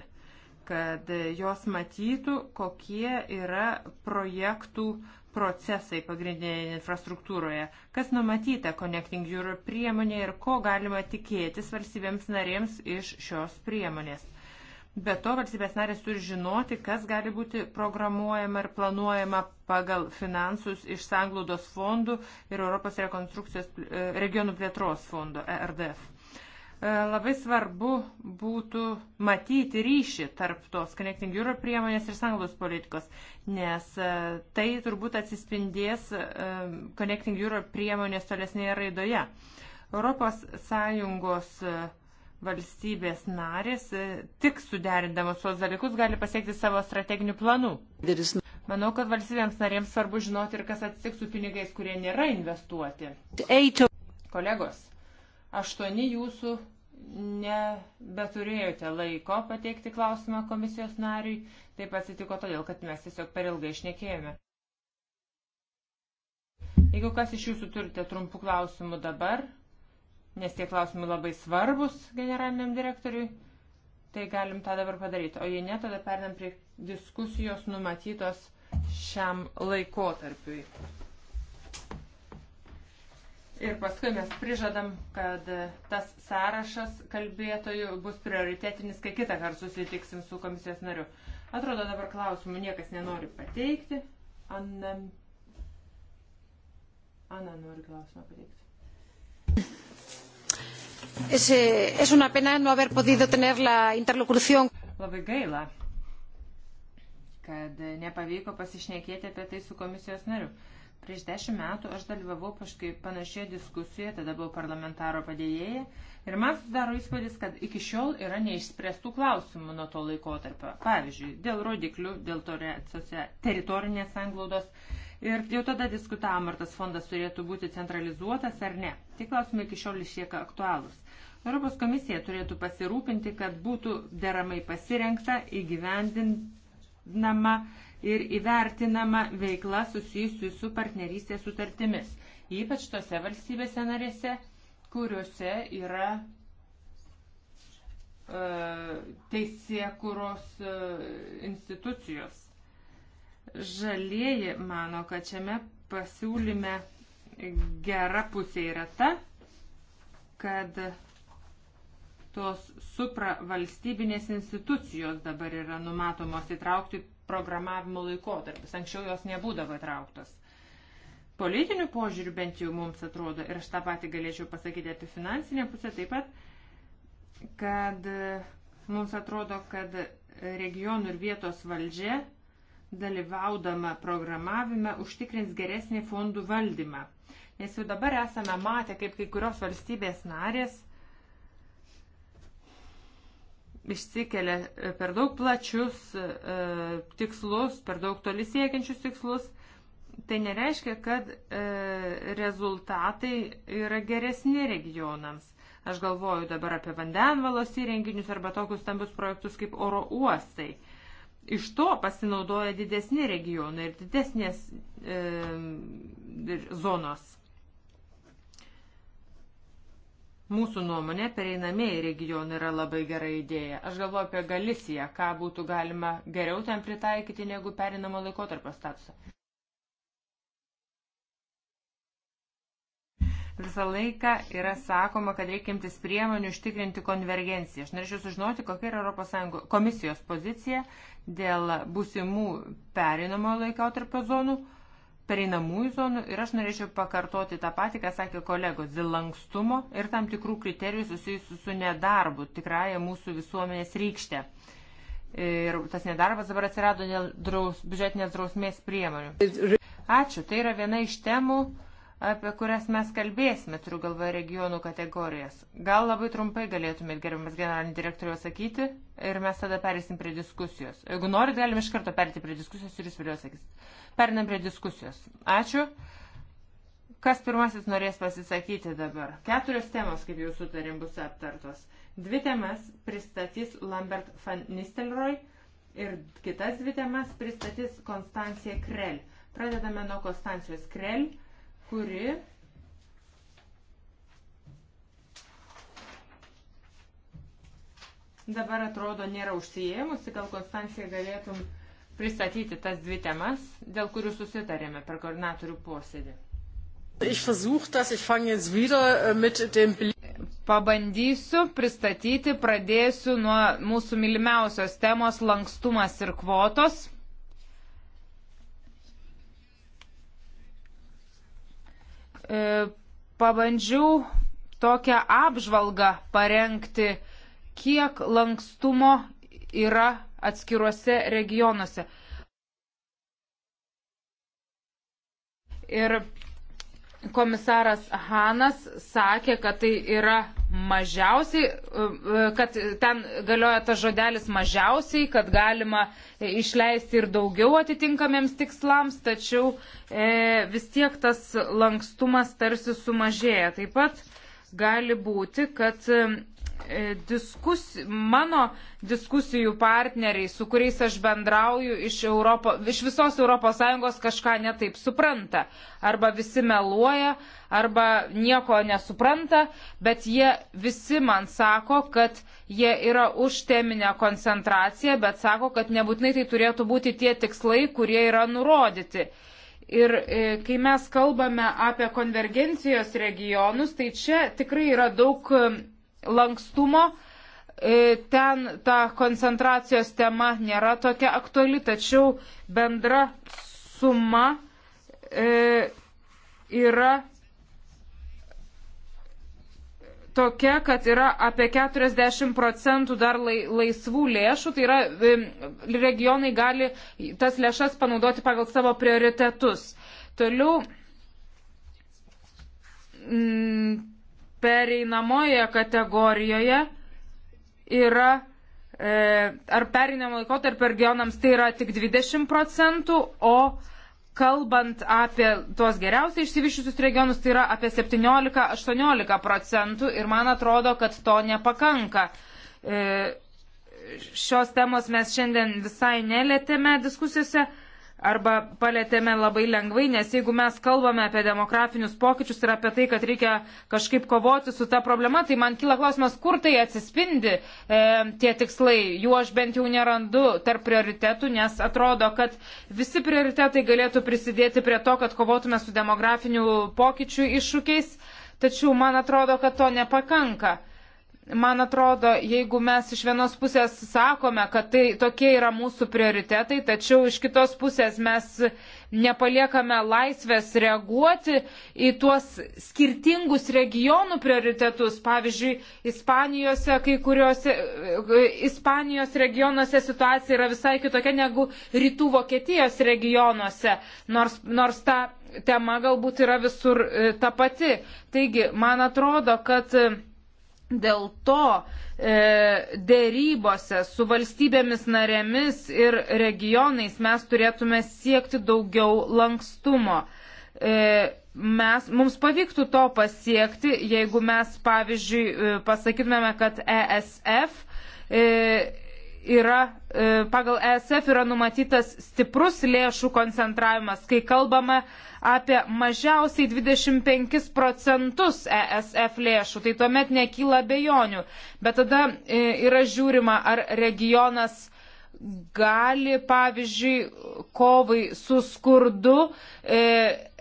kad jos matytų, kokie yra projektų procesai pagrindinėje infrastruktūroje, kas numatyta Connecting Europe priemonėje ir ko galima tikėtis valstybėms narėms iš šios priemonės. Be to, valstybės narės turi žinoti, kas gali būti programuojama ir planuojama pagal finansus iš Sanglaudos fondų ir Europos rekonstrukcijos e, regionų plėtros fondo ERDF. E, labai svarbu būtų matyti ryšį tarp tos Connecting Europe priemonės ir sanglaudos politikos, nes e, tai turbūt atsispindės Connecting Europe priemonės tolesnėje raidoje. Europos Sąjungos valstybės narės e, tik suderindamos tuos dalykus gali pasiekti savo strateginių planų. Manau, kad valstybėms narėms svarbu žinoti ir kas atsitiks su pinigais, kurie nėra investuoti. Kolegos, aštuoni jūsų nebeturėjote laiko pateikti klausimą komisijos nariui. Taip atsitiko todėl, kad mes tiesiog per ilgai išnekėjome. Jeigu kas iš jūsų turite trumpų klausimų dabar, nes tie klausimai labai svarbus generaliniam direktoriui, tai galim tą dabar padaryti. O jei ne, tada pernam prie diskusijos numatytos šiam laikotarpiui. Ir paskui mes prižadam, kad tas sąrašas kalbėtojų bus prioritetinis, kai kitą kartą susitiksim su komisijos nariu. Atrodo, dabar klausimų niekas nenori pateikti. Anna, Anna nori klausimą pateikti. Es, eh, es una pena no haber podido tener la interlocución. Labai gaila, kad nepavyko pasišnekėti apie tai su komisijos nariu. Prieš dešimt metų aš dalyvavau kažkaip panašioje diskusijoje, tada buvau parlamentaro padėjėja ir man susidaro įspūdis, kad iki šiol yra neišspręstų klausimų nuo to laikotarpio. Pavyzdžiui, dėl rodiklių, dėl teritorinės sanglaudos Ir jau tada diskutavom, ar tas fondas turėtų būti centralizuotas ar ne. Tie klausimai iki šiol išlieka aktualūs. Europos komisija turėtų pasirūpinti, kad būtų deramai pasirengta, įgyvendinama ir įvertinama veikla susijusi su partnerystės sutartimis, ypač tose valstybėse narėse, kuriuose yra e, teisėkuros e, institucijos. Žalieji mano, kad šiame pasiūlyme gera pusė yra ta, kad tos supravalstybinės institucijos dabar yra numatomos įtraukti programavimo laikotarpis. Anksčiau jos nebūdavo įtrauktos. Politinių požiūrių bent jau mums atrodo, ir aš tą patį galėčiau pasakyti apie finansinę pusę taip pat, kad mums atrodo, kad regionų ir vietos valdžia dalyvaudama programavime užtikrins geresnį fondų valdymą. Nes jau dabar esame matę, kaip kai kurios valstybės narės išsikelia e, per daug plačius e, tikslus, per daug toli siekiančius tikslus. Tai nereiškia, kad e, rezultatai yra geresni regionams. Aš galvoju dabar apie vandenvalos įrenginius arba tokius stambius projektus kaip oro uostai. E, Iš to pasinaudoja didesni regionai ir didesnės e, zonos. Mūsų nuomonė, pereinamieji regionai yra labai gera idėja. Aš galvoju apie Galiciją, ką būtų galima geriau ten pritaikyti negu pereinamo laikotarpio statusą. Visą laiką yra sakoma, kad reikimtis priemonių užtikrinti konvergenciją. Aš norėčiau sužinoti, kokia yra ES komisijos pozicija dėl būsimų perinamojo laikotarpio zonų, pereinamųjų zonų ir aš norėčiau pakartoti tą patį, ką sakė kolegos, dėl lankstumo ir tam tikrų kriterijų susijusių su nedarbu, tikrąją mūsų visuomenės rykštę. Ir tas nedarbas dabar atsirado dėl draus, biudžetinės drausmės priemonių. Ačiū, tai yra viena iš temų apie kurias mes kalbėsime, turiu galvoje regionų kategorijas. Gal labai trumpai galėtumėt, gerbiamas generalinį direktorių, sakyti ir mes tada perėsim prie diskusijos. Jeigu norit, galim iš karto perėti prie diskusijos ir jūs vėliau sakysit. Perinam prie diskusijos. Ačiū. Kas pirmasis norės pasisakyti dabar? Keturios temos, kaip jau sutarėm, bus aptartos. Dvi temas pristatys Lambert van Nistelrooy ir kitas dvi temas pristatys Konstancija Krell. Pradedame nuo Konstancijos Krell kuri dabar atrodo nėra užsijėmusi, gal Konstancija galėtum pristatyti tas dvi temas, dėl kurių susitarėme per koordinatorių posėdį. Äh, Pabandysiu pristatyti, pradėsiu nuo mūsų mylimiausios temos lankstumas ir kvotos. E, pabandžiau tokią apžvalgą parengti, kiek lankstumo yra atskiruose regionuose. Ir komisaras Hanas sakė, kad tai yra mažiausiai, e, e, kad ten galioja tas žodelis mažiausiai, kad galima išleisti ir daugiau atitinkamiems tikslams, tačiau e, vis tiek tas lankstumas tarsi sumažėja. Taip pat gali būti, kad E, diskus, mano diskusijų partneriai, su kuriais aš bendrauju iš, Europo, iš visos ES kažką netaip supranta. Arba visi meluoja, arba nieko nesupranta, bet jie visi man sako, kad jie yra už teminę koncentraciją, bet sako, kad nebūtinai tai turėtų būti tie tikslai, kurie yra nurodyti. Ir e, kai mes kalbame apie konvergencijos regionus, tai čia tikrai yra daug lankstumo. E, ten ta koncentracijos tema nėra tokia aktuali, tačiau bendra suma e, yra tokia, kad yra apie 40 procentų dar laisvų lėšų, tai yra e, regionai gali tas lėšas panaudoti pagal savo prioritetus. Toliau pereinamoje kategorijoje yra, e, ar pereinamo laikotarpio regionams tai yra tik 20 procentų, o kalbant apie tuos geriausiai išsivyščiusius regionus, tai yra apie 17-18 procentų ir man atrodo, kad to nepakanka. E, šios temos mes šiandien visai nelėtėme diskusijose, arba palėtėme labai lengvai, nes jeigu mes kalbame apie demografinius pokyčius ir apie tai, kad reikia kažkaip kovoti su ta problema, tai man kyla klausimas, kur tai atsispindi e, tie tikslai. Jų aš bent jau nerandu tarp prioritetų, nes atrodo, kad visi prioritetai galėtų prisidėti prie to, kad kovotume su demografinių pokyčių iššūkiais, tačiau man atrodo, kad to nepakanka man atrodo, jeigu mes iš vienos pusės sakome, kad tai, tokie yra mūsų prioritetai, tačiau iš kitos pusės mes nepaliekame laisvės reaguoti į tuos skirtingus regionų prioritetus. Pavyzdžiui, Ispanijose, kai kuriuose, Ispanijos regionuose situacija yra visai kitokia negu rytų Vokietijos regionuose, nors, nors ta tema galbūt yra visur e, ta pati. Taigi, man atrodo, kad e, Dėl to e, dėrybose su valstybėmis narėmis ir regionais mes turėtume siekti daugiau lankstumo. E, mes, mums pavyktų to pasiekti, jeigu mes, pavyzdžiui, e, pasakytumėme, kad ESF e, yra e, pagal ESF yra numatytas stiprus lėšų koncentravimas, kai kalbame apie mažiausiai 25 procentus ESF lėšų, tai tuomet nekyla bejonių. Bet tada e, yra žiūrima, ar regionas gali, pavyzdžiui, kovai su skurdu e,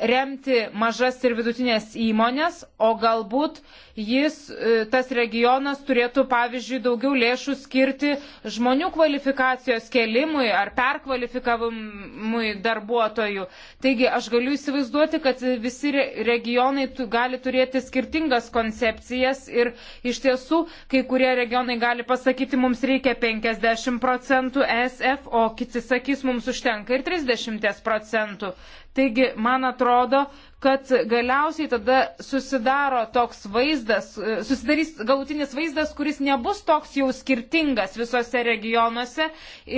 remti mažas ir vidutinės įmonės, o galbūt jis, e, tas regionas turėtų, pavyzdžiui, daugiau lėšų skirti žmonių kvalifikacijos kelimui ar perkvalifikavimui darbuotojų. Taigi aš galiu įsivaizduoti, kad visi regionai gali turėti skirtingas koncepcijas ir iš tiesų kai kurie regionai gali pasakyti, mums reikia 50 procentų e SF, o kiti sakys, mums užtenka ir 30 procentų. Taigi, man atrodo, kad galiausiai tada susidaro toks vaizdas, e, susidarys galutinis vaizdas, kuris nebus toks jau skirtingas visose regionuose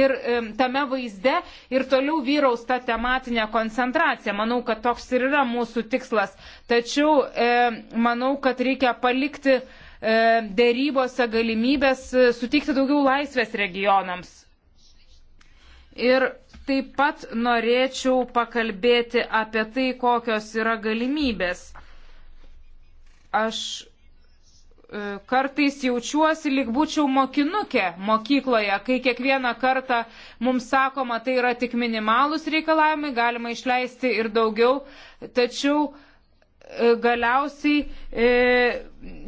ir e, tame vaizde ir toliau vyraus ta tematinė koncentracija. Manau, kad toks ir yra mūsų tikslas. Tačiau e, manau, kad reikia palikti dėrybose galimybės suteikti daugiau laisvės regionams. Ir taip pat norėčiau pakalbėti apie tai, kokios yra galimybės. Aš e, kartais jaučiuosi, lyg būčiau mokinukė mokykloje, kai kiekvieną kartą mums sakoma, tai yra tik minimalus reikalavimai, galima išleisti ir daugiau, tačiau uh, E, galiausiai e,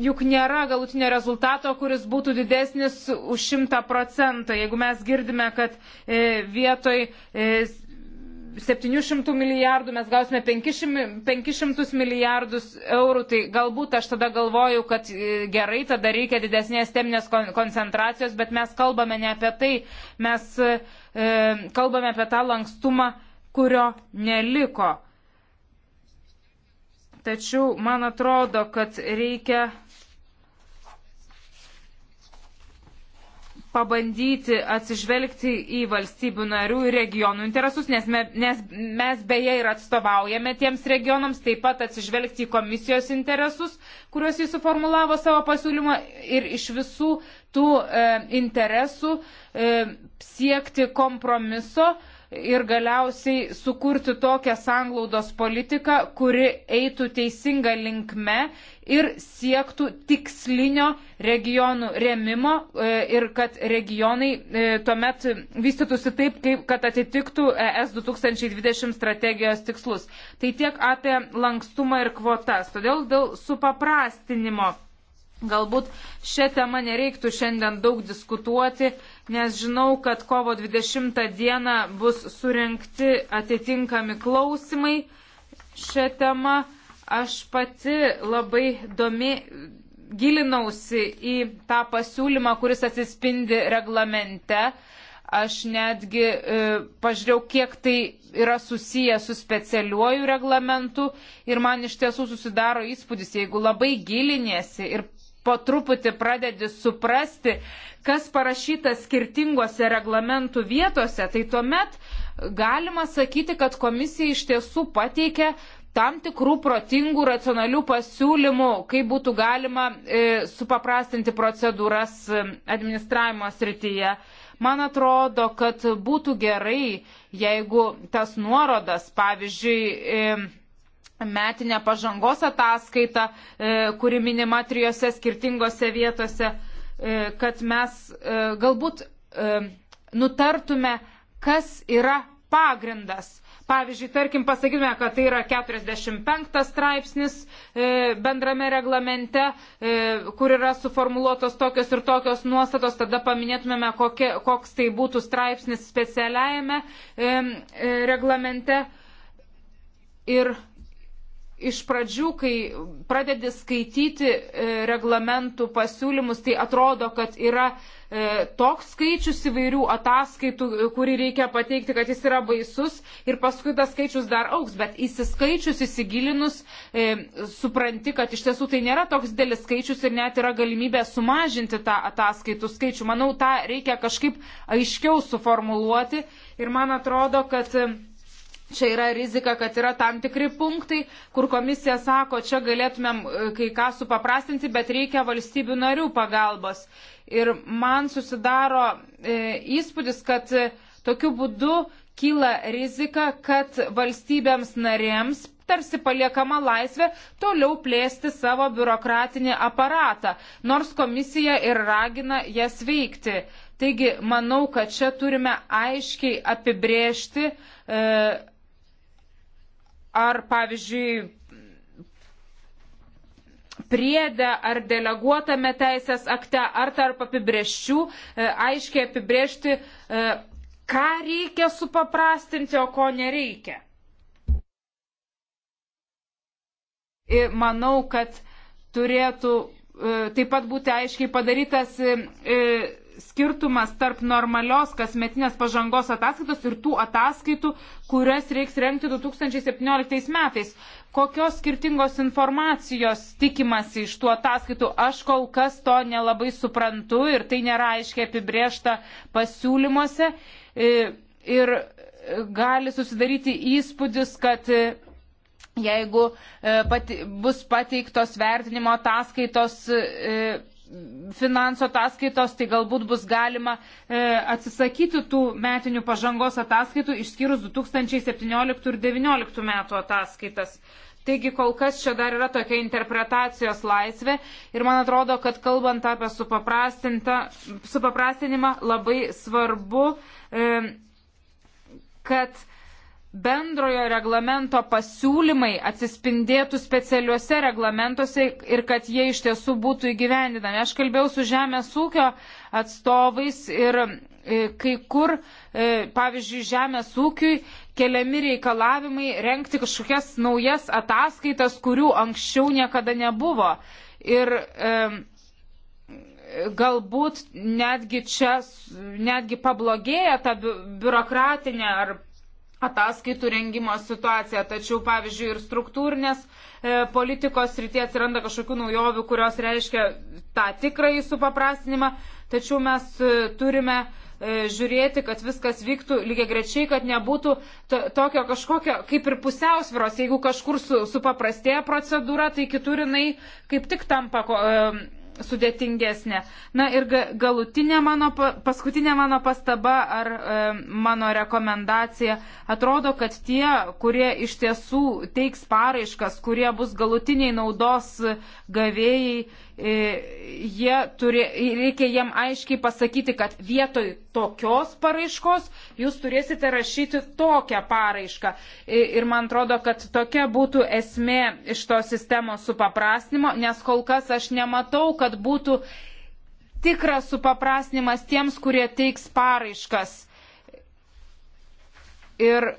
juk nėra galutinio rezultato, kuris būtų didesnis už 100 procentą. Jeigu mes girdime, kad e, vietoj 700 milijardų mes gausime 500 milijardus eurų, tai galbūt aš tada galvoju, kad gerai, tada reikia didesnės teminės koncentracijos, bet mes kalbame ne apie tai, mes kalbame apie tą lankstumą, kurio neliko. Tačiau man atrodo, kad reikia pabandyti atsižvelgti į valstybių narių ir regionų interesus, nes, me, nes mes beje ir atstovaujame tiems regionams, taip pat atsižvelgti į komisijos interesus, kuriuos jis suformulavo savo pasiūlymą ir iš visų tų e, interesų e, siekti kompromiso. E, ir galiausiai sukurti tokią sanglaudos politiką, kuri eitų teisinga linkme ir siektų tikslinio regionų remimo e, ir kad regionai e, tuomet vystytųsi taip, kaip, kad atitiktų ES 2020 strategijos tikslus. Tai tiek apie lankstumą ir kvotas. Todėl dėl supaprastinimo Galbūt šią temą nereiktų šiandien daug diskutuoti, nes žinau, kad kovo 20 dieną bus surinkti atitinkami klausimai šią temą. Aš pati labai domi, gilinausi į tą pasiūlymą, kuris atsispindi reglamente. Aš netgi e, pažiūrėjau, kiek tai yra susiję su specialiuoju reglamentu ir man iš tiesų susidaro įspūdis, jeigu labai giliniesi ir po truputį pradedi suprasti, kas parašyta skirtingose reglamentų vietose, tai tuomet galima sakyti, kad komisija iš tiesų pateikia tam tikrų protingų, racionalių pasiūlymų, kaip būtų galima e, supaprastinti procedūras e, administravimo srityje. Man atrodo, kad būtų gerai, jeigu tas nuorodas, pavyzdžiui, e, metinę pažangos ataskaitą, e, kuri minima trijose skirtingose vietose, e, kad mes e, galbūt nutartume, kas yra pagrindas. Pavyzdžiui, tarkim, pasakytume, kad tai yra 45 straipsnis bendrame reglamente, kur yra suformuoluotos tokios ir tokios nuostatos, tada paminėtumėme, kokie, koks tai būtų straipsnis specialiajame reglamente. Ir iš pradžių, kai pradedi skaityti e, reglamentų pasiūlymus, tai atrodo, kad yra e, toks skaičius įvairių ataskaitų, e, kurį reikia pateikti, kad jis yra baisus ir paskui tas skaičius dar auks, bet įsiskaičius, įsigilinus, e, supranti, kad iš tiesų tai nėra toks dėlis skaičius ir net yra galimybė sumažinti tą ataskaitų skaičių. Manau, tą reikia kažkaip aiškiau suformuluoti ir man atrodo, kad Čia yra rizika, kad yra tam tikri punktai, kur komisija sako, čia galėtumėm e, kai ką supaprastinti, bet reikia valstybių narių pagalbos. Ir man susidaro e, įspūdis, kad e, tokiu būdu kyla rizika, kad valstybėms narėms tarsi paliekama laisvė toliau plėsti savo biurokratinį aparatą, nors komisija ir ragina jas veikti. Taigi, manau, kad čia turime aiškiai apibrėžti, e, ar, pavyzdžiui, priedę ar deleguotame teisės akte, ar tarp apibrėžčių, e, aiškiai apibrėžti, e, ką reikia supaprastinti, o ko nereikia. Ir manau, kad turėtų e, taip pat būti aiškiai padarytas skirtumas tarp normalios kasmetinės pažangos ataskaitos ir tų ataskaitų, kurias reiks renkti 2017 metais. Kokios skirtingos informacijos tikimasi iš tų ataskaitų, aš kol kas to nelabai suprantu ir tai nėra aiškiai apibriešta pasiūlymuose. E, ir gali susidaryti įspūdis, kad e, jeigu e, pati, bus pateiktos vertinimo ataskaitos finansų ataskaitos, tai galbūt bus galima e, atsisakyti tų metinių pažangos ataskaitų, išskyrus 2017 ir 2019 metų ataskaitas. Taigi kol kas čia dar yra tokia interpretacijos laisvė ir man atrodo, kad kalbant apie supaprastinimą labai svarbu, e, kad bendrojo reglamento pasiūlymai atsispindėtų specialiuose reglamentuose ir kad jie iš tiesų būtų įgyvendinami. Aš kalbėjau su žemės ūkio atstovais ir e, kai kur, e, pavyzdžiui, žemės ūkiui keliami reikalavimai renkti kažkokias naujas ataskaitas, kurių anksčiau niekada nebuvo. Ir e, galbūt netgi čia netgi pablogėja ta biurokratinė ar ataskaitų rengimo situaciją. Tačiau, pavyzdžiui, ir struktūrinės e, politikos rytie atsiranda kažkokių naujovių, kurios reiškia tą tikrąjį supaprastinimą. Tačiau mes e, turime e, žiūrėti, kad viskas vyktų lygiai grečiai, kad nebūtų tokio kažkokio kaip ir pusiausvėros. Jeigu kažkur su, supaprastėja procedūra, tai kitur jinai kaip tik tampa. Ko, e, sudėtingesnė. Na ir galutinė mano, paskutinė mano pastaba ar e, mano rekomendacija. Atrodo, kad tie, kurie iš tiesų teiks paraiškas, kurie bus galutiniai naudos gavėjai, E, jie turi, reikia jiem aiškiai pasakyti, kad vietoj tokios paraiškos jūs turėsite rašyti tokią paraišką. E, ir man atrodo, kad tokia būtų esmė iš to sistemos supaprastinimo, nes kol kas aš nematau, kad būtų tikras supaprastinimas tiems, kurie teiks paraiškas. Ir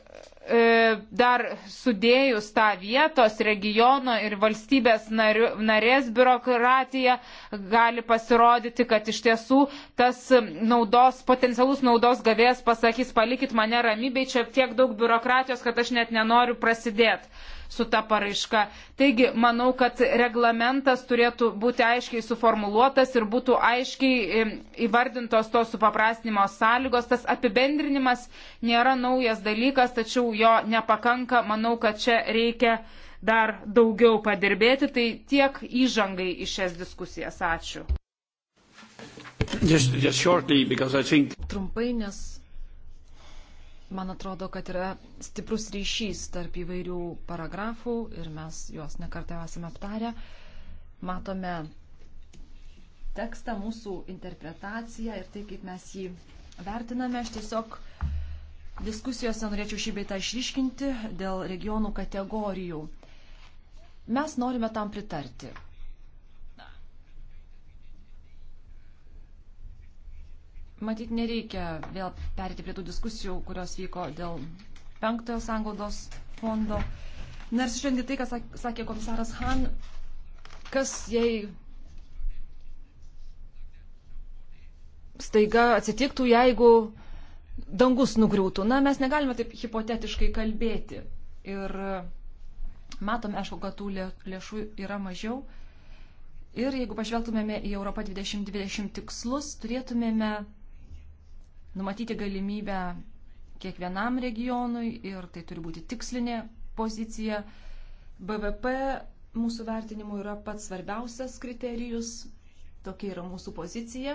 E, dar sudėjus tą vietos, regiono ir valstybės narių, narės biurokratiją, gali pasirodyti, kad iš tiesų tas naudos, potencialus naudos gavėjas pasakys, palikit mane ramybėj, čia tiek daug biurokratijos, kad aš net nenoriu prasidėti su ta paraiška. Taigi, manau, kad reglamentas turėtų būti aiškiai suformuluotas ir būtų aiškiai įvardintos tos supaprastinimo sąlygos. Tas apibendrinimas nėra naujas dalykas, tačiau jo nepakanka. Manau, kad čia reikia dar daugiau padirbėti. Tai tiek įžangai į šias diskusijas. Ačiū. Just, just shortly, think... Trumpai, nes man atrodo, kad yra stiprus ryšys tarp įvairių paragrafų ir mes juos nekartą esame aptarę. Matome tekstą, mūsų interpretaciją ir tai, kaip mes jį vertiname. Aš tiesiog diskusijose norėčiau šį beitą išryškinti dėl regionų kategorijų. Mes norime tam pritarti. matyt, nereikia vėl perėti prie tų diskusijų, kurios vyko dėl penktojo sanglaudos fondo. Nors šiandien tai, ką sakė komisaras Han, kas jei staiga atsitiktų, jeigu dangus nugriūtų. Na, mes negalime taip hipotetiškai kalbėti. Ir matome, aišku, kad tų lėšų yra mažiau. Ir jeigu pažvelgtumėme į Europą 2020 tikslus, turėtumėme numatyti galimybę kiekvienam regionui ir tai turi būti tikslinė pozicija. BVP mūsų vertinimu yra pats svarbiausias kriterijus, tokia yra mūsų pozicija.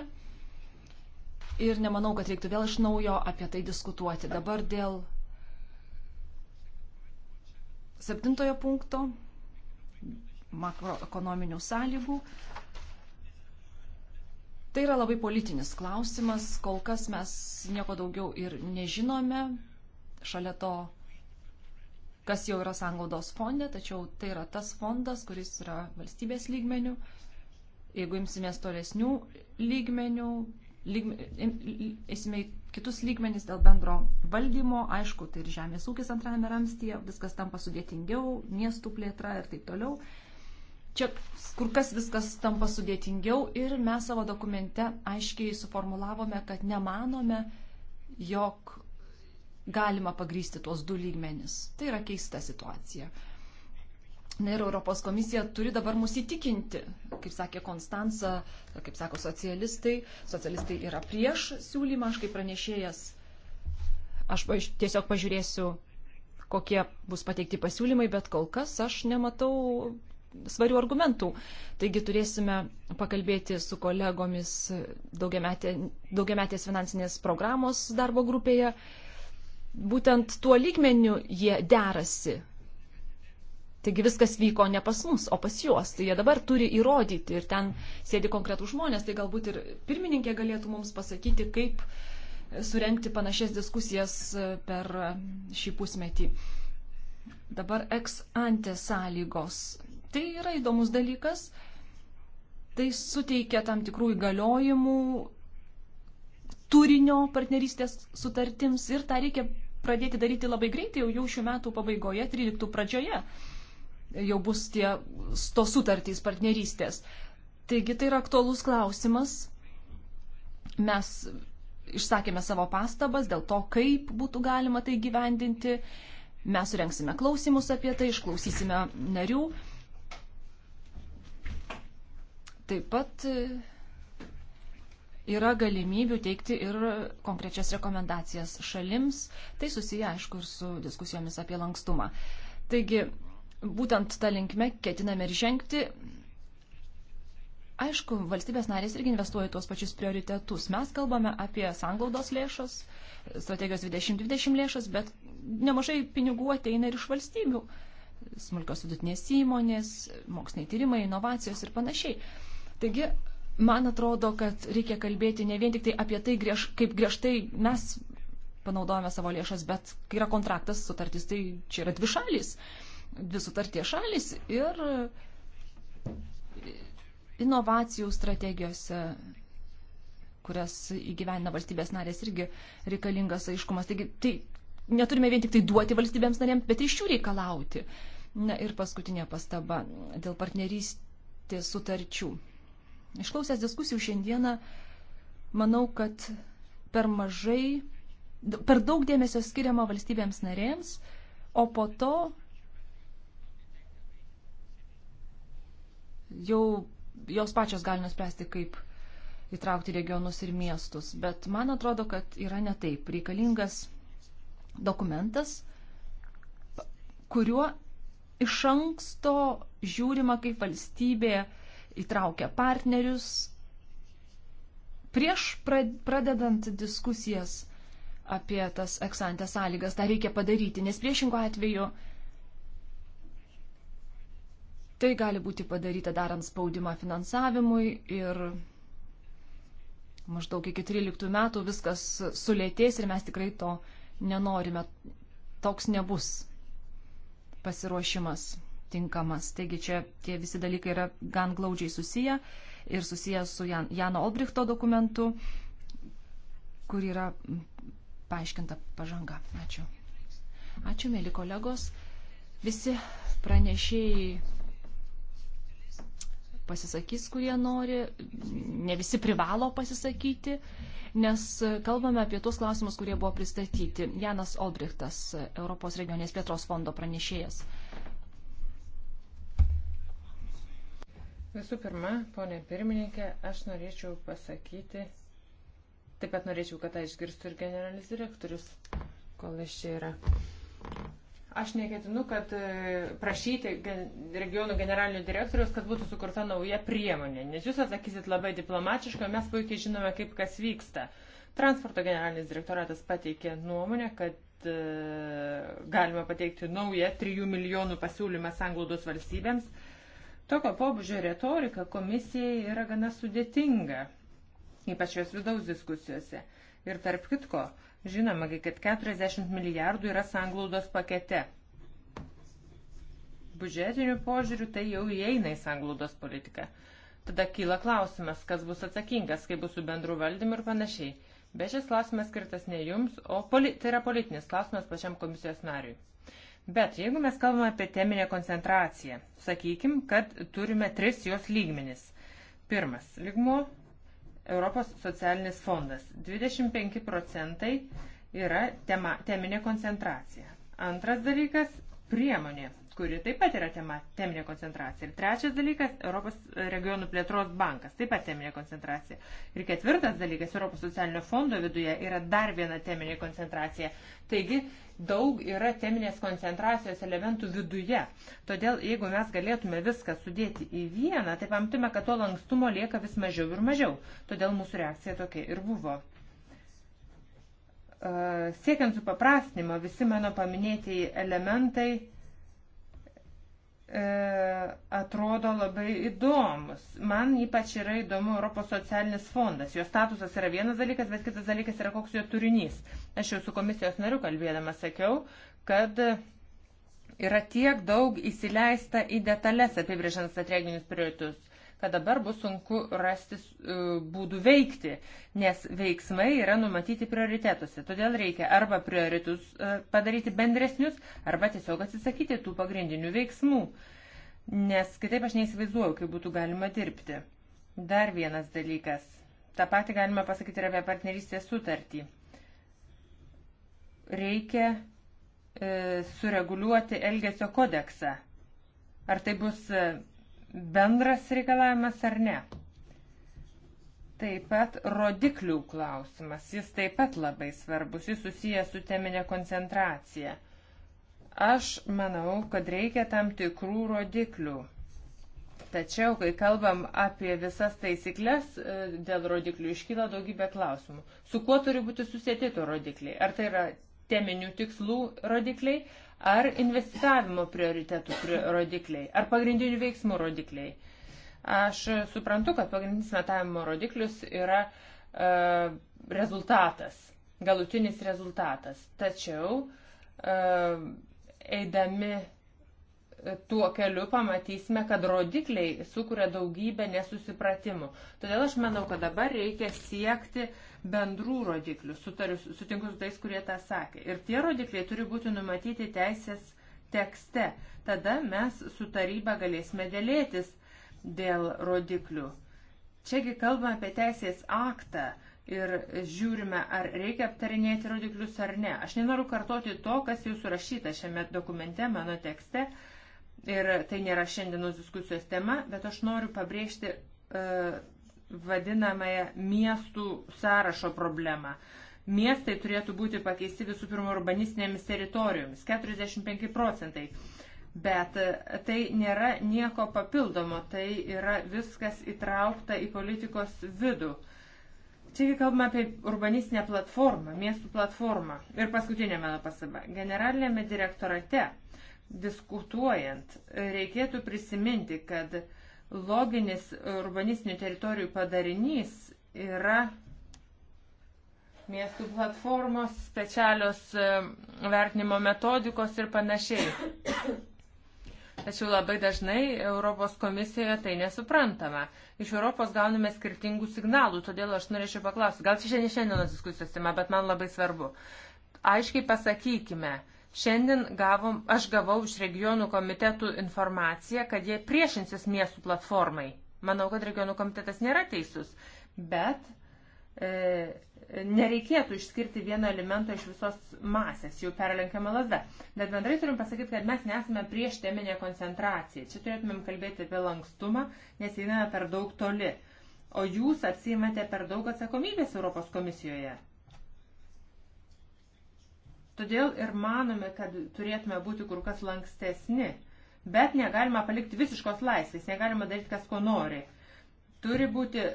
Ir nemanau, kad reiktų vėl iš naujo apie tai diskutuoti. Dabar dėl septintojo punkto makroekonominių sąlygų. Tai yra labai politinis klausimas, kol kas mes nieko daugiau ir nežinome, šalia to, kas jau yra sangaudos fonde, tačiau tai yra tas fondas, kuris yra valstybės lygmenių. Jeigu imsimės tolesnių lygmenių, eisime į kitus lygmenis dėl bendro valdymo, aišku, tai ir žemės ūkis antrajame ramstyje, viskas tampa sudėtingiau, miestų plėtra ir taip toliau čia kur kas viskas tampa sudėtingiau ir mes savo dokumente aiškiai suformulavome, kad nemanome, jog galima pagrysti tuos du lygmenis. Tai yra keista situacija. Na ir Europos komisija turi dabar mus įtikinti, kaip sakė Konstanca, kaip sako socialistai, socialistai yra prieš siūlymą, aš kaip pranešėjas, aš tiesiog pažiūrėsiu, kokie bus pateikti pasiūlymai, bet kol kas aš nematau svarių argumentų. Taigi turėsime pakalbėti su kolegomis daugiametė, daugiametės finansinės programos darbo grupėje. Būtent tuo lygmeniu jie derasi. Taigi viskas vyko ne pas mus, o pas juos. Tai jie dabar turi įrodyti ir ten sėdi konkretų žmonės. Tai galbūt ir pirmininkė galėtų mums pasakyti, kaip surenkti panašias diskusijas per šį pusmetį. Dabar ex ante sąlygos Tai yra įdomus dalykas, tai suteikia tam tikrų įgaliojimų, turinio partnerystės sutartims ir tą reikia pradėti daryti labai greitai, jau šių metų pabaigoje, 13 pradžioje jau bus tie to sutartys partnerystės. Taigi tai yra aktuolus klausimas. Mes išsakėme savo pastabas dėl to, kaip būtų galima tai gyvendinti. Mes surenksime klausimus apie tai, išklausysime narių. Taip pat e, yra galimybių teikti ir konkrečias rekomendacijas šalims. Tai susiję, aišku, ir su diskusijomis apie lankstumą. Taigi, būtent tą linkmę ketiname ir žengti. Aišku, valstybės narės irgi investuoja tuos pačius prioritetus. Mes kalbame apie sanglaudos lėšas, strategijos 2020 lėšas, bet nemažai pinigų ateina ir iš valstybių. Smulkios vidutinės įmonės, moksliniai tyrimai, inovacijos ir panašiai. Taigi, man atrodo, kad reikia kalbėti ne vien tik tai apie tai, griež, kaip griežtai mes panaudojame savo lėšas, bet kai yra kontraktas, sutartis, tai čia yra dvi šalis, dvi sutarties šalis ir inovacijų strategijose kurias įgyvena valstybės narės irgi reikalingas aiškumas. Taigi, tai neturime vien tik tai duoti valstybėms narėms, bet iš jų reikalauti. Na ir paskutinė pastaba dėl partnerystės sutarčių. Išklausęs diskusijų šiandieną, manau, kad per mažai, per daug dėmesio skiriama valstybėms narėms, o po to jau jos pačios gali nuspręsti, kaip įtraukti regionus ir miestus. Bet man atrodo, kad yra ne taip. Reikalingas dokumentas, kuriuo iš anksto žiūrima, kaip valstybė įtraukia partnerius. Prieš pradedant diskusijas apie tas eksantės sąlygas, tą reikia padaryti, nes priešingo atveju tai gali būti padaryta darant spaudimą finansavimui ir maždaug iki 13 metų viskas sulėtės ir mes tikrai to nenorime. Toks nebus pasiruošimas tinkamas. Taigi čia tie visi dalykai yra gan glaudžiai susiję ir susiję su Jan, Jano Olbrichto dokumentu, kur yra paaiškinta pažanga. Ačiū. Ačiū, mėly kolegos. Visi pranešėjai pasisakys, kurie nori, ne visi privalo pasisakyti, nes kalbame apie tuos klausimus, kurie buvo pristatyti. Janas Olbrichtas, Europos regionės plėtros fondo pranešėjas. Visų pirma, ponė pirmininkė, aš norėčiau pasakyti, taip pat norėčiau, kad tą išgirstų ir generalinis direktorius, kol jis čia yra. Aš neketinu, kad e, prašyti regionų generalinio direktoriaus, kad būtų sukurta nauja priemonė, nes jūs atsakysit labai diplomatiškai, mes puikiai žinome, kaip kas vyksta. Transporto generalinis direktoratas pateikė nuomonę, kad e, galima pateikti naują 3 milijonų pasiūlymą sanglaudos valstybėms. Tokio pobūdžio retorika komisijai yra gana sudėtinga, ypač jos vidaus diskusijose. Ir tarp kitko, žinoma, kad 40 milijardų yra sanglaudos pakete. Budžetiniu požiūriu tai jau įeina į sanglaudos politiką. Tada kyla klausimas, kas bus atsakingas, kaip bus su bendru valdymu ir panašiai. Bet šis klausimas skirtas ne jums, o poli tai yra politinis klausimas pačiam komisijos nariui. Bet jeigu mes kalbame apie teminę koncentraciją, sakykim, kad turime tris jos lygmenis. Pirmas lygmo - Europos socialinis fondas. 25 procentai yra tema, teminė koncentracija. Antras dalykas - priemonė kuri taip pat yra tema - teminė koncentracija. Ir trečias dalykas - Europos regionų plėtros bankas - taip pat teminė koncentracija. Ir ketvirtas dalykas - Europos socialinio fondo viduje yra dar viena teminė koncentracija. Taigi daug yra teminės koncentracijos elementų viduje. Todėl jeigu mes galėtume viską sudėti į vieną, tai pamtume, kad to lankstumo lieka vis mažiau ir mažiau. Todėl mūsų reakcija tokia ir buvo siekiant supaprastinimo, visi mano paminėti elementai E, atrodo labai įdomus. Man ypač yra įdomu Europos socialinis fondas. Jo statusas yra vienas dalykas, bet kitas dalykas yra koks jo turinys. Aš jau su komisijos nariu kalbėdama sakiau, kad yra tiek daug įsileista į detalės apibrėžant strateginius prioritus kad dabar bus sunku rasti e, būdų veikti, nes veiksmai yra numatyti prioritetuose. Todėl reikia arba prioritus e, padaryti bendresnius, arba tiesiog atsisakyti tų pagrindinių veiksmų, nes kitaip aš neįsivaizduoju, kaip būtų galima dirbti. Dar vienas dalykas. Ta pati galima pasakyti ir apie partnerystės sutartį. Reikia e, sureguliuoti Elgesio kodeksą. Ar tai bus e, bendras reikalavimas ar ne. Taip pat rodiklių klausimas, jis taip pat labai svarbus, jis susijęs su teminė koncentracija. Aš manau, kad reikia tam tikrų rodiklių. Tačiau, kai kalbam apie visas taisyklės e, dėl rodiklių, iškyla daugybė klausimų. Su kuo turi būti susėti to rodikliai? Ar tai yra teminių tikslų rodikliai, ar investavimo prioritetų rodikliai, ar pagrindinių veiksmų rodikliai. Aš suprantu, kad pagrindinis matavimo rodiklis yra e, rezultatas, galutinis rezultatas. Tačiau e, eidami tuo keliu pamatysime, kad rodikliai sukuria daugybę nesusipratimų. Todėl aš manau, kad dabar reikia siekti bendrų rodiklių. Sutariu, sutinku su tais, kurie tą sakė. Ir tie rodikliai turi būti numatyti teisės tekste. Tada mes su taryba galėsime dėlėtis dėl rodiklių. Čiagi kalbame apie teisės aktą ir žiūrime, ar reikia aptarinėti rodiklius ar ne. Aš nenoriu kartoti to, kas jau surašyta šiame dokumente, mano tekste, ir tai nėra šiandienos diskusijos tema, bet aš noriu pabrėžti e, vadinamąją miestų sąrašo problemą. Miestai turėtų būti pakeisti visų pirma urbanistinėmis teritorijomis - 45 procentai. Bet e, tai nėra nieko papildomo, tai yra viskas įtraukta į politikos vidų. Čia kalbame apie urbanistinę platformą, miestų platformą. Ir paskutinė mano pasaba. Generalinėme direktorate diskutuojant, reikėtų prisiminti, kad loginis urbanistinių teritorijų padarinys yra miestų platformos, specialios e, vertinimo metodikos ir panašiai. Tačiau labai dažnai Europos komisijoje tai nesuprantama. Iš Europos gauname skirtingų signalų, todėl aš norėčiau paklausti, gal čia šiandien šiandienos diskusijos tema, bet man labai svarbu. Aiškiai pasakykime, Šiandien gavom, aš gavau iš regionų komitetų informaciją, kad jie priešinsis miestų platformai. Manau, kad regionų komitetas nėra teisus, bet e, nereikėtų išskirti vieną elementą iš visos masės, jau perlenkiama lazda. Bet bendrai turim pasakyti, kad mes nesame prieš teminę koncentraciją. Čia turėtumėm kalbėti apie lankstumą, nes einame per daug toli. O jūs apsimate per daug atsakomybės Europos komisijoje. Todėl ir manome, kad turėtume būti kur kas lankstesni, bet negalima palikti visiškos laisvės, negalima daryti kas ko nori. Turi būti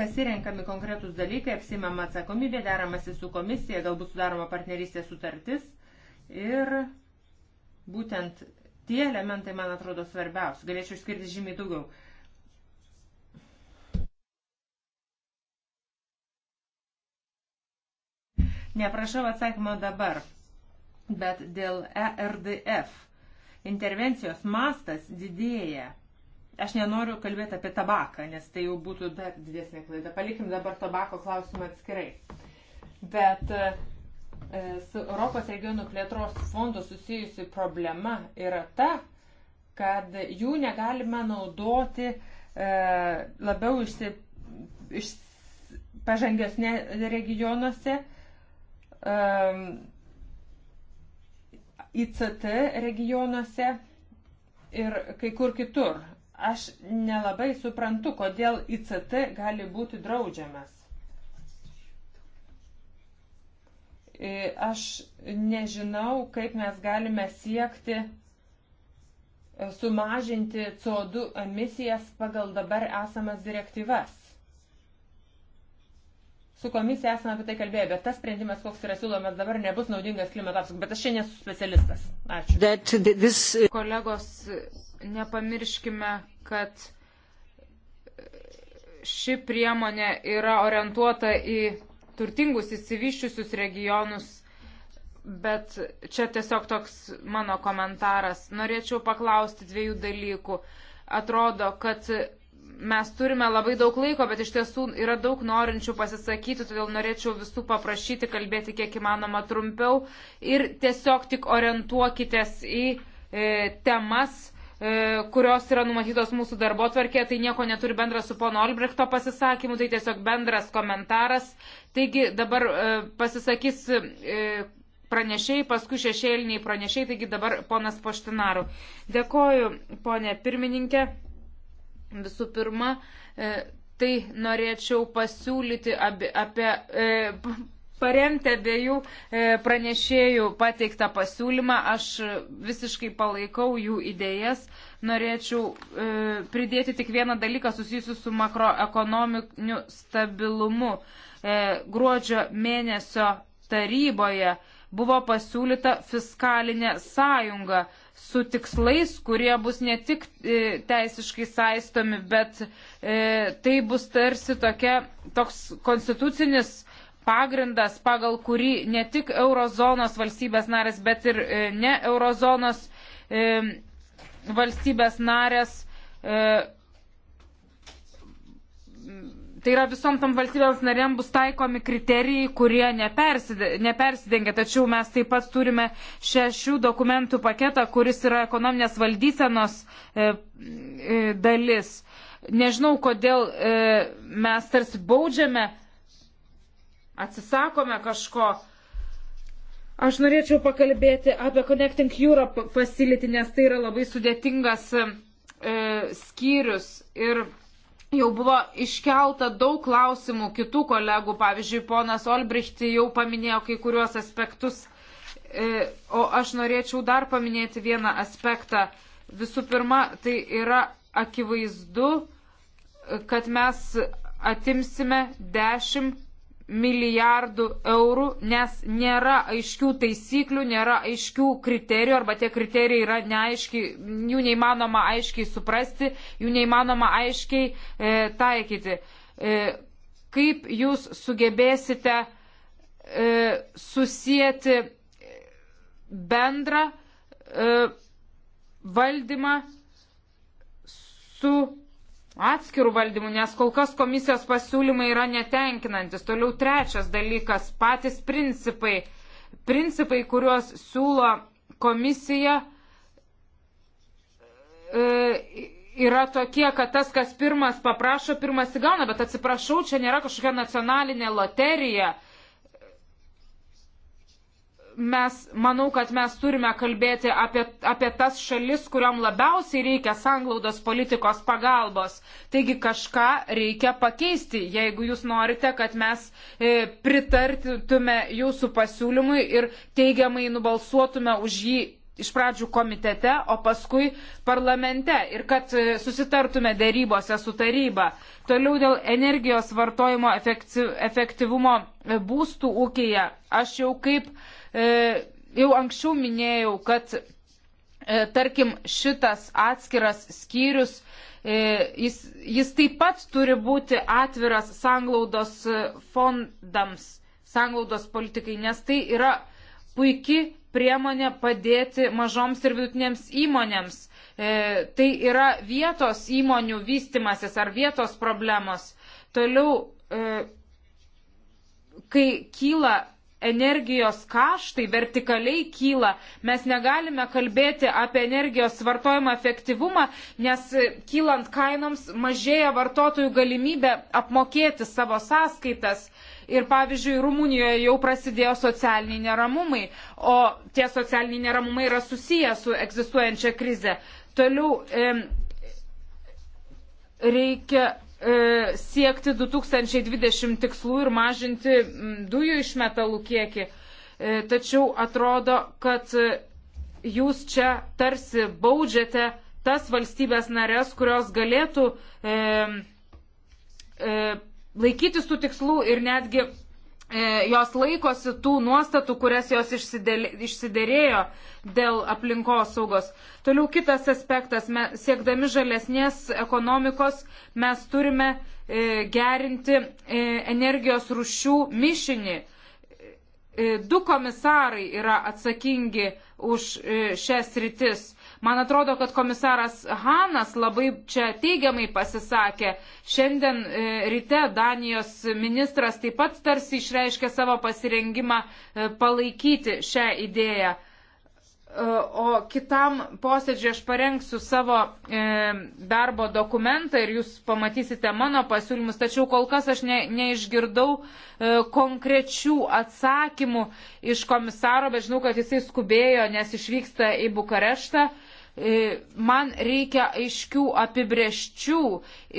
pasirenkami konkretūs dalykai, apsimama atsakomybė, deramasi su komisija, galbūt sudaroma partnerystė sutartis ir būtent tie elementai, man atrodo, svarbiausi. Galėčiau išskirti žymiai daugiau. Neprašau atsakymo dabar, bet dėl ERDF intervencijos mastas didėja. Aš nenoriu kalbėti apie tabaką, nes tai jau būtų dar didesnė klaida. Palikim dabar tabako klausimą atskirai. Bet e, su Europos regionų plėtros fondu susijusi problema yra ta, kad jų negalima naudoti e, labiau išsi, iš pažangesnė regionuose, um, ICT regionuose ir kai kur kitur. Aš nelabai suprantu, kodėl ICT gali būti draudžiamas. E, aš nežinau, kaip mes galime siekti e, sumažinti CO2 emisijas pagal dabar esamas direktyvas. Su komisija esame apie tai kalbėję, bet tas sprendimas, koks yra siūlomas dabar, nebus naudingas klimato apsaugai. Bet aš čia nesu specialistas. Ačiū. That, this... Kolegos, nepamirškime, kad ši priemonė yra orientuota į turtingus įsivyščiusius regionus, bet čia tiesiog toks mano komentaras. Norėčiau paklausti dviejų dalykų. Atrodo, kad mes turime labai daug laiko, bet iš tiesų yra daug norinčių pasisakyti, todėl norėčiau visų paprašyti kalbėti kiek įmanoma trumpiau ir tiesiog tik orientuokitės į e, temas, e, kurios yra numatytos mūsų darbo tvarkė, tai nieko neturi bendra su pono Olbrechto pasisakymu, tai tiesiog bendras komentaras. Taigi dabar e, pasisakys. E, pranešėjai, paskui šešėliniai pranešėjai, taigi dabar ponas Poštinaru. Dėkoju, ponė pirmininkė. Visų pirma, e, tai norėčiau pasiūlyti apie, apie paremti abiejų e, pranešėjų pateiktą pasiūlymą. Aš visiškai palaikau jų idėjas. Norėčiau e, pridėti tik vieną dalyką susijusiu su makroekonominiu stabilumu. Gruodžio mėnesio taryboje buvo pasiūlyta fiskalinė sąjunga su tikslais, kurie bus ne tik e, teisiškai saistomi, bet e, tai bus tarsi tokia, toks konstitucinis pagrindas, pagal kurį ne tik eurozonos valstybės narės, bet ir e, ne eurozonos valstybės narės Tai yra visom tam valstybėms narėm bus taikomi kriterijai, kurie nepersidengia. Tačiau mes taip pat turime šešių dokumentų paketą, kuris yra ekonominės valdysenos e, e, dalis. Nežinau, kodėl e, mes tarsi baudžiame, atsisakome kažko. Aš norėčiau pakalbėti apie Connecting Europe facility, nes tai yra labai sudėtingas e, skyrius. Ir jau buvo iškelta daug klausimų kitų kolegų, pavyzdžiui, ponas Olbrichti jau paminėjo kai kuriuos aspektus, e, o aš norėčiau dar paminėti vieną aspektą. Visų pirma, tai yra akivaizdu, kad mes atimsime 10 milijardų eurų, nes nėra aiškių taisyklių, nėra aiškių kriterijų arba tie kriterijai yra neaiškiai, jų neįmanoma aiškiai suprasti, jų neįmanoma aiškiai e, taikyti. E, kaip jūs sugebėsite e, susijęti bendrą e, valdymą su atskirų valdymų, nes kol kas komisijos pasiūlymai yra netenkinantis. Toliau trečias dalykas - patys principai. Principai, kuriuos siūlo komisija, e, yra tokie, kad tas, kas pirmas paprašo, pirmas įgauna, bet atsiprašau, čia nėra kažkokia nacionalinė loterija mes, manau, kad mes turime kalbėti apie, apie tas šalis, kuriuom labiausiai reikia sanglaudos politikos pagalbos. Taigi kažką reikia pakeisti, jeigu jūs norite, kad mes e, pritartume jūsų pasiūlymui ir teigiamai nubalsuotume už jį. Iš pradžių komitete, o paskui parlamente ir kad e, susitartume dėrybose su taryba. Toliau dėl energijos vartojimo efektyvumo e, būstų ūkėje. Aš jau kaip uh, E, jau anksčiau minėjau, kad e, tarkim šitas atskiras skyrius, e, jis, jis taip pat turi būti atviras sanglaudos fondams, sanglaudos politikai, nes tai yra puikia priemonė padėti mažoms ir vidutinėms įmonėms. E, tai yra vietos įmonių vystimasis ar vietos problemos. Toliau, e, kai kyla energijos kaštai vertikaliai kyla. Mes negalime kalbėti apie energijos vartojimo efektyvumą, nes e, kylant kainoms mažėja vartotojų galimybė apmokėti savo sąskaitas. Ir pavyzdžiui, Rumunijoje jau prasidėjo socialiniai neramumai, o tie socialiniai neramumai yra susiję su egzistuojančia krize. Toliau e, reikia E, siekti 2020 tikslų ir mažinti dujų išmetalų kiekį. E, tačiau atrodo, kad jūs čia tarsi baudžiate tas valstybės narės, kurios galėtų e, e, laikytis tų tikslų ir netgi E, jos laikosi tų nuostatų, kurias jos išsiderėjo dėl aplinkos saugos. Toliau kitas aspektas, mes, siekdami žalesnės ekonomikos, mes turime e, gerinti e, energijos rušių mišinį. E, du komisarai yra atsakingi už e, šias rytis. Man atrodo, kad komisaras Hanas labai čia teigiamai pasisakė. Šiandien e, ryte Danijos ministras taip pat tarsi išreiškė savo pasirengimą e, palaikyti šią idėją. E, o kitam posėdžiui aš parengsiu savo e, darbo dokumentą ir jūs pamatysite mano pasiūlymus, tačiau kol kas aš ne, neišgirdau e, konkrečių atsakymų iš komisaro, bet žinau, kad jisai skubėjo, nes išvyksta į Bukareštą. E, E, man reikia aiškių apibrėžčių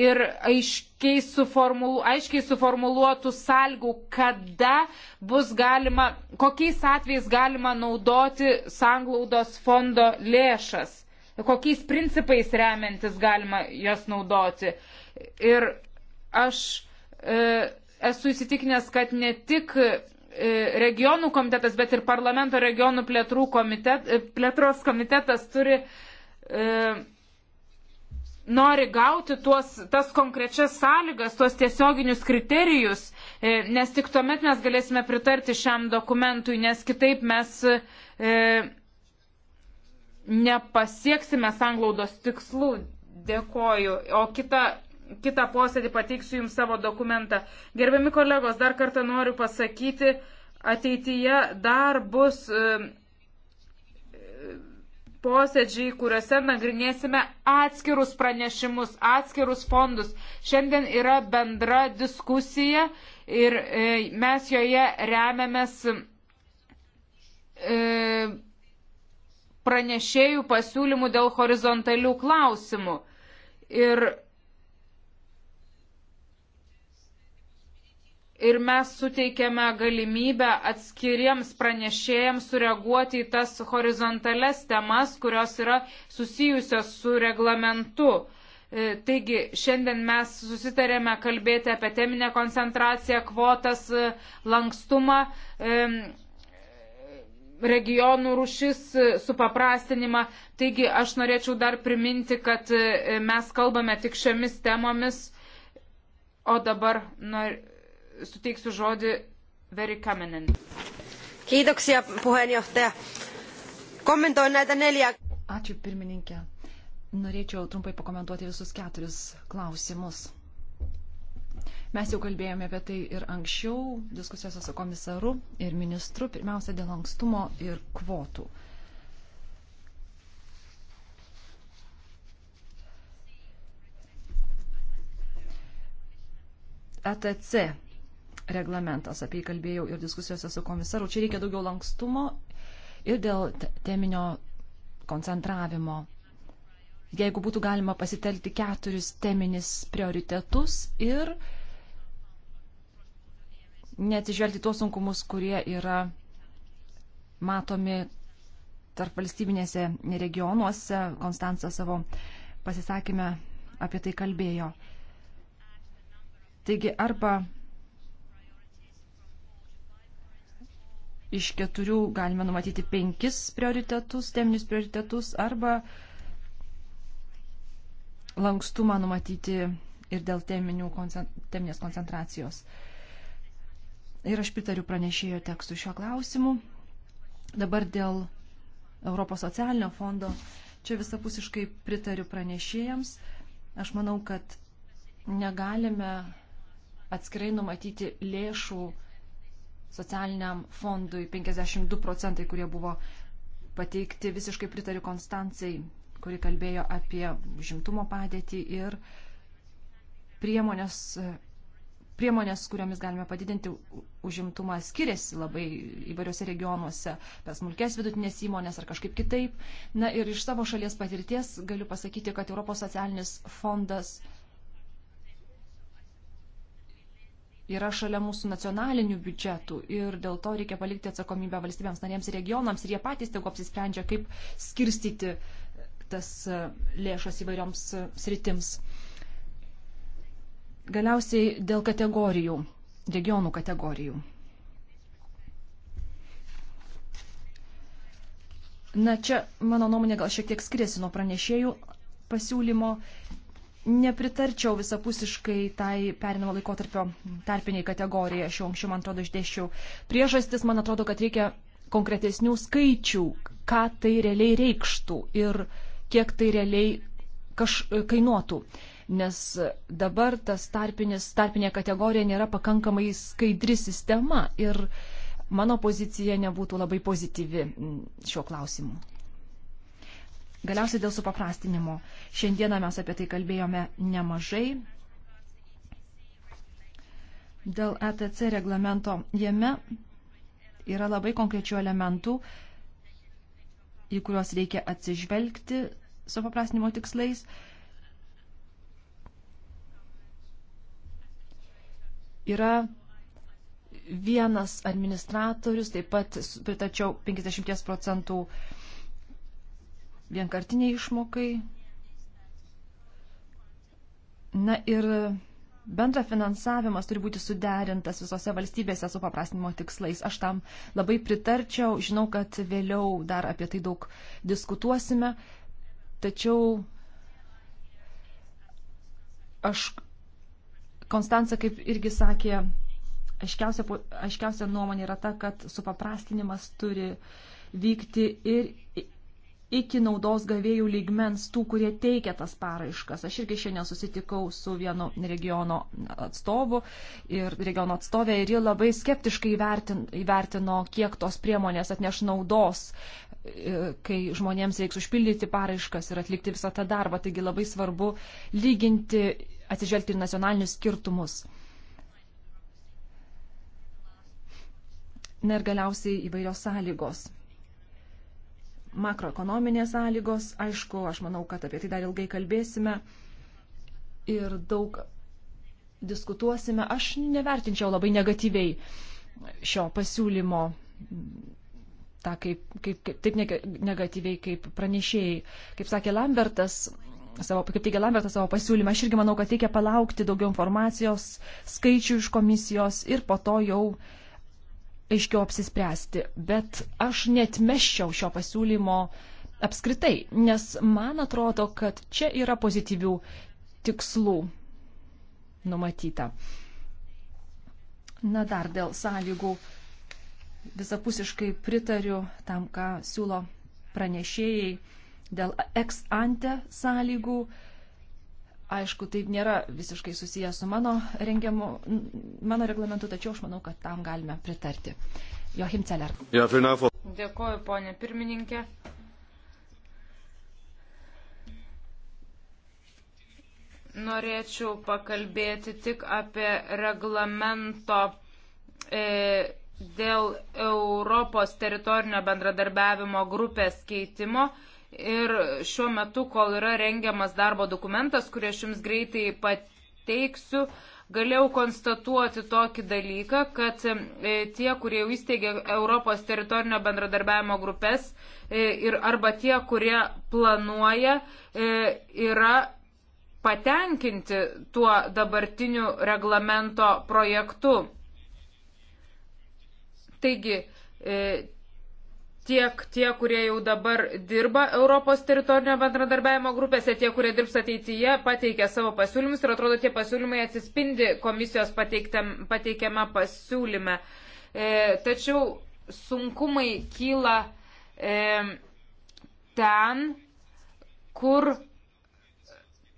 ir aiškiai, suformulu, aiškiai suformuluotų sąlygų, kada bus galima, kokiais atvejais galima naudoti sanglaudos fondo lėšas, kokiais principais remiantis galima jas naudoti. Ir aš e, esu įsitikinęs, kad ne tik E, regionų komitetas, bet ir parlamento regionų komitet, e, plėtros komitetas turi, e, nori gauti tuos, tas konkrečias sąlygas, tuos tiesioginius kriterijus, e, nes tik tuomet mes galėsime pritarti šiam dokumentui, nes kitaip mes e, nepasieksime sanglaudos tikslų. Dėkoju. O kita kitą posėdį pateiksiu Jums savo dokumentą. Gerbiami kolegos, dar kartą noriu pasakyti, ateityje dar bus e, posėdžiai, kuriuose nagrinėsime atskirus pranešimus, atskirus fondus. Šiandien yra bendra diskusija ir e, mes joje remiamės e, pranešėjų pasiūlymų dėl horizontalių klausimų. Ir ir mes suteikėme galimybę atskiriems pranešėjams sureaguoti į tas horizontales temas, kurios yra susijusios su reglamentu. E, taigi šiandien mes susitarėme kalbėti apie teminę koncentraciją, kvotas, e, lankstumą, e, regionų rušis, supaprastinimą. Taigi aš norėčiau dar priminti, kad mes kalbame tik šiomis temomis, o dabar noriu suteiksiu žodį Verikaminen. Kiitoksia puheenjohtaja. Kommentoin näitä neljä. Ačiū pirmininkė. Norėčiau trumpai pakomentuoti visus keturis klausimus. Mes jau kalbėjome apie tai ir anksčiau diskusijose su komisaru ir ministru, pirmiausia dėl ankstumo ir kvotų. ETC reglamentas, apie jį kalbėjau ir diskusijose su komisaru. Čia reikia daugiau lankstumo ir dėl teminio koncentravimo. Jeigu būtų galima pasitelti keturis teminis prioritetus ir neatsižvelgti tuos sunkumus, kurie yra matomi tarp valstybinėse regionuose. Konstanca savo pasisakymę apie tai kalbėjo. Taigi arba iš keturių galime numatyti penkis prioritetus, teminius prioritetus arba lankstumą numatyti ir dėl teminių, teminės koncentracijos. Ir aš pritariu pranešėjo tekstų šio klausimu. Dabar dėl Europos socialinio fondo. Čia visapusiškai pritariu pranešėjams. Aš manau, kad negalime atskirai numatyti lėšų socialiniam fondui 52 procentai, kurie buvo pateikti. Visiškai pritariu Konstancijai, kuri kalbėjo apie žimtumo padėtį ir priemonės, priemonės, kuriomis galime padidinti užimtumą, skiriasi labai įvairiose regionuose, per smulkės vidutinės įmonės ar kažkaip kitaip. Na ir iš savo šalies patirties galiu pasakyti, kad Europos socialinis fondas yra šalia mūsų nacionalinių biudžetų ir dėl to reikia palikti atsakomybę valstybėms narėms ir regionams ir jie patys tegu apsisprendžia, kaip skirstyti tas e, lėšas įvairioms e, sritims. Galiausiai dėl kategorijų, regionų kategorijų. Na čia mano nuomonė gal šiek tiek skiriasi nuo pranešėjų pasiūlymo nepritarčiau visapusiškai tai perinamo laikotarpio tarpiniai kategorijai. Aš jau anksčiau, man atrodo, išdėščiau priežastis. Man atrodo, kad reikia konkretesnių skaičių, ką tai realiai reikštų ir kiek tai realiai kaž, kainuotų. Nes dabar tas tarpinis, tarpinė kategorija nėra pakankamai skaidri sistema ir mano pozicija nebūtų labai pozityvi šiuo klausimu. Galiausiai dėl supaprastinimo. Šiandieną mes apie tai kalbėjome nemažai. Dėl ETC reglamento jame yra labai konkrečių elementų, į kuriuos reikia atsižvelgti supaprastinimo tikslais. Yra vienas administratorius, taip pat pritačiau 50 procentų uh, vienkartiniai išmokai. Na ir bendra finansavimas turi būti suderintas visose valstybėse su paprastinimo tikslais. Aš tam labai pritarčiau, žinau, kad vėliau dar apie tai daug diskutuosime, tačiau aš, Konstanca, kaip irgi sakė, aiškiausia, aiškiausia nuomonė yra ta, kad supaprastinimas turi vykti ir iki naudos gavėjų lygmens tų, kurie teikia tas paraiškas. Aš irgi šiandien susitikau su vienu regiono atstovu ir regiono atstovė ir ji labai skeptiškai įvertin, įvertino, kiek tos priemonės atneš naudos, e, kai žmonėms reiks užpildyti paraiškas ir atlikti visą tą darbą. Taigi labai svarbu lyginti, atsižvelgti ir nacionalinius skirtumus. Na ir galiausiai įvairios sąlygos makroekonominės sąlygos. Aišku, aš manau, kad apie tai dar ilgai kalbėsime ir daug diskutuosime. Aš nevertinčiau labai negatyviai šio pasiūlymo, tą kaip, kaip, kaip, taip negatyviai kaip pranešėjai. Kaip sakė Lambertas, savo, kaip teigia Lambertas savo pasiūlymą, aš irgi manau, kad reikia palaukti daugiau informacijos, skaičių iš komisijos ir po to jau uh, aiškiau apsispręsti, bet aš netmeščiau šio pasiūlymo apskritai, nes man atrodo, kad čia yra pozityvių tikslų numatyta. Na dar dėl sąlygų visapusiškai pritariu tam, ką siūlo pranešėjai dėl ex ante sąlygų, Aišku, tai nėra visiškai susijęs su mano rengiamu, mano reglamentu, tačiau aš manau, kad tam galime pritarti. Joachim Celer. Dėkuoju, ponė pirmininkė. Norėčiau pakalbėti tik apie reglamento e, dėl Europos teritorinio bendradarbiavimo grupės keitimo. E, Ir šiuo metu, kol yra rengiamas darbo dokumentas, kurį aš jums greitai pateiksiu, galėjau konstatuoti tokį dalyką, kad e, tie, kurie jau įsteigė Europos teritorinio bendradarbiavimo grupės e, ir arba tie, kurie planuoja, e, yra patenkinti tuo dabartiniu reglamento projektu. Taigi, tiek tie, kurie jau dabar dirba Europos teritorinio bendradarbiavimo grupėse, tie, kurie dirbs ateityje, pateikia savo pasiūlymus ir atrodo, tie pasiūlymai atsispindi komisijos pateikiame pasiūlyme. E, tačiau sunkumai kyla e, ten, kur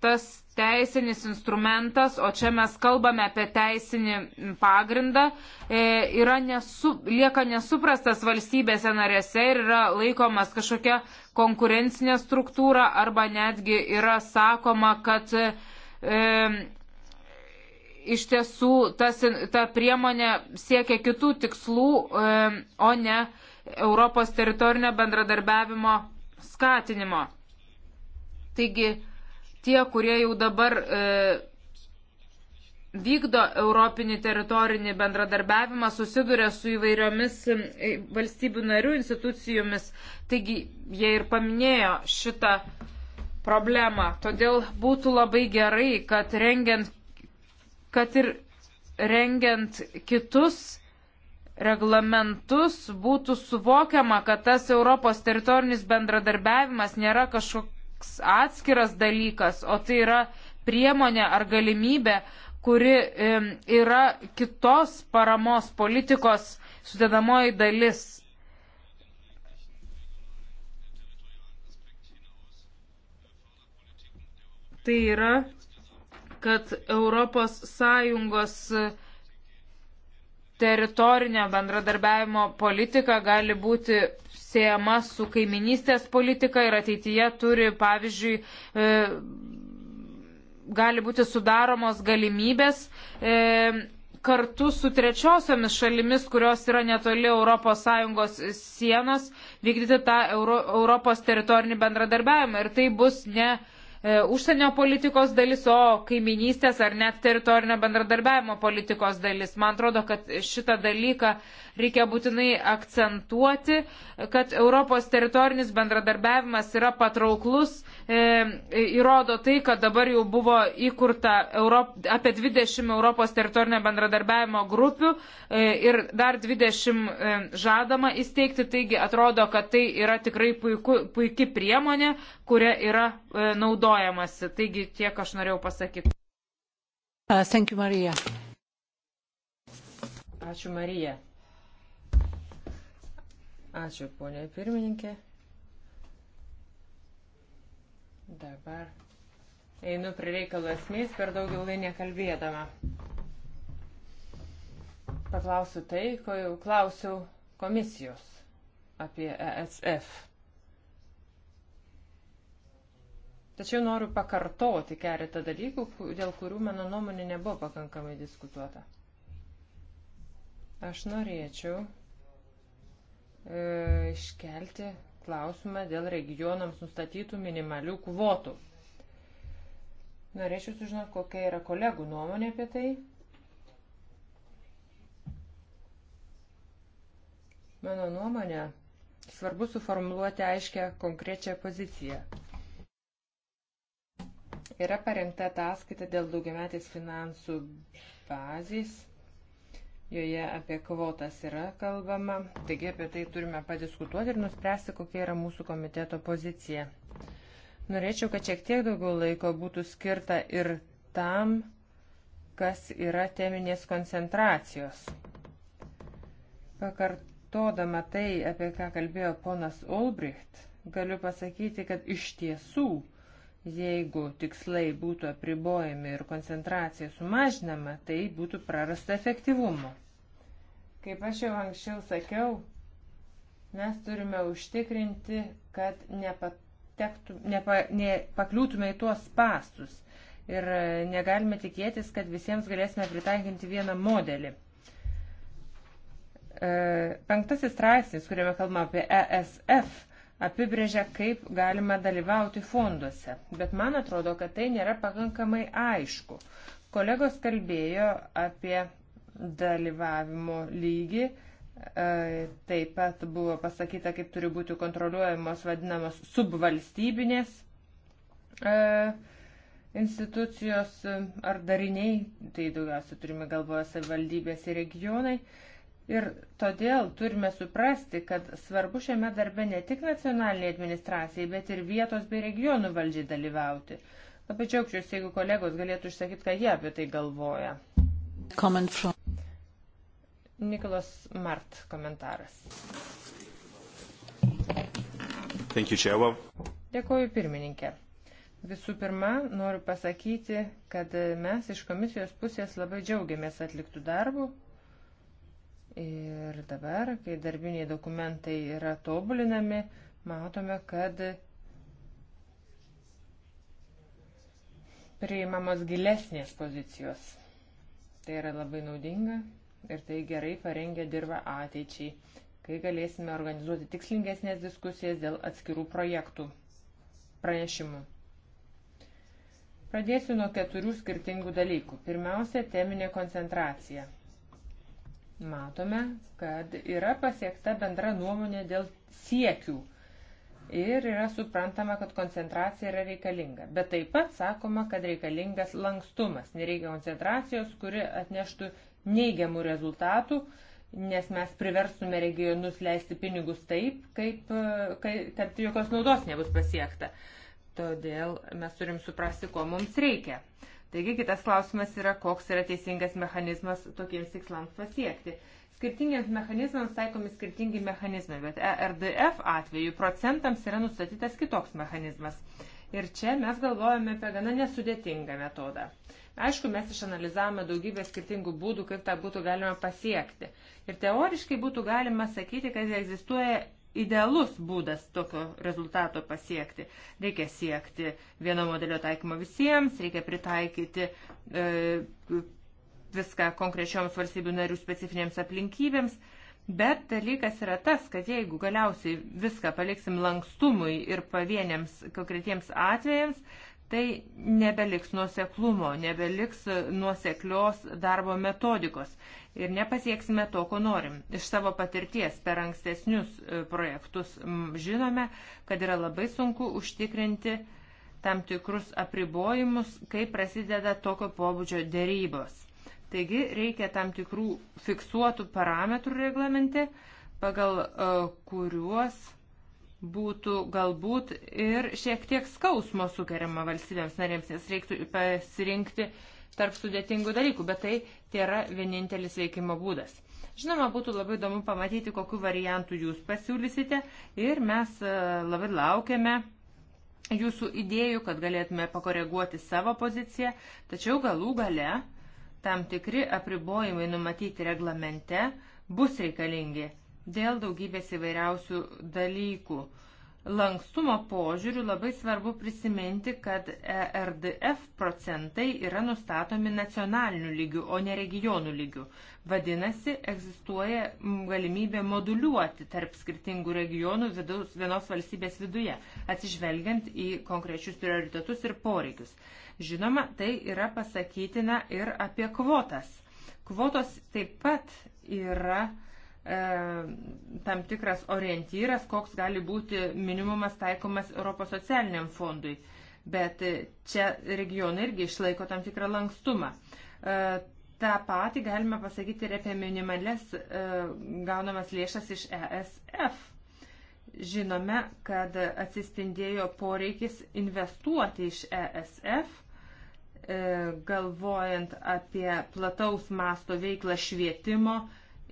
tas teisinis instrumentas, o čia mes kalbame apie teisinį pagrindą, e, yra nesu, lieka nesuprastas valstybėse narėse ir yra laikomas kažkokia konkurencinė struktūra arba netgi yra sakoma, kad e, iš tiesų tas, ta priemonė siekia kitų tikslų, e, o ne Europos teritorinio bendradarbiavimo skatinimo. Taigi, tie, kurie jau dabar e, vykdo europinį teritorinį bendradarbiavimą, susiduria su įvairiomis e, valstybių narių institucijomis. Taigi jie ir paminėjo šitą problemą. Todėl būtų labai gerai, kad, rengiant, kad ir rengiant kitus reglamentus būtų suvokiama, kad tas Europos teritorinis bendradarbiavimas nėra kažkoks kažkoks atskiras dalykas, o tai yra priemonė ar galimybė, kuri yra kitos paramos politikos sudedamoji dalis. Tai yra, kad Europos Sąjungos uh, teritorinio bendradarbiavimo politika gali būti siejama su kaiminystės politika ir ateityje turi, pavyzdžiui, e, gali būti sudaromos galimybės e, kartu su trečiosiomis šalimis, kurios yra netoli ES sienos, vykdyti tą Euro, Europos teritorinį bendradarbiavimą. Ir tai bus ne E, užsienio politikos dalis, o kaiminystės ar net teritorinio bendradarbiavimo politikos dalis. Man atrodo, kad šitą dalyką reikia būtinai akcentuoti, kad Europos teritorinis bendradarbiavimas yra patrauklus, e, įrodo tai, kad dabar jau buvo įkurta Europ, apie 20 Europos teritorinio bendradarbiavimo grupių e, ir dar 20 e, žadama įsteigti, taigi atrodo, kad tai yra tikrai puiku, puikia priemonė, kuria yra e, naudojama naudojamasi. Taigi tiek aš norėjau pasakyti. Uh, thank you, Marija. Ačiū, Marija. Ačiū, ponė pirmininkė. Dabar einu prie reikalo esmės per daug ilgai nekalbėdama. Paklausiu tai, ko jau klausiau komisijos apie ESF. Tačiau noriu pakartoti keletą dalykų, dėl kurių mano nuomonė nebuvo pakankamai diskutuota. Aš norėčiau e, iškelti klausimą dėl regionams nustatytų minimalių kvotų. Norėčiau sužinoti, kokia yra kolegų nuomonė apie tai. Mano nuomonė, svarbu suformuluoti aiškę konkrečią poziciją Yra parengta ataskaita dėl daugiametės finansų bazės. Joje apie kvotas yra kalbama, taigi apie tai turime padiskutuoti ir nuspręsti, kokia yra mūsų komiteto pozicija. Norėčiau, kad šiek tiek daugiau laiko būtų skirta ir tam, kas yra teminės koncentracijos. Pakartodama tai, apie ką kalbėjo ponas Olbricht, galiu pasakyti, kad iš tiesų Jeigu tikslai būtų apribojami ir koncentracija sumažinama, tai būtų prarasta efektyvumo. Kaip aš jau anksčiau sakiau, mes turime užtikrinti, kad nepatektų, nepa, nepakliūtume į tuos pastus ir e, negalime tikėtis, kad visiems galėsime pritaikinti vieną modelį. E, penktasis straipsnis, kuriame kalbama apie ESF, apibrėžia, kaip galima dalyvauti fonduose. Bet man atrodo, kad tai nėra pakankamai aišku. Kolegos kalbėjo apie dalyvavimo lygį. E, taip pat buvo pasakyta, kaip turi būti kontroliuojamos vadinamos subvalstybinės e, institucijos ar dariniai, tai daugiausia turime galvoje savivaldybės ir regionai. Uh, Ir todėl turime suprasti, kad svarbu šiame darbe ne tik nacionaliniai administracijai, bet ir vietos bei regionų valdžiai dalyvauti. Labai džiaugčiausi, jeigu kolegos galėtų išsakyti, ką jie apie tai galvoja. From... Nikolas Mart komentaras. Thank you, Chair. Dėkuoju pirmininkė. Visų pirma, noriu pasakyti, kad mes iš komisijos pusės labai džiaugiamės atliktų darbų, Ir dabar, kai darbiniai dokumentai yra tobulinami, matome, kad priimamos gilesnės pozicijos. Tai yra labai naudinga ir tai gerai parengia dirba ateičiai, kai galėsime organizuoti tikslingesnės diskusijas dėl atskirų projektų pranešimų. Pradėsiu nuo keturių skirtingų dalykų. Pirmiausia, teminė koncentracija matome, kad yra pasiekta bendra nuomonė dėl siekių ir yra suprantama, kad koncentracija yra reikalinga. Bet taip pat sakoma, kad reikalingas lankstumas. Nereikia koncentracijos, kuri atneštų neigiamų rezultatų, nes mes priverstume regionus leisti pinigus taip, kaip, kaip, kad jokios naudos nebus pasiekta. Todėl mes turim suprasti, ko mums reikia. Taigi kitas klausimas yra, koks yra teisingas mechanizmas tokiems tikslams pasiekti. Skirtingiems mechanizmams taikomi skirtingi mechanizmai, bet ERDF atveju procentams yra nustatytas kitoks mechanizmas. Ir čia mes galvojame apie gana nesudėtingą metodą. Aišku, mes išanalizavome daugybę skirtingų būdų, kaip tą būtų galima pasiekti. Ir teoriškai būtų galima sakyti, kad egzistuoja idealus būdas tokio rezultato pasiekti. Reikia siekti vieno modelio taikymo visiems, reikia pritaikyti e, viską konkrečioms valstybių narių specifinėms aplinkybėms. Bet dalykas yra tas, kad jeigu galiausiai viską paliksim lankstumui ir pavieniams konkretiems atvejams, tai nebeliks nuoseklumo, nebeliks nuoseklios darbo metodikos ir nepasieksime to, ko norim. Iš savo patirties per ankstesnius e, projektus žinome, kad yra labai sunku užtikrinti tam tikrus apribojimus, kai prasideda tokio pobūdžio dėrybos. Taigi reikia tam tikrų fiksuotų parametrų reglamente, pagal uh, kuriuos būtų galbūt ir šiek tiek skausmo sukeriama valstybėms narėms, nes reiktų pasirinkti uh, tarp sudėtingų dalykų, bet tai, tai yra vienintelis veikimo būdas. Žinoma, būtų labai įdomu pamatyti, kokiu variantu jūs pasiūlysite ir mes e, labai laukiame jūsų idėjų, kad galėtume pakoreguoti savo poziciją, tačiau galų gale tam tikri apribojimai numatyti reglamente bus reikalingi dėl daugybės įvairiausių dalykų lankstumo požiūrių labai svarbu prisiminti, kad e RDF procentai yra nustatomi nacionaliniu lygiu, o ne regionų lygiu. Vadinasi, egzistuoja galimybė moduliuoti tarp skirtingų regionų vidaus, vienos valstybės viduje, atsižvelgiant į konkrečius prioritetus ir poreikius. Žinoma, tai yra pasakytina ir apie kvotas. Kvotos taip pat yra uh, E, tam tikras orientyras, koks gali būti minimumas taikomas Europos socialiniam fondui. Bet čia regionai irgi išlaiko tam tikrą lankstumą. E, Ta pati galime pasakyti ir apie minimales e, gaunamas lėšas iš ESF. Žinome, kad atsispindėjo poreikis investuoti iš ESF galvojant apie plataus masto veiklą švietimo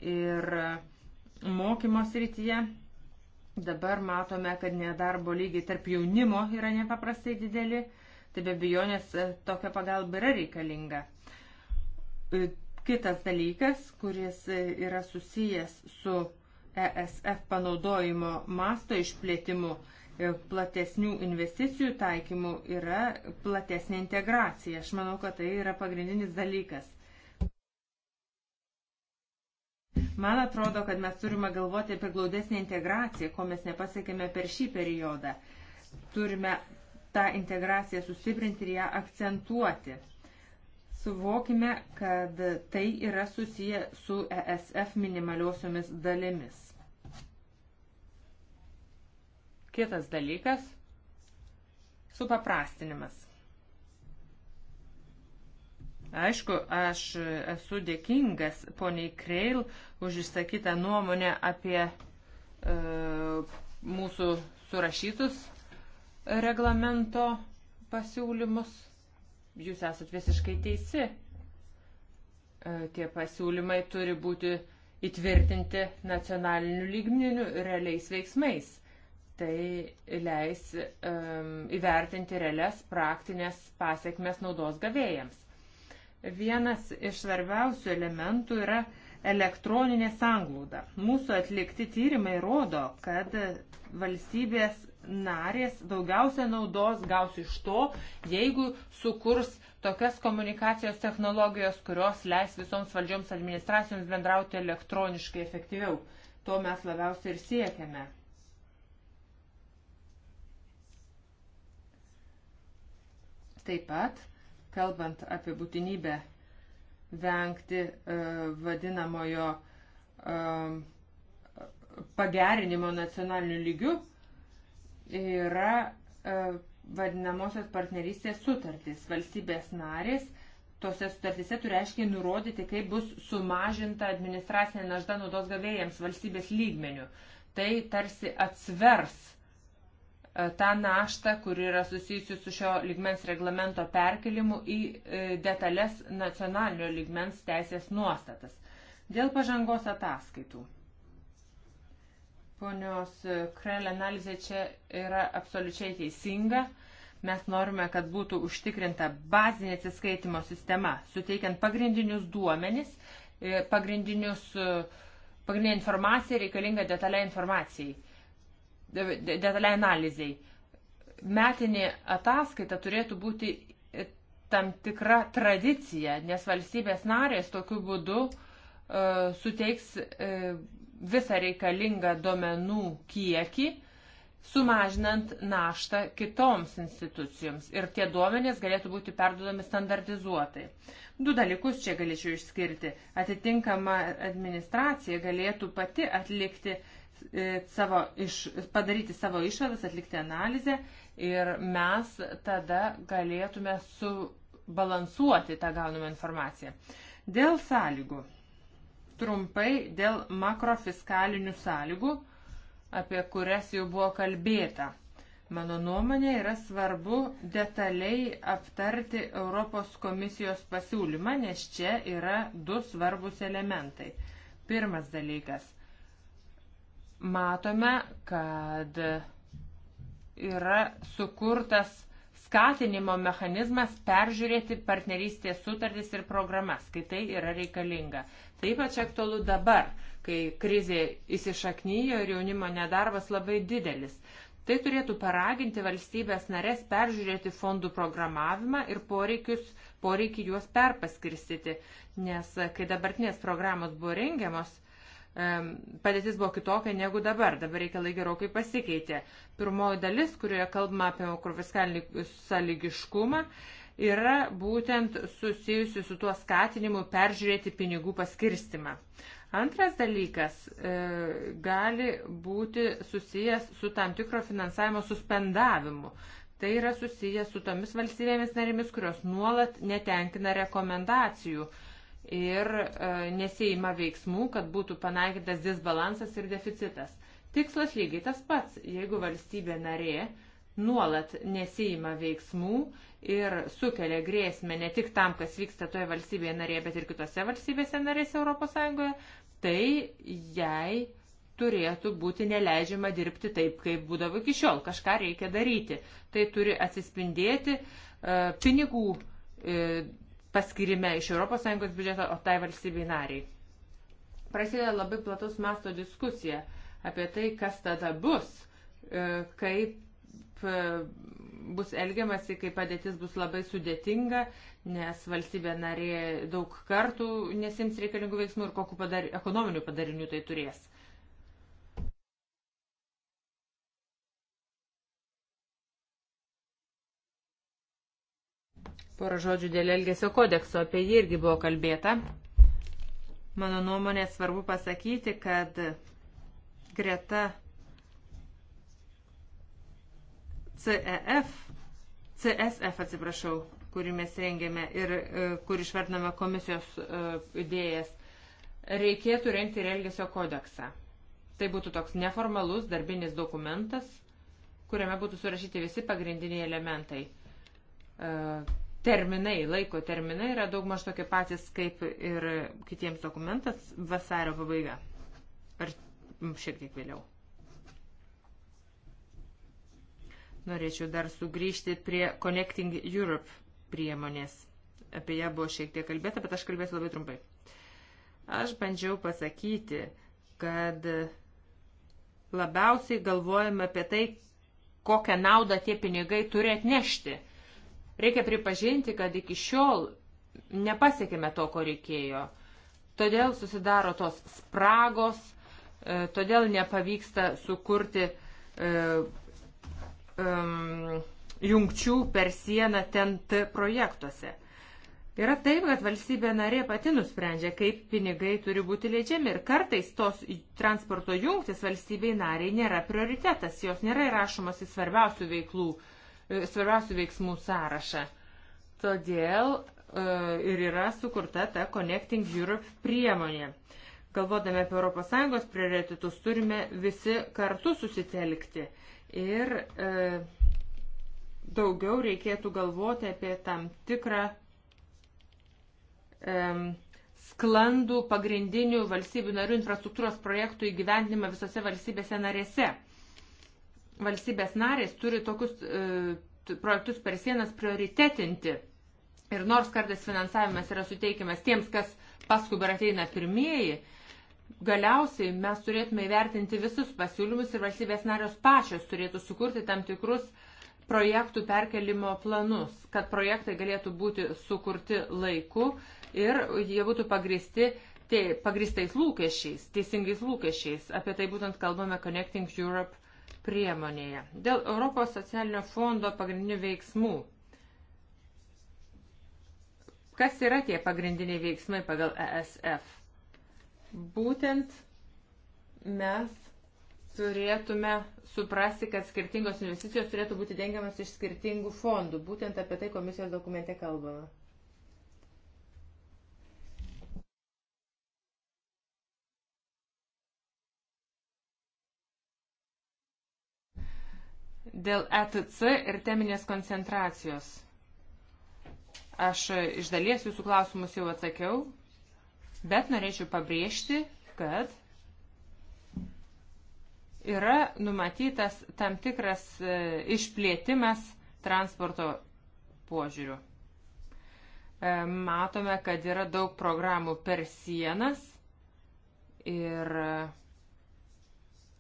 ir mokymo srityje. Dabar matome, kad nedarbo lygiai tarp jaunimo yra nepaprastai dideli, tai be abejonės e, tokia pagalba yra reikalinga. E, kitas dalykas, kuris e, yra susijęs su ESF panaudojimo masto išplėtimu, platesnių investicijų taikymų yra platesnė integracija. Aš manau, kad tai yra pagrindinis dalykas. Man atrodo, kad mes turime galvoti apie glaudesnį integraciją, ko mes nepasiekėme per šį periodą. Turime tą integraciją sustiprinti ir ją akcentuoti. Suvokime, kad tai yra susiję su ESF minimaliosiomis dalimis. Kitas dalykas - supaprastinimas. Aišku, aš esu dėkingas poniai Kreil už išsakytą nuomonę apie e, mūsų surašytus reglamento pasiūlymus. Jūs esat visiškai teisi. E, tie pasiūlymai turi būti įtvirtinti nacionaliniu lygmeniu realiais veiksmais. Tai leis um, e, įvertinti realias praktinės pasiekmes naudos gavėjams Vienas iš svarbiausių elementų yra elektroninė sanglauda. Mūsų atlikti tyrimai rodo, kad valstybės narės daugiausia naudos gaus iš to, jeigu sukurs tokias komunikacijos technologijos, kurios leis visoms valdžioms administracijoms bendrauti elektroniškai efektyviau. To mes labiausiai ir siekiame. Taip pat kalbant apie būtinybę vengti e, vadinamojo e, pagerinimo nacionaliniu lygiu, yra e, vadinamosios partnerystės sutartys. Valstybės narės tose sutartyse turi aiškiai nurodyti, kaip bus sumažinta administracinė našta naudos gavėjams valstybės lygmenių. Tai tarsi atsvers E, tą naštą, kuri yra susijusi su šio ligmens reglamento perkelimu į e, detalės nacionalinio ligmens teisės nuostatas. Dėl pažangos ataskaitų. Ponios Krell analizė čia yra absoliučiai teisinga. Mes norime, kad būtų užtikrinta bazinė atsiskaitimo sistema, suteikiant pagrindinius duomenis, e, pagrindinius, pagrindinę informaciją reikalingą detaliai informacijai detaliai analizai. Metinė ataskaita turėtų būti tam tikra tradicija, nes valstybės narės tokiu būdu uh, suteiks uh, visą reikalingą domenų kiekį, sumažinant naštą kitoms institucijoms. Ir tie duomenys galėtų būti perdodami standartizuotai. Du dalykus čia galėčiau išskirti. Atitinkama administracija galėtų pati atlikti uh, E, savo iš, padaryti savo išvadas, atlikti analizę ir mes tada galėtume subalansuoti tą gaunamą informaciją. Dėl sąlygų. Trumpai dėl makrofiskalinių sąlygų, apie kurias jau buvo kalbėta. Mano nuomonė yra svarbu detaliai aptarti Europos komisijos pasiūlymą, nes čia yra du svarbus elementai. Pirmas dalykas matome, kad yra sukurtas skatinimo mechanizmas peržiūrėti partnerystės sutartis ir programas, kai tai yra reikalinga. Taip pat čia aktualu dabar, kai krizė įsišaknyjo ir jaunimo nedarbas labai didelis. Tai turėtų paraginti valstybės narės peržiūrėti fondų programavimą ir poreikius, poreikį juos perpaskirstyti, nes kai dabartinės programos buvo rengiamos, padėtis buvo kitokia negu dabar. Dabar reikalai gerokai pasikeitė. Pirmoji dalis, kurioje kalbama apie makrofiskalinį sąlygiškumą, yra būtent susijusi su tuo skatinimu peržiūrėti pinigų paskirstimą. Antras dalykas e, gali būti susijęs su tam tikro finansavimo suspendavimu. Tai yra susijęs su tomis valstybėmis narėmis, kurios nuolat netenkina rekomendacijų e, ir e, nesijima veiksmų, kad būtų panaikintas disbalansas ir deficitas. Tikslas lygiai tas pats, jeigu valstybė narė nuolat nesijima veiksmų ir sukelia grėsmę ne tik tam, kas vyksta toje valstybėje narėje, bet ir kitose valstybėse narėse ES, tai jai turėtų būti neleidžiama dirbti taip, kaip būdavo iki šiol. Kažką reikia daryti. Tai turi atsispindėti e, pinigų e, paskirime iš ES biudžeto, o tai valstybei nariai. Prasideda labai plataus masto diskusija apie tai, kas tada bus, e, kaip e, bus elgiamasi, kai padėtis bus labai sudėtinga, nes valstybė narė daug kartų nesims reikalingų veiksmų ir kokiu padar, ekonominių padarinių tai turės. Porą žodžių dėl Elgesio kodekso, apie jį irgi buvo kalbėta. Mano nuomonė svarbu pasakyti, kad greta CEF, CSF atsiprašau, kurį mes rengėme ir e, kur išvardiname komisijos e, idėjas, reikėtų rengti ir Elgesio kodeksą. Tai būtų toks neformalus darbinis dokumentas, kuriame būtų surašyti visi pagrindiniai elementai. Uh, terminai, laiko terminai yra daug maž tokie patys kaip ir kitiems dokumentas vasario pabaiga. Ar šiek tiek vėliau. Norėčiau dar sugrįžti prie Connecting Europe priemonės. Apie ją buvo šiek tiek kalbėta, bet aš kalbėsiu labai trumpai. Aš bandžiau pasakyti, kad labiausiai galvojame apie tai, kokią naudą tie pinigai turi atnešti – Reikia pripažinti, kad iki šiol nepasiekime to, ko reikėjo. Todėl susidaro tos spragos, e, todėl nepavyksta sukurti um, jungčių per sieną TNT projektuose. Yra taip, kad valstybė narė pati nusprendžia, kaip pinigai turi būti leidžiami ir kartais tos transporto jungtis valstybei nariai nėra prioritetas, jos nėra įrašomas į svarbiausių veiklų uh, E, svarbiausių veiksmų sąrašą. Todėl e, ir yra sukurta ta Connecting Europe priemonė. Galvodami apie ES prioritetus turime visi kartu susitelkti ir e, daugiau reikėtų galvoti apie tam tikrą e, sklandų pagrindinių valstybių narių infrastruktūros projektų įgyvendinimą visose valstybėse narėse. E, valstybės narės turi tokius e, projektus per sienas prioritetinti. Ir nors kartais finansavimas yra suteikiamas tiems, kas paskubar ateina pirmieji, galiausiai mes turėtume įvertinti visus pasiūlymus ir valstybės narios pačios turėtų sukurti tam tikrus projektų perkelimo planus, kad projektai galėtų būti sukurti laiku ir jie būtų pagristi tai pagristais lūkesčiais, teisingais lūkesčiais. Apie tai būtent kalbame Connecting Europe priemonėje. Dėl Europos socialinio fondo pagrindinių veiksmų. Kas yra tie pagrindiniai veiksmai pagal ESF? Būtent mes turėtume suprasti, kad skirtingos investicijos turėtų būti dengiamas iš skirtingų fondų. Būtent apie tai komisijos dokumente kalbama. dėl ETC ir teminės koncentracijos. Aš iš dalies jūsų klausimus jau atsakiau, bet norėčiau pabrėžti, kad yra numatytas tam tikras e, išplėtimas transporto požiūrių. E, matome, kad yra daug programų per sienas ir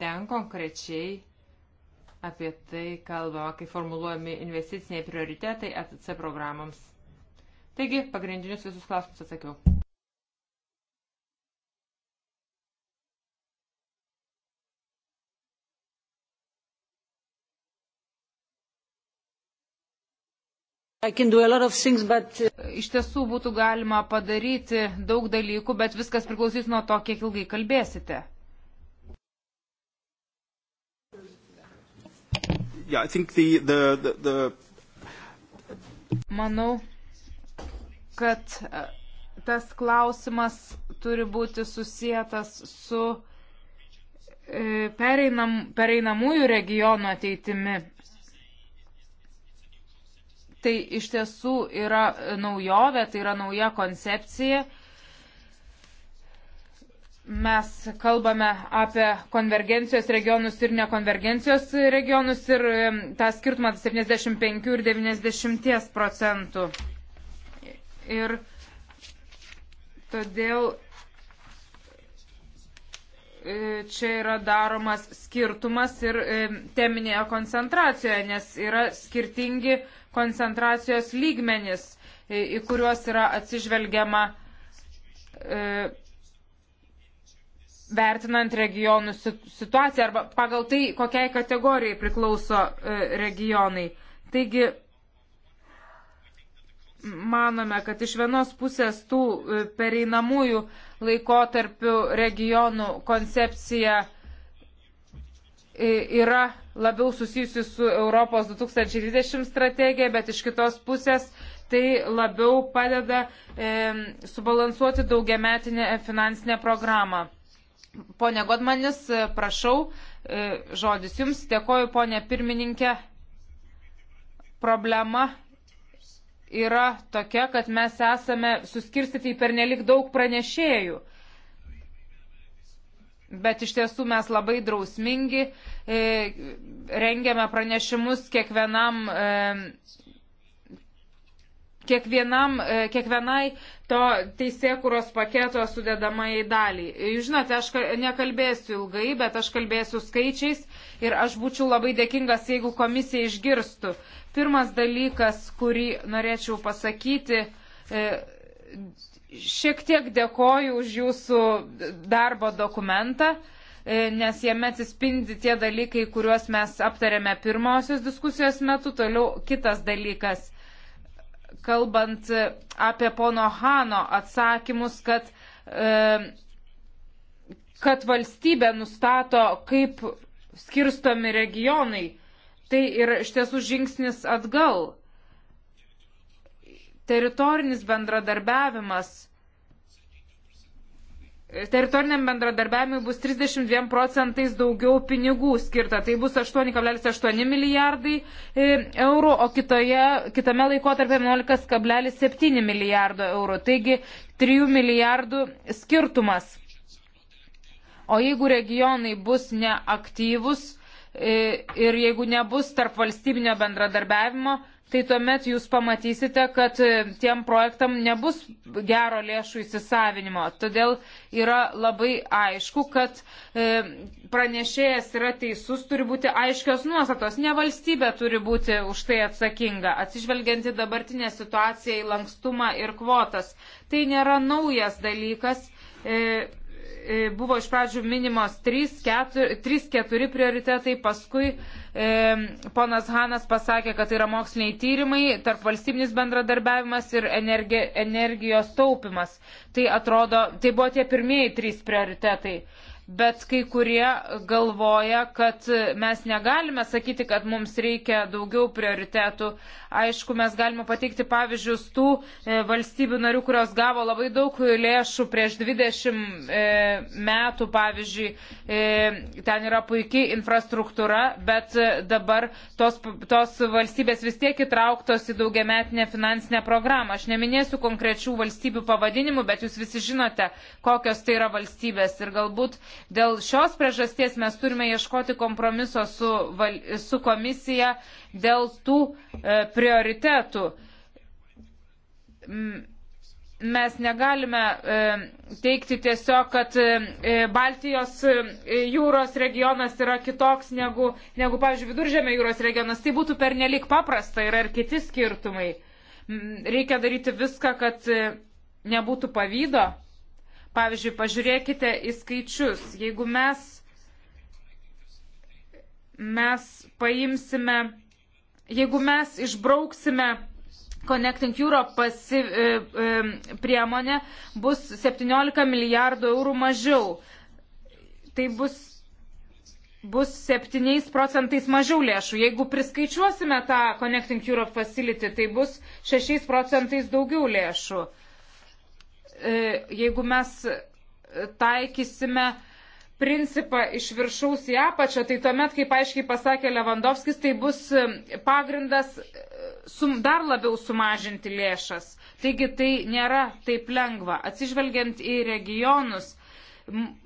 ten konkrečiai apie tai kalbama, kai formuluojami investiciniai prioritetai ATC programoms. Taigi, pagrindinius visus klausimus atsakiau. Things, but... Uh, Iš tiesų būtų galima padaryti daug dalykų, bet viskas priklausys nuo to, kiek ilgai kalbėsite. yeah, I think the, the, the, the... Manau, kad e, tas klausimas turi būti susijęs su e, pereinam, pereinamųjų regionų ateitimi. Tai iš tiesų yra e, naujovė, tai yra nauja koncepcija mes kalbame apie konvergencijos regionus ir nekonvergencijos regionus ir tą skirtumą 75 ir 90 procentų. Ir todėl e, čia yra daromas skirtumas ir teminėje koncentracijoje, nes yra skirtingi koncentracijos lygmenis, į kuriuos yra atsižvelgiama e, vertinant regionų situaciją arba pagal tai, kokiai kategorijai priklauso e, regionai. Taigi, manome, kad iš vienos pusės tų e, pereinamųjų laikotarpių regionų koncepcija e, yra labiau susijusi su Europos 2020 strategija, bet iš kitos pusės tai labiau padeda e, subalansuoti daugiametinę finansinę programą. Pone Godmanis, prašau, e, žodis jums. Dėkoju, ponė pirmininkė. Problema yra tokia, kad mes esame suskirstyti į pernelik daug pranešėjų. Bet iš tiesų mes labai drausmingi, e, rengiame pranešimus kiekvienam e, kiekvienam, e, kiekvienai to teisėkuros paketo sudedamai daliai. Jūs žinote, aš nekalbėsiu ilgai, bet aš kalbėsiu skaičiais ir aš būčiau labai dėkingas, jeigu komisija išgirstų. Pirmas dalykas, kurį norėčiau pasakyti, e, šiek tiek dėkoju už jūsų darbo dokumentą e, nes jame atsispindi tie dalykai, kuriuos mes aptarėme pirmosios diskusijos metu. Toliau kitas dalykas kalbant e, apie pono Hano atsakymus, kad, e, kad valstybė nustato, kaip skirstomi regionai. Tai yra iš tiesų žingsnis atgal. Teritorinis bendradarbiavimas teritoriniam bendradarbiavimui bus 32 procentais daugiau pinigų skirta. Tai bus 8,8 milijardai e, eurų, o kitoje, kitame laikotarpė 11,7 milijardo eurų. Taigi 3 milijardų skirtumas. O jeigu regionai bus neaktyvus e, ir jeigu nebus tarp valstybinio bendradarbiavimo, tai tuomet jūs pamatysite, kad e, tiem projektam nebus gero lėšų įsisavinimo. Todėl yra labai aišku, kad e, pranešėjas yra teisus, turi būti aiškios nuostatos, ne valstybė turi būti už tai atsakinga, atsižvelgianti dabartinę situaciją į lankstumą ir kvotas. Tai nėra naujas dalykas. E, E, buvo iš pradžių minimos 3-4 prioritetai, paskui e, ponas Hanas pasakė, kad tai yra moksliniai tyrimai, tarp valstybinis bendradarbiavimas ir energi, energijos taupimas. Tai atrodo, tai buvo tie pirmieji 3 prioritetai bet kai kurie galvoja, kad mes negalime sakyti, kad mums reikia daugiau prioritetų. Aišku, mes galime pateikti pavyzdžius tų e, valstybių narių, kurios gavo labai daug lėšų prieš 20 e, metų, pavyzdžiui, e, ten yra puikiai infrastruktūra, bet dabar tos, tos valstybės vis tiek įtrauktos į daugiametinę finansinę programą. Aš neminėsiu konkrečių valstybių pavadinimų, bet jūs visi žinote, kokios tai yra valstybės ir galbūt Dėl šios priežasties mes turime ieškoti kompromiso su, su komisija dėl tų e, prioritetų. Mes negalime e, teikti tiesiog, kad e, e Baltijos e, e, jūros regionas yra kitoks negu, negu pavyzdžiui, Viduržėmė jūros regionas. Tai būtų pernelik paprasta, yra ir kiti skirtumai. Reikia daryti viską, kad nebūtų pavydo Pavyzdžiui, pažiūrėkite į skaičius. Jeigu mes, mes paimsime, jeigu mes išbrauksime Connecting Europe pasi, e, e, priemonė, bus 17 milijardų eurų mažiau. Tai bus bus 7 procentais mažiau lėšų. Jeigu priskaičiuosime tą Connecting Europe Facility, tai bus 6 procentais daugiau lėšų. Uh, E, jeigu mes taikysime principą iš viršaus į apačią, tai tuomet, kaip aiškiai pasakė Levandovskis, tai bus e, pagrindas e, sum, dar labiau sumažinti lėšas. Taigi tai nėra taip lengva. Atsižvelgiant į regionus,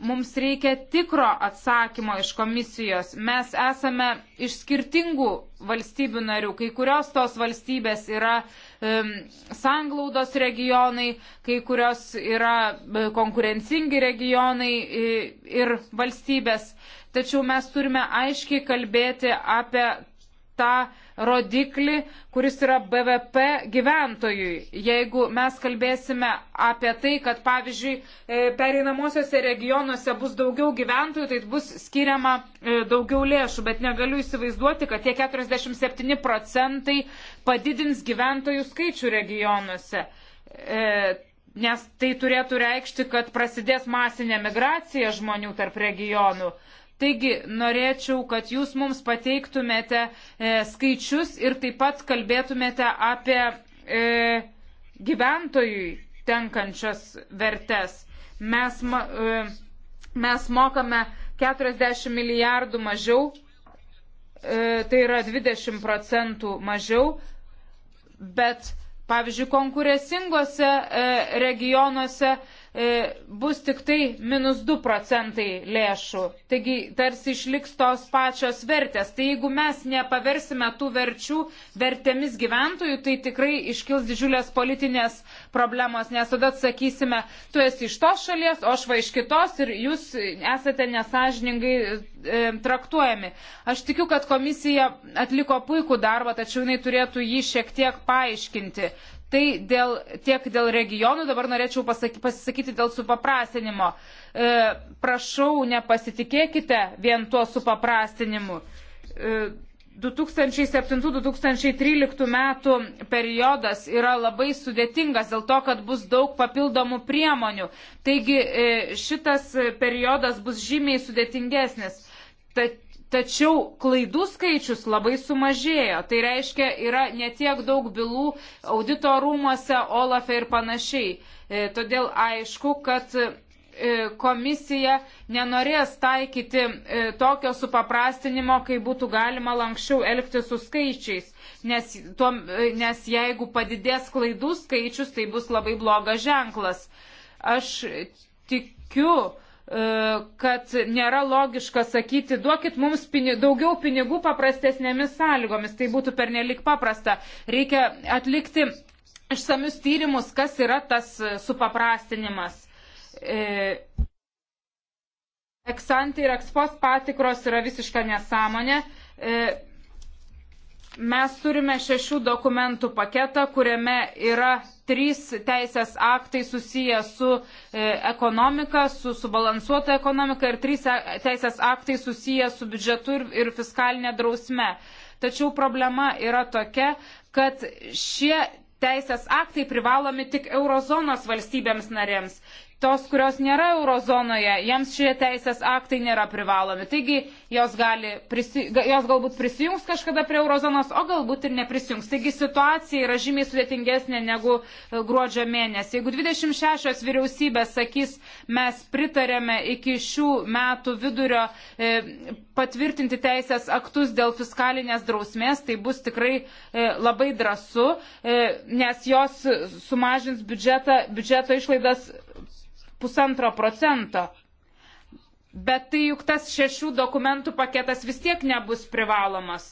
Mums reikia tikro atsakymo iš komisijos. Mes esame iš skirtingų valstybių narių. Kai kurios tos valstybės yra um, sanglaudos regionai, kai kurios yra e, konkurencingi regionai e, ir valstybės. Tačiau mes turime aiškiai kalbėti apie tą rodiklį, kuris yra BVP gyventojui. Jeigu mes kalbėsime apie tai, kad pavyzdžiui e, pereinamosiose regionuose bus daugiau gyventojų, tai bus skiriama e, daugiau lėšų, bet negaliu įsivaizduoti, kad tie 47 procentai padidins gyventojų skaičių regionuose. E, nes tai turėtų reikšti, kad prasidės masinė migracija žmonių tarp regionų. Taigi norėčiau, kad jūs mums pateiktumėte e, skaičius ir taip pat kalbėtumėte apie e, gyventojui tenkančias vertes. Mes, ma, e, mes mokame 40 milijardų mažiau, e, tai yra 20 procentų mažiau, bet pavyzdžiui, konkuresingose e, regionuose E, bus tik tai minus 2 procentai lėšų. Taigi tarsi išliks tos pačios vertės. Tai jeigu mes nepaversime tų verčių vertėmis gyventojų, tai tikrai iškils didžiulės politinės problemos, nes tada atsakysime, tu esi iš tos šalies, o aš va iš kitos ir jūs esate nesažiningai e, traktuojami. Aš tikiu, kad komisija atliko puikų darbą, tačiau jinai turėtų jį šiek tiek paaiškinti. Tai dėl, tiek dėl regionų, dabar norėčiau pasaky, pasisakyti dėl supaprastinimo. E, prašau, nepasitikėkite vien tuo supaprastinimu. E, 2007-2013 metų periodas yra labai sudėtingas dėl to, kad bus daug papildomų priemonių. Taigi e, šitas periodas bus žymiai sudėtingesnis. Tad Tačiau klaidų skaičius labai sumažėjo. Tai reiškia, yra netiek daug bylų audito rūmose, Olafe ir panašiai. E, todėl aišku, kad e, komisija nenorės taikyti e, tokio supaprastinimo, kai būtų galima lankščiau elgti su skaičiais. Nes, tuo, e, nes jeigu padidės klaidų skaičius, tai bus labai blogas ženklas. Aš tikiu, E, kad nėra logiška sakyti, duokit mums pini, daugiau pinigų paprastesnėmis sąlygomis. Tai būtų pernelik paprasta. Reikia atlikti išsamius tyrimus, kas yra tas supaprastinimas. E, Eksantį ir ekspos patikros yra visiška nesąmonė. E, mes turime šešių dokumentų paketą, kuriame yra trys teisės aktai susiję su e, ekonomika, su subalansuota ekonomika ir trys teisės aktai susiję su biudžetu ir, ir fiskalinė drausme. Tačiau problema yra tokia, kad šie teisės aktai privalomi tik eurozonos valstybėms narėms tos, kurios nėra eurozonoje, jiems šie teisės aktai nėra privalomi. Taigi jos, prisi, jos galbūt prisijungs kažkada prie eurozonos, o galbūt ir neprisijungs. Taigi situacija yra žymiai sudėtingesnė negu e, gruodžio mėnesį. Jeigu 26 vyriausybės sakys, mes pritarėme iki šių metų vidurio e, patvirtinti teisės aktus dėl fiskalinės drausmės, tai bus tikrai e, labai drasu, e, nes jos sumažins biudžetą, biudžeto išlaidas pusantro procento. Bet tai juk tas šešių dokumentų paketas vis tiek nebus privalomas.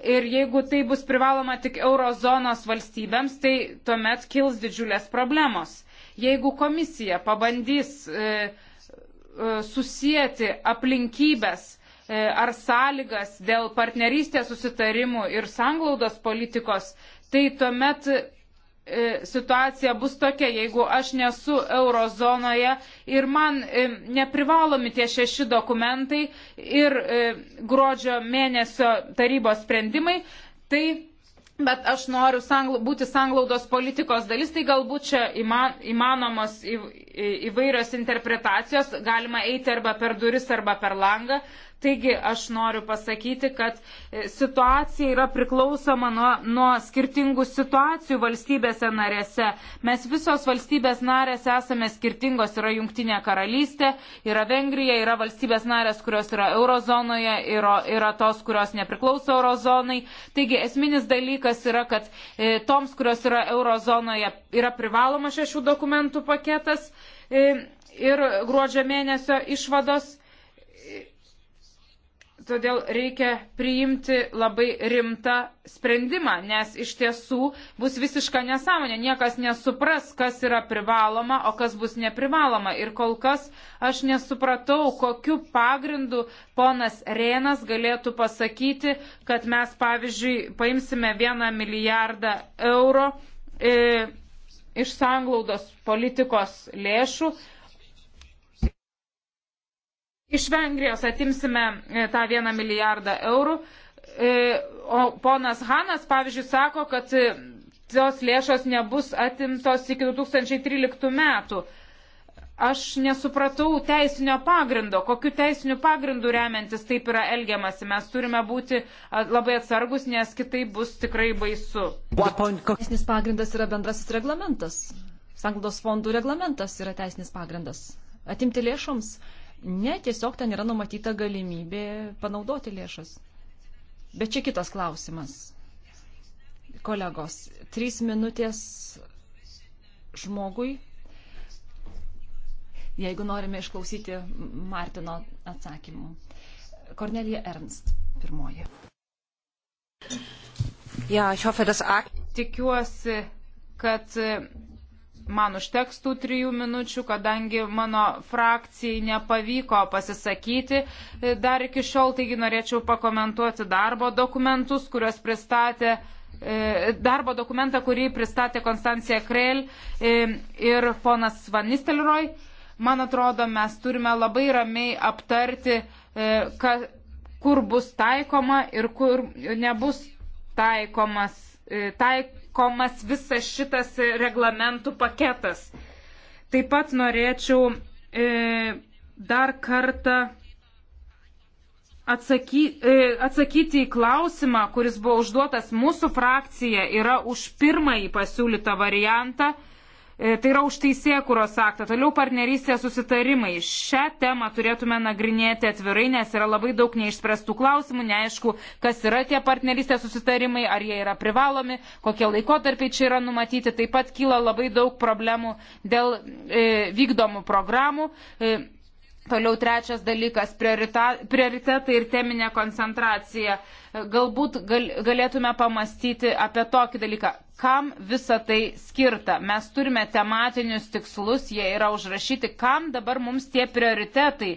Ir jeigu tai bus privaloma tik eurozonos valstybėms, tai tuomet kils didžiulės problemos. Jeigu komisija pabandys e, e, susijęti aplinkybės e, ar sąlygas dėl partnerystės susitarimų ir sanglaudos politikos, tai tuomet E, situacija bus tokia, jeigu aš nesu eurozonoje ir man e, neprivalomi tie šeši dokumentai ir e, gruodžio mėnesio tarybos sprendimai, tai bet aš noriu sangla, būti sanglaudos politikos dalis, tai galbūt čia įmanomos įvairios interpretacijos, galima eiti arba per duris, arba per langą, Taigi aš noriu pasakyti, kad e, situacija yra priklausoma nuo, nuo skirtingų situacijų valstybėse narėse. Mes visos valstybės narės esame skirtingos, yra Junktinė karalystė, yra Vengrija, yra valstybės narės, kurios yra eurozonoje, yra, yra tos, kurios nepriklauso eurozonai. Taigi esminis dalykas yra, kad e, toms, kurios yra eurozonoje, yra privaloma šešių dokumentų paketas. E, ir gruodžio mėnesio išvados todėl reikia priimti labai rimtą sprendimą, nes iš tiesų bus visiška nesąmonė, niekas nesupras, kas yra privaloma, o kas bus neprivaloma. Ir kol kas aš nesupratau, kokiu pagrindu ponas Rėnas galėtų pasakyti, kad mes, pavyzdžiui, paimsime vieną milijardą eurų e, iš sanglaudos politikos lėšų Iš Vengrijos atimsime e, tą vieną milijardą eurų, e, o ponas Hanas, pavyzdžiui, sako, kad e, tos lėšos nebus atimtos iki 2013 metų. Aš nesupratau teisinio pagrindo, kokiu teisiniu pagrindu remiantis taip yra elgiamasi. Mes turime būti labai atsargus, nes kitaip bus tikrai baisu. Teisinis pagrindas yra bendrasis reglamentas. Sanglaudos fondų reglamentas yra teisinis pagrindas. Atimti lėšoms Ne, tiesiog ten yra numatyta galimybė panaudoti lėšas. Bet čia kitas klausimas. Kolegos, trys minutės žmogui, jeigu norime išklausyti Martino atsakymų. Kornelija Ernst, pirmoji. Ja, ich hoffe, dass... Tikiuosi, kad man užteks tų trijų minučių, kadangi mano frakcijai nepavyko pasisakyti dar iki šiol, taigi norėčiau pakomentuoti darbo dokumentus, kuriuos pristatė e, darbo dokumentą, kurį pristatė Konstancija Krell e, ir ponas Van Nistelroj. Man atrodo, mes turime labai ramiai aptarti, e, kur bus taikoma ir kur nebus taikomas, taik, taikomas visas šitas reglamentų paketas. Taip pat norėčiau e, dar kartą atsaky, e, atsakyti į klausimą, kuris buvo užduotas mūsų frakcija, yra už pirmąjį pasiūlytą variantą. E, E, tai yra už teisėkuros aktą. Toliau partnerystė susitarimai. Šią temą turėtume nagrinėti atvirai, nes yra labai daug neišspręstų klausimų. Neaišku, kas yra tie partnerystė susitarimai, ar jie yra privalomi, kokie laikotarpiai čia yra numatyti. Taip pat kyla labai daug problemų dėl e, vykdomų programų. E, Toliau trečias dalykas - prioritetai ir teminė koncentracija. Galbūt gal, galėtume pamastyti apie tokį dalyką. Kam visa tai skirta? Mes turime tematinius tikslus, jie yra užrašyti. Kam dabar mums tie prioritetai?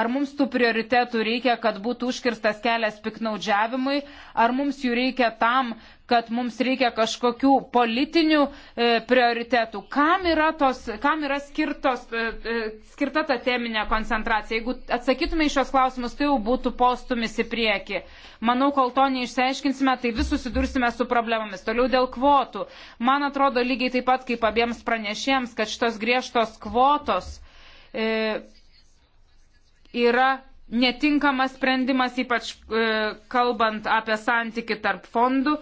Ar mums tų prioritetų reikia, kad būtų užkirstas kelias piknaudžiavimui? Ar mums jų reikia tam, kad mums reikia kažkokių politinių e, prioritetų. Kam yra, tos, kam yra skirtos, e, e, skirta ta teminė koncentracija? Jeigu atsakytume į šios klausimus, tai jau būtų postumis į priekį. Manau, kol to neišsiaiškinsime, tai vis susidursime su problemomis. Toliau dėl kvotų. Man atrodo lygiai taip pat kaip abiems pranešėjams, kad šitos griežtos kvotos e, yra netinkamas sprendimas, ypač e, kalbant apie santyki tarp fondų.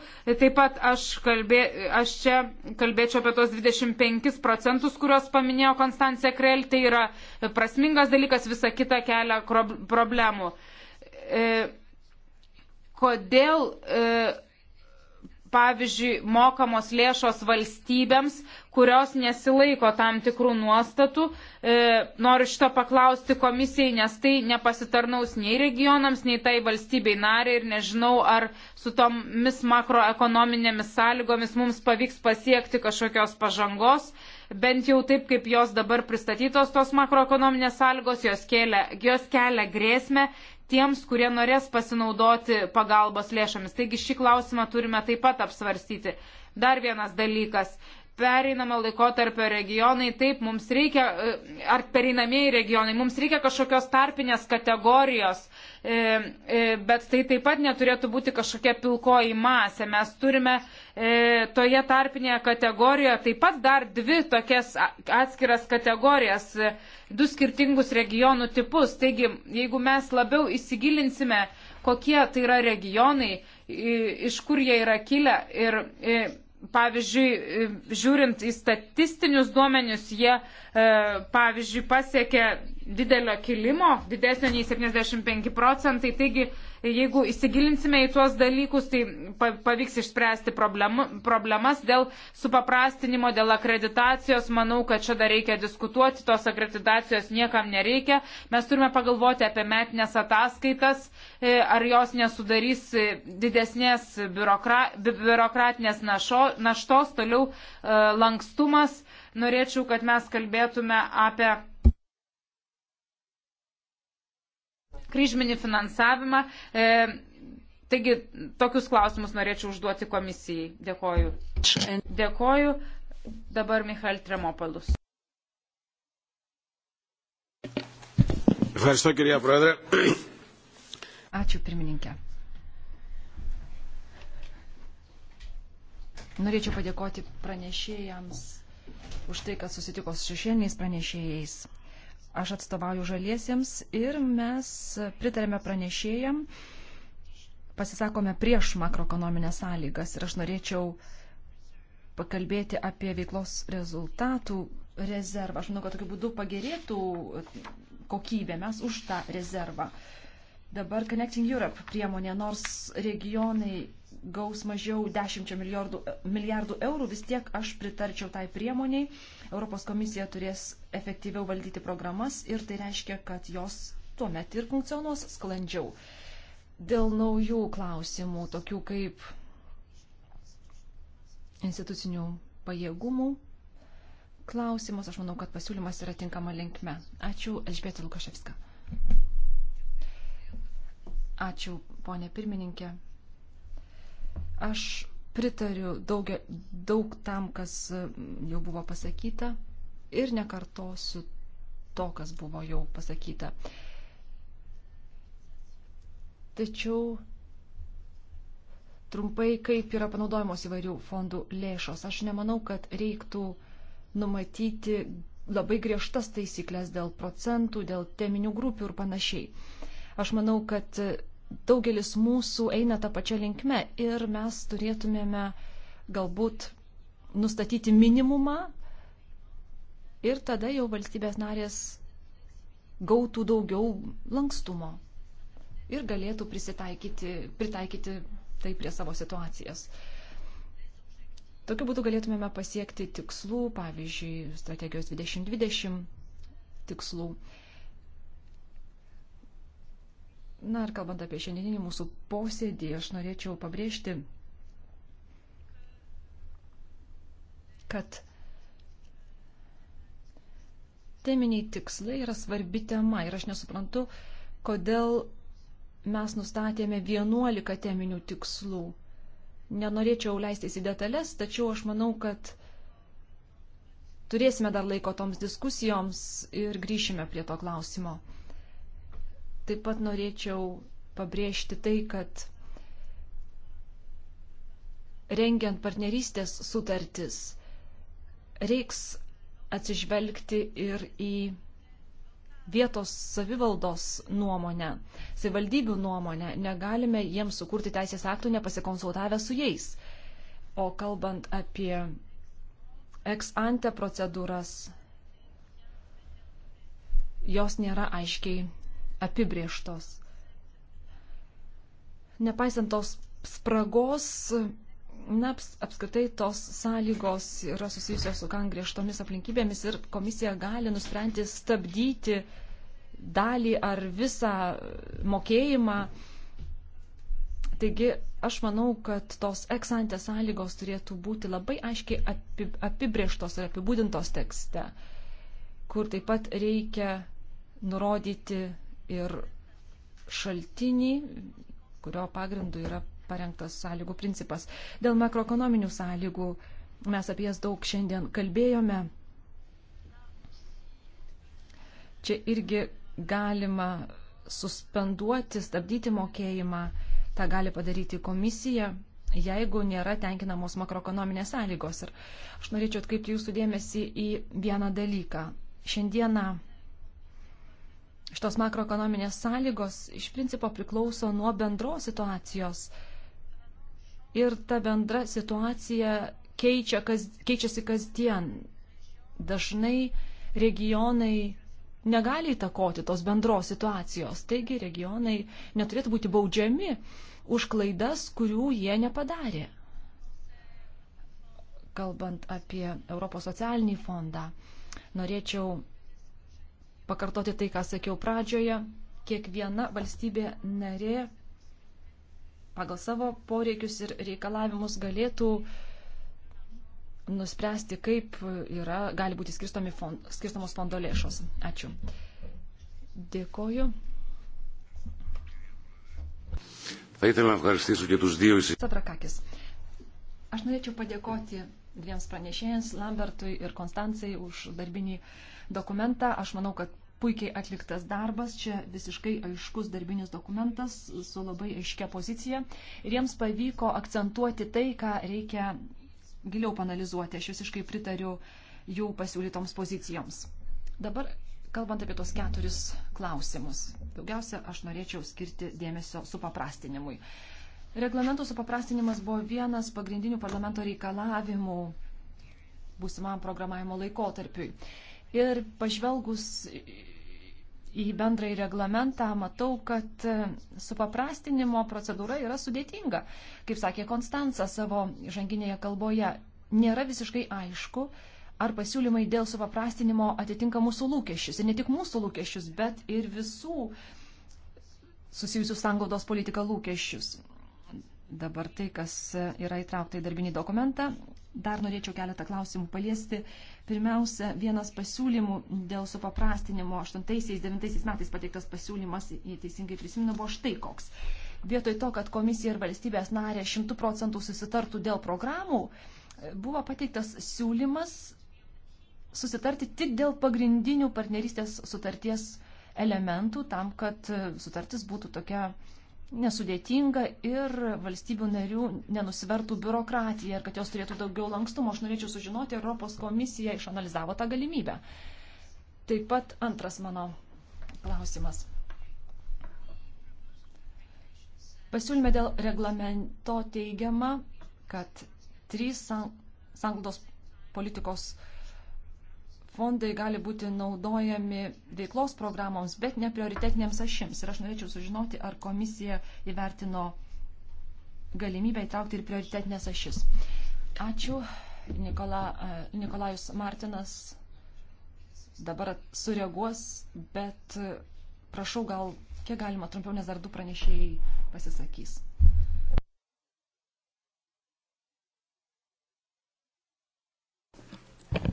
Taip pat aš, kalbė, aš čia kalbėčiau apie tos 25 procentus, kuriuos paminėjo Konstancija Krell, tai yra prasmingas dalykas, visa kita kelia problemų. E, kodėl e, pavyzdžiui, mokamos lėšos valstybėms, kurios nesilaiko tam tikrų nuostatų. E, noriu šito paklausti komisijai, nes tai nepasitarnaus nei regionams, nei tai valstybei nariai ir nežinau, ar su tomis makroekonominėmis sąlygomis mums pavyks pasiekti kažkokios pažangos. Bent jau taip, kaip jos dabar pristatytos, tos makroekonominės sąlygos, jos, kėlė, jos kelia grėsmę tiems, kurie norės pasinaudoti pagalbos lėšomis. Taigi šį klausimą turime taip pat apsvarstyti. Dar vienas dalykas. Pereinamo laikotarpio regionai, taip, mums reikia, e, ar pereinamieji regionai, mums reikia kažkokios tarpinės kategorijos, E, e, bet tai taip pat neturėtų būti kažkokia pilkoji masė. Mes turime e, toje tarpinėje kategorijoje taip pat dar dvi tokias atskiras kategorijas, du skirtingus regionų tipus. Taigi, jeigu mes labiau įsigilinsime, kokie tai yra regionai, iš kur jie yra kilę ir pavyzdžiui, žiūrint į statistinius duomenius, jie, pavyzdžiui, pasiekė didelio kilimo, didesnio nei 75 procentai. Taigi, jeigu įsigilinsime į tuos dalykus, tai pavyks išspręsti problemas dėl supaprastinimo, dėl akreditacijos. Manau, kad čia dar reikia diskutuoti, tos akreditacijos niekam nereikia. Mes turime pagalvoti apie metinės ataskaitas, e, ar jos nesudarys didesnės biurokra, biurokratinės našo, naštos, toliau e, lankstumas. Norėčiau, kad mes kalbėtume apie kryžminį finansavimą. E, taigi, tokius klausimus norėčiau užduoti komisijai. Dėkoju. Dėkoju. Dabar Michael Tremopolus. Ačiū pirmininkė. Norėčiau padėkoti pranešėjams už tai, kad susitiko su šešėliniais pranešėjais. Aš atstovauju žaliesiems ir mes pritarėme pranešėjam, pasisakome prieš makroekonominės sąlygas ir aš norėčiau pakalbėti apie veiklos rezultatų rezervą. Aš manau, kad tokiu būdu pagerėtų kokybė, mes už tą rezervą. Dabar Connecting Europe priemonė, nors regionai gaus mažiau 10 milijardų, milijardų eurų, vis tiek aš pritarčiau tai priemoniai. Europos komisija turės efektyviau valdyti programas ir tai reiškia, kad jos tuomet ir funkcionuos sklandžiau. Dėl naujų klausimų, tokių kaip institucinių pajėgumų klausimas, aš manau, kad pasiūlymas yra tinkama linkme. Ačiū, Elžbieta Lukaševska. Ačiū, ponė pirmininkė. Aš pritariu daug, daug tam, kas e, jau buvo pasakyta ir nekartosiu to, kas buvo jau pasakyta. Tačiau trumpai, kaip yra panaudojamos įvairių fondų lėšos. Aš nemanau, kad reiktų numatyti labai griežtas taisyklės dėl procentų, dėl teminių grupių ir panašiai. Aš manau, kad daugelis mūsų eina tą pačią linkmę ir mes turėtumėme galbūt nustatyti minimumą ir tada jau valstybės narės gautų daugiau lankstumo ir galėtų pritaikyti tai prie savo situacijas. Tokiu būdu galėtumėme pasiekti tikslų, pavyzdžiui, strategijos 2020 tikslų. Na ir kalbant apie šiandieninį mūsų posėdį, aš norėčiau pabrėžti, kad teminiai tikslai yra svarbi tema ir aš nesuprantu, kodėl mes nustatėme 11 teminių tikslų. Nenorėčiau leistis į detalės, tačiau aš manau, kad turėsime dar laiko toms diskusijoms ir grįšime prie to klausimo. Taip pat norėčiau pabrėžti tai, kad rengiant partnerystės sutartis reiks atsižvelgti ir į vietos savivaldos nuomonę, savivaldybių nuomonę. Negalime jiems sukurti teisės aktų nepasikonsultavę su jais. O kalbant apie ex ante procedūras, jos nėra aiškiai apibrieštos. Nepaisant tos spragos, na, apskritai tos sąlygos yra susijusios su gan griežtomis aplinkybėmis ir komisija gali nusprendti stabdyti dalį ar visą mokėjimą. Taigi aš manau, kad tos eksantės sąlygos turėtų būti labai aiškiai apibrieštos ir apibūdintos tekste, kur taip pat reikia nurodyti ir šaltinį, kurio pagrindu yra parengtas sąlygų principas. Dėl makroekonominių sąlygų mes apie jas daug šiandien kalbėjome. Čia irgi galima suspenduoti, stabdyti mokėjimą. Ta gali padaryti komisija, jeigu nėra tenkinamos makroekonominės sąlygos. Ir aš norėčiau atkreipti jūsų dėmesį į vieną dalyką. Šiandieną šitos makroekonominės sąlygos iš principo priklauso nuo bendros situacijos. Ir ta bendra situacija keičia, kas, keičiasi kasdien. Dažnai regionai negali įtakoti tos bendros situacijos. Taigi regionai neturėtų būti baudžiami už klaidas, kurių jie nepadarė. Kalbant apie Europos socialinį fondą, norėčiau pakartoti tai, ką sakiau pradžioje. Kiekviena valstybė narė pagal savo poreikius ir reikalavimus galėtų nuspręsti, kaip yra, gali būti fond, skirstamos fondo lėšos. Ačiū. Dėkoju. Θα ήθελα να ευχαριστήσω και τους δύο εισηγητές. Aš norėčiau padėkoti dviems pranešėjams, Lambertui ir Konstancijai, už darbinį uh, dokumentą. Aš manau, kad puikiai atliktas darbas, čia visiškai aiškus darbinis dokumentas su labai aiškia pozicija. Ir jiems pavyko akcentuoti tai, ką reikia giliau panalizuoti. Aš visiškai pritariu jų pasiūlytoms pozicijoms. Dabar, kalbant apie tos keturis klausimus, daugiausia aš norėčiau skirti dėmesio supaprastinimui. Reglamentų supaprastinimas buvo vienas pagrindinių parlamento reikalavimų būsimam programavimo laikotarpiui. Ir pažvelgus į bendrąjį reglamentą, matau, kad supaprastinimo procedūra yra sudėtinga. Kaip sakė Konstanca savo žanginėje kalboje, nėra visiškai aišku, ar pasiūlymai dėl supaprastinimo atitinka mūsų lūkesčius. Ir ne tik mūsų lūkesčius, bet ir visų susijusių sanglaudos politiką lūkesčius. Dabar tai, kas yra įtraukta į darbinį dokumentą, dar norėčiau keletą klausimų paliesti. Pirmiausia, vienas pasiūlymų dėl supaprastinimo 8-9 metais pateiktas pasiūlymas, jei teisingai prisimenu, buvo štai koks. Vietoj to, kad komisija ir valstybės narė 100 procentų susitartų dėl programų, buvo pateiktas siūlymas susitarti tik dėl pagrindinių partnerystės sutarties elementų tam, kad sutartis būtų tokia nesudėtinga ir valstybių narių nenusivertų biurokratija ir kad jos turėtų daugiau lankstumo. Aš norėčiau sužinoti, Europos komisija išanalizavo tą galimybę. Taip pat antras mano klausimas. Pasiūlyme dėl reglamento teigiama, kad trys sanglaudos politikos fondai gali būti naudojami veiklos programoms, bet ne prioritetinėms ašims. Ir aš norėčiau sužinoti, ar komisija įvertino galimybę įtraukti ir prioritetinės ašis. Ačiū. Nikola, e, Nikolajus Martinas dabar sureaguos, bet e, prašau gal kiek galima trumpiau, nes dar du pranešėjai pasisakys.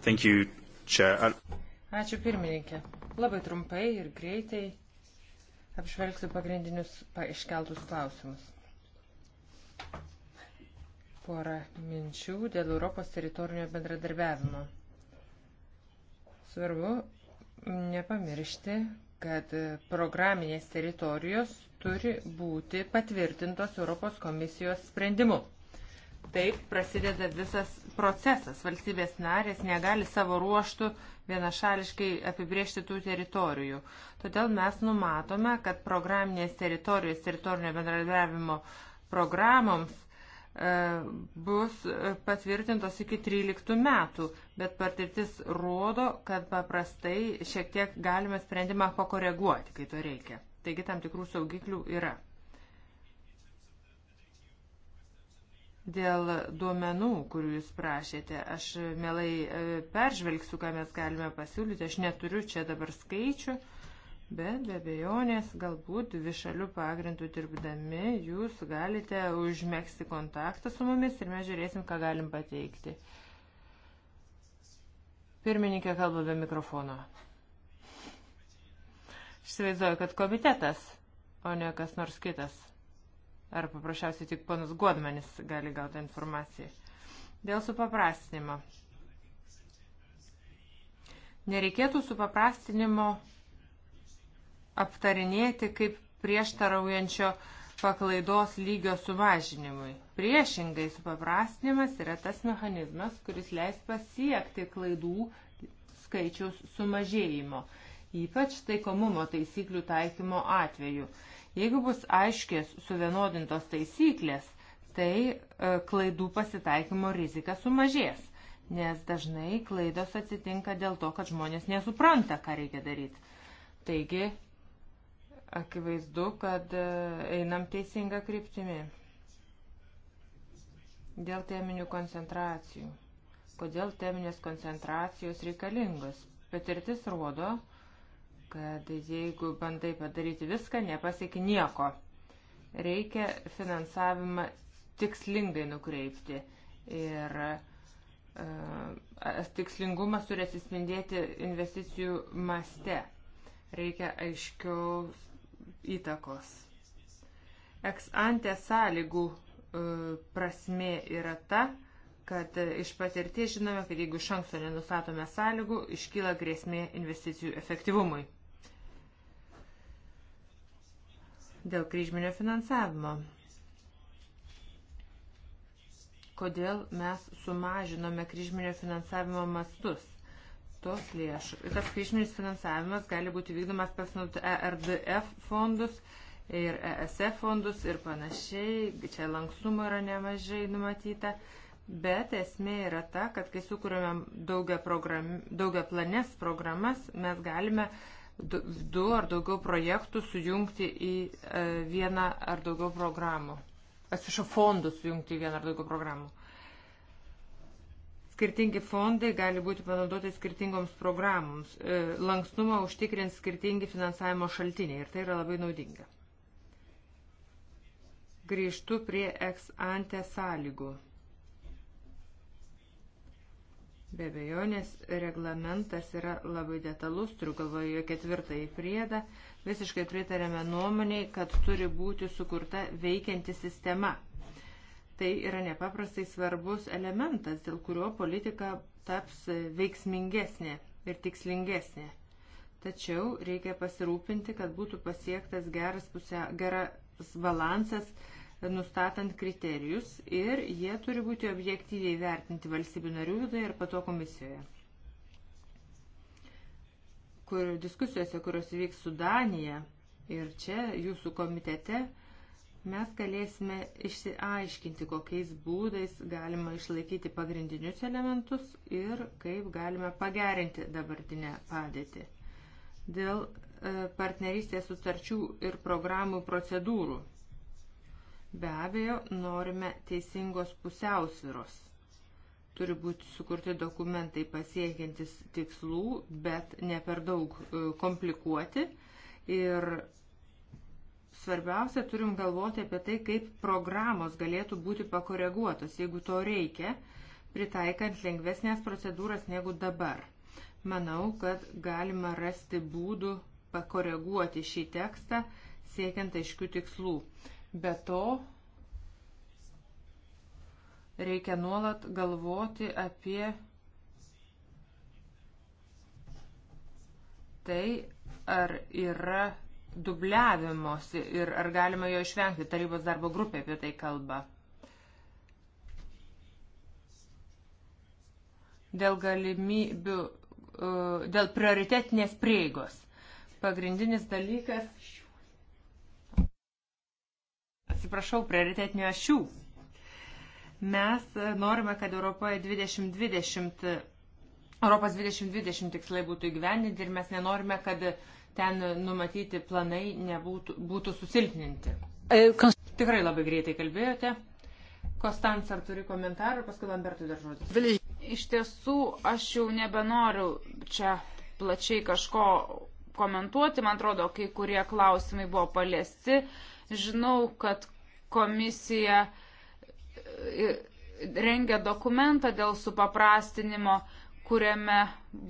Thank you, Chair. Ačiū pirmininkė. Labai trumpai ir greitai apžvelgsiu pagrindinius iškeltus klausimus. Porą minčių dėl Europos teritorinio bendradarbiavimo. Svarbu nepamiršti, kad programinės teritorijos turi būti patvirtintos Europos komisijos sprendimu. Taip prasideda visas procesas. Valstybės narės negali savo ruoštų vienašališkai apibriežti tų teritorijų. Todėl mes numatome, kad programinės teritorijos teritorinio bendradarbiavimo programoms e, bus e, patvirtintos iki 13 metų, bet patirtis rodo, kad paprastai šiek tiek galime sprendimą pakoreguoti, kai to reikia. Taigi tam tikrų saugiklių yra. Dėl duomenų, kurių jūs prašėte, aš mielai e, peržvelgsiu, ką mes galime pasiūlyti. Aš neturiu čia dabar skaičių, bet be abejonės galbūt višalių pagrindų dirbdami jūs galite užmėgsti kontaktą su mumis ir mes žiūrėsim, ką galim pateikti. Pirmininkė kalba be mikrofono. Aš įsivaizduoju, kad komitetas, o ne kas nors kitas ar paprasčiausiai tik panus Godmanis gali gauti informaciją. Dėl supaprastinimo. Nereikėtų supaprastinimo aptarinėti kaip prieštaraujančio paklaidos lygio sumažinimui. Priešingai supaprastinimas yra tas mechanizmas, kuris leis pasiekti klaidų skaičiaus sumažėjimo, ypač taikomumo taisyklių taikymo atveju. Jeigu bus aiškės suvienodintos taisyklės, tai e, klaidų pasitaikymo rizika sumažės, nes dažnai klaidos atsitinka dėl to, kad žmonės nesupranta, ką reikia daryti. Taigi, akivaizdu, kad e, einam teisinga kryptimi. Dėl teminių koncentracijų. Kodėl teminės koncentracijos reikalingos? Patirtis rodo, kad jeigu bandai padaryti viską, nepasieki nieko. Reikia finansavimą tikslingai nukreipti. Ir uh, tikslingumas turi atsispindėti investicijų maste. Reikia aiškiau įtakos. Eksantė sąlygų uh, e, prasme yra ta, kad iš patirties žinome, kad jeigu iš anksto nenustatome sąlygų, iškyla grėsmė investicijų efektyvumui. dėl kryžminio finansavimo. Kodėl mes sumažinome kryžminio finansavimo mastus? Tos lėšų. Tas kryžminis finansavimas gali būti vykdomas pasinaudoti ERDF fondus ir ESF fondus ir panašiai. Čia lankstumo yra nemažai numatyta. Bet esmė yra ta, kad kai sukūrėme daugia, program, daugia planes programas, mes galime uh, du ar daugiau projektų sujungti į e, vieną ar daugiau programų. Atsiprašau, fondų sujungti į vieną ar daugiau programų. Skirtingi fondai gali būti panaudoti skirtingoms programoms. E, lankstumą užtikrins skirtingi finansavimo šaltiniai ir tai yra labai naudinga. Grįžtu prie ex ante sąlygų Be abejonės, reglamentas yra labai detalus, turiu galvoje ketvirtąjį priedą. Visiškai pritarėme nuomoniai, kad turi būti sukurta veikianti sistema. Tai yra nepaprastai svarbus elementas, dėl kurio politika taps veiksmingesnė ir tikslingesnė. Tačiau reikia pasirūpinti, kad būtų pasiektas geras, pusė, geras balansas nustatant kriterijus ir jie turi būti objektyviai vertinti valstybių narių viduje ir pato komisijoje. Kur diskusijose, kurios vyks su Danija ir čia jūsų komitete, mes galėsime išsiaiškinti, kokiais būdais galima išlaikyti pagrindinius elementus ir kaip galime pagerinti dabartinę padėtį. Dėl e, partnerystės sutarčių ir programų procedūrų. Be abejo, norime teisingos pusiausviros. Turi būti sukurti dokumentai pasiekiantis tikslų, bet ne per daug e, komplikuoti. Ir svarbiausia, turim galvoti apie tai, kaip programos galėtų būti pakoreguotos, jeigu to reikia, pritaikant lengvesnės procedūras negu dabar. Manau, kad galima rasti būdų pakoreguoti šį tekstą, siekiant aiškių tikslų. Be to, reikia nuolat galvoti apie tai, ar yra dubliavimosi ir ar galima jo išvengti. Tarybos darbo grupė apie tai kalba. Dėl galimybių, uh, dėl prioritetinės prieigos. Pagrindinis dalykas atsiprašau, prioritetinių ašių. Mes e, norime, kad Europoje 2020, Europos 2020 tikslai būtų įgyvendinti ir mes nenorime, kad ten numatyti planai nebūtų, būtų susilpninti. E, Tikrai labai greitai kalbėjote. Kostans, ar turi komentarų, paskui Lambertui dar žodis. Iš tiesų, aš jau nebenoriu čia plačiai kažko komentuoti, man atrodo, kai kurie klausimai buvo paliesti. Uh, Žinau, kad komisija e, rengia dokumentą dėl supaprastinimo, kuriame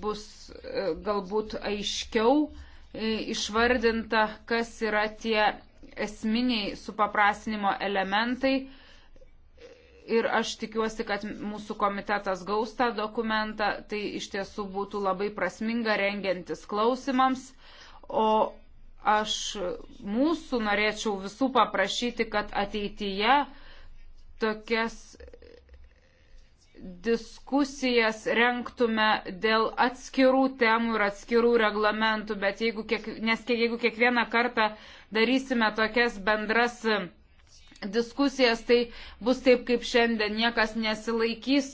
bus e, galbūt aiškiau e, išvardinta, kas yra tie esminiai supaprastinimo elementai. Ir aš tikiuosi, kad mūsų komitetas gaus tą dokumentą. Tai iš tiesų būtų labai prasminga rengiantis klausimams. O aš mūsų norėčiau visų paprašyti, kad ateityje tokias diskusijas renktume dėl atskirų temų ir atskirų reglamentų, bet jeigu, kiek, nes kiek, jeigu kiekvieną kartą darysime tokias bendras diskusijas, tai bus taip kaip šiandien, niekas nesilaikys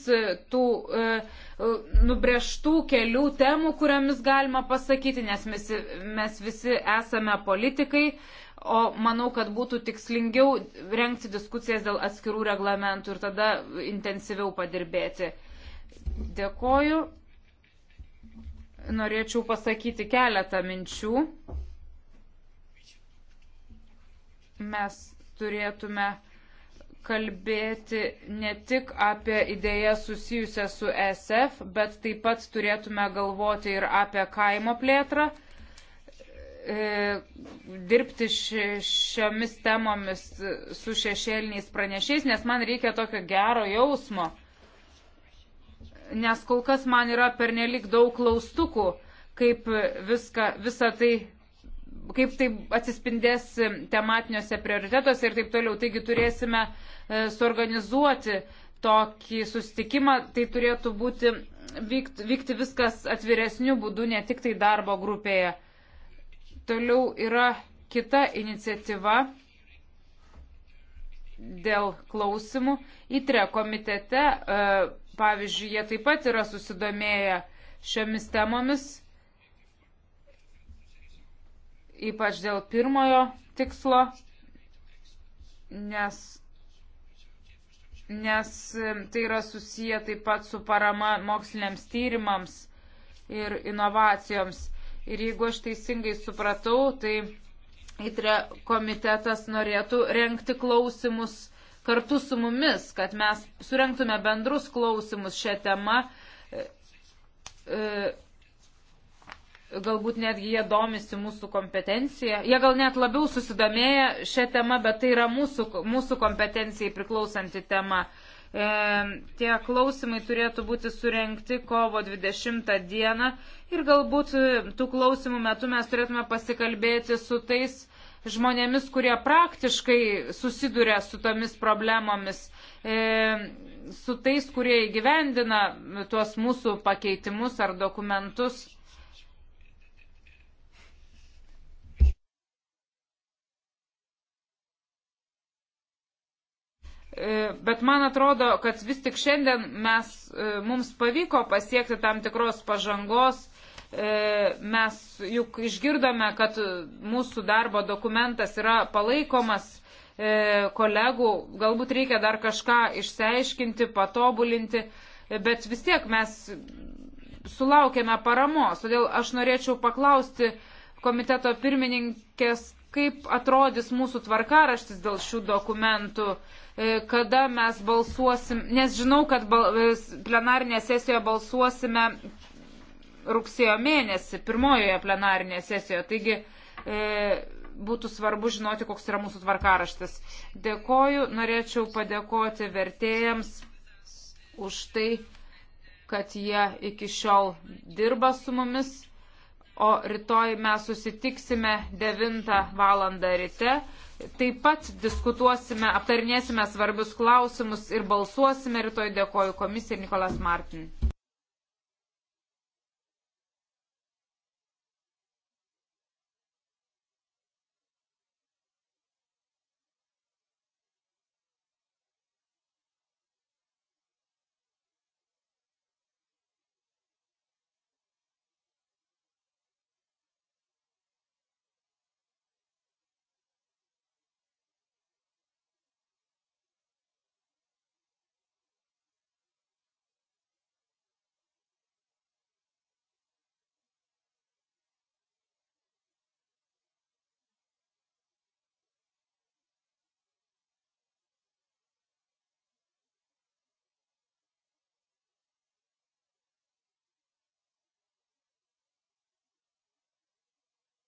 tų e, nubrėžtų kelių temų, kuriomis galima pasakyti, nes mes, mes visi esame politikai, o manau, kad būtų tikslingiau renkti diskusijas dėl atskirų reglamentų ir tada intensyviau padirbėti. Dėkoju. Norėčiau pasakyti keletą minčių. Mes turėtume kalbėti ne tik apie idėją susijusią su SF, bet taip pat turėtume galvoti ir apie kaimo plėtrą. E, dirbti šiomis temomis su šešėliniais pranešiais, nes man reikia tokio gero jausmo. Nes kol kas man yra pernelik daug klaustukų, kaip viską, visą tai kaip tai atsispindės tematiniuose prioritetuose ir taip toliau. Taigi turėsime e, suorganizuoti tokį sustikimą, tai turėtų būti vykt, vykti viskas atviresnių būdų, ne tik tai darbo grupėje. Toliau yra kita iniciatyva dėl klausimų. ITRE komitete, e, pavyzdžiui, jie taip pat yra susidomėję šiomis temomis ypač dėl pirmojo tikslo, nes, nes e, tai yra susiję taip pat su parama moksliniams tyrimams ir inovacijoms. Ir jeigu aš teisingai supratau, tai ITRE komitetas norėtų renkti klausimus kartu su mumis, kad mes surenktume bendrus klausimus šią temą. E, e, galbūt netgi jie domisi mūsų kompetencija. Jie gal net labiau susidomėję šią temą, bet tai yra mūsų, mūsų kompetencijai priklausanti tema. E, tie klausimai turėtų būti surenkti kovo 20 dieną ir galbūt tų klausimų metu mes turėtume pasikalbėti su tais žmonėmis, kurie praktiškai susiduria su tomis problemomis, e, su tais, kurie įgyvendina tuos mūsų pakeitimus ar dokumentus. E, bet man atrodo, kad vis tik šiandien mes, e, mums pavyko pasiekti tam tikros pažangos. E, mes juk išgirdome, kad mūsų darbo dokumentas yra palaikomas kolegų, galbūt reikia dar kažką išsiaiškinti, patobulinti, bet vis tiek mes sulaukėme paramos. Todėl aš norėčiau paklausti komiteto pirmininkės, kaip atrodys mūsų tvarkaraštis dėl šių dokumentų. E, E, kada mes balsuosim, nes žinau, kad e, plenarinėje sesijoje balsuosime rugsėjo mėnesį, pirmojoje plenarinėje sesijoje. Taigi e, būtų svarbu žinoti, koks yra mūsų tvarkaraštis. Dėkoju, norėčiau padėkoti vertėjams už tai, kad jie iki šiol dirba su mumis, o rytoj mes susitiksime 9 val. ryte. Taip pat diskutuosime, aptarinėsime svarbius klausimus ir balsuosime rytoj. Dėkoju komisijai Nikolas Martin.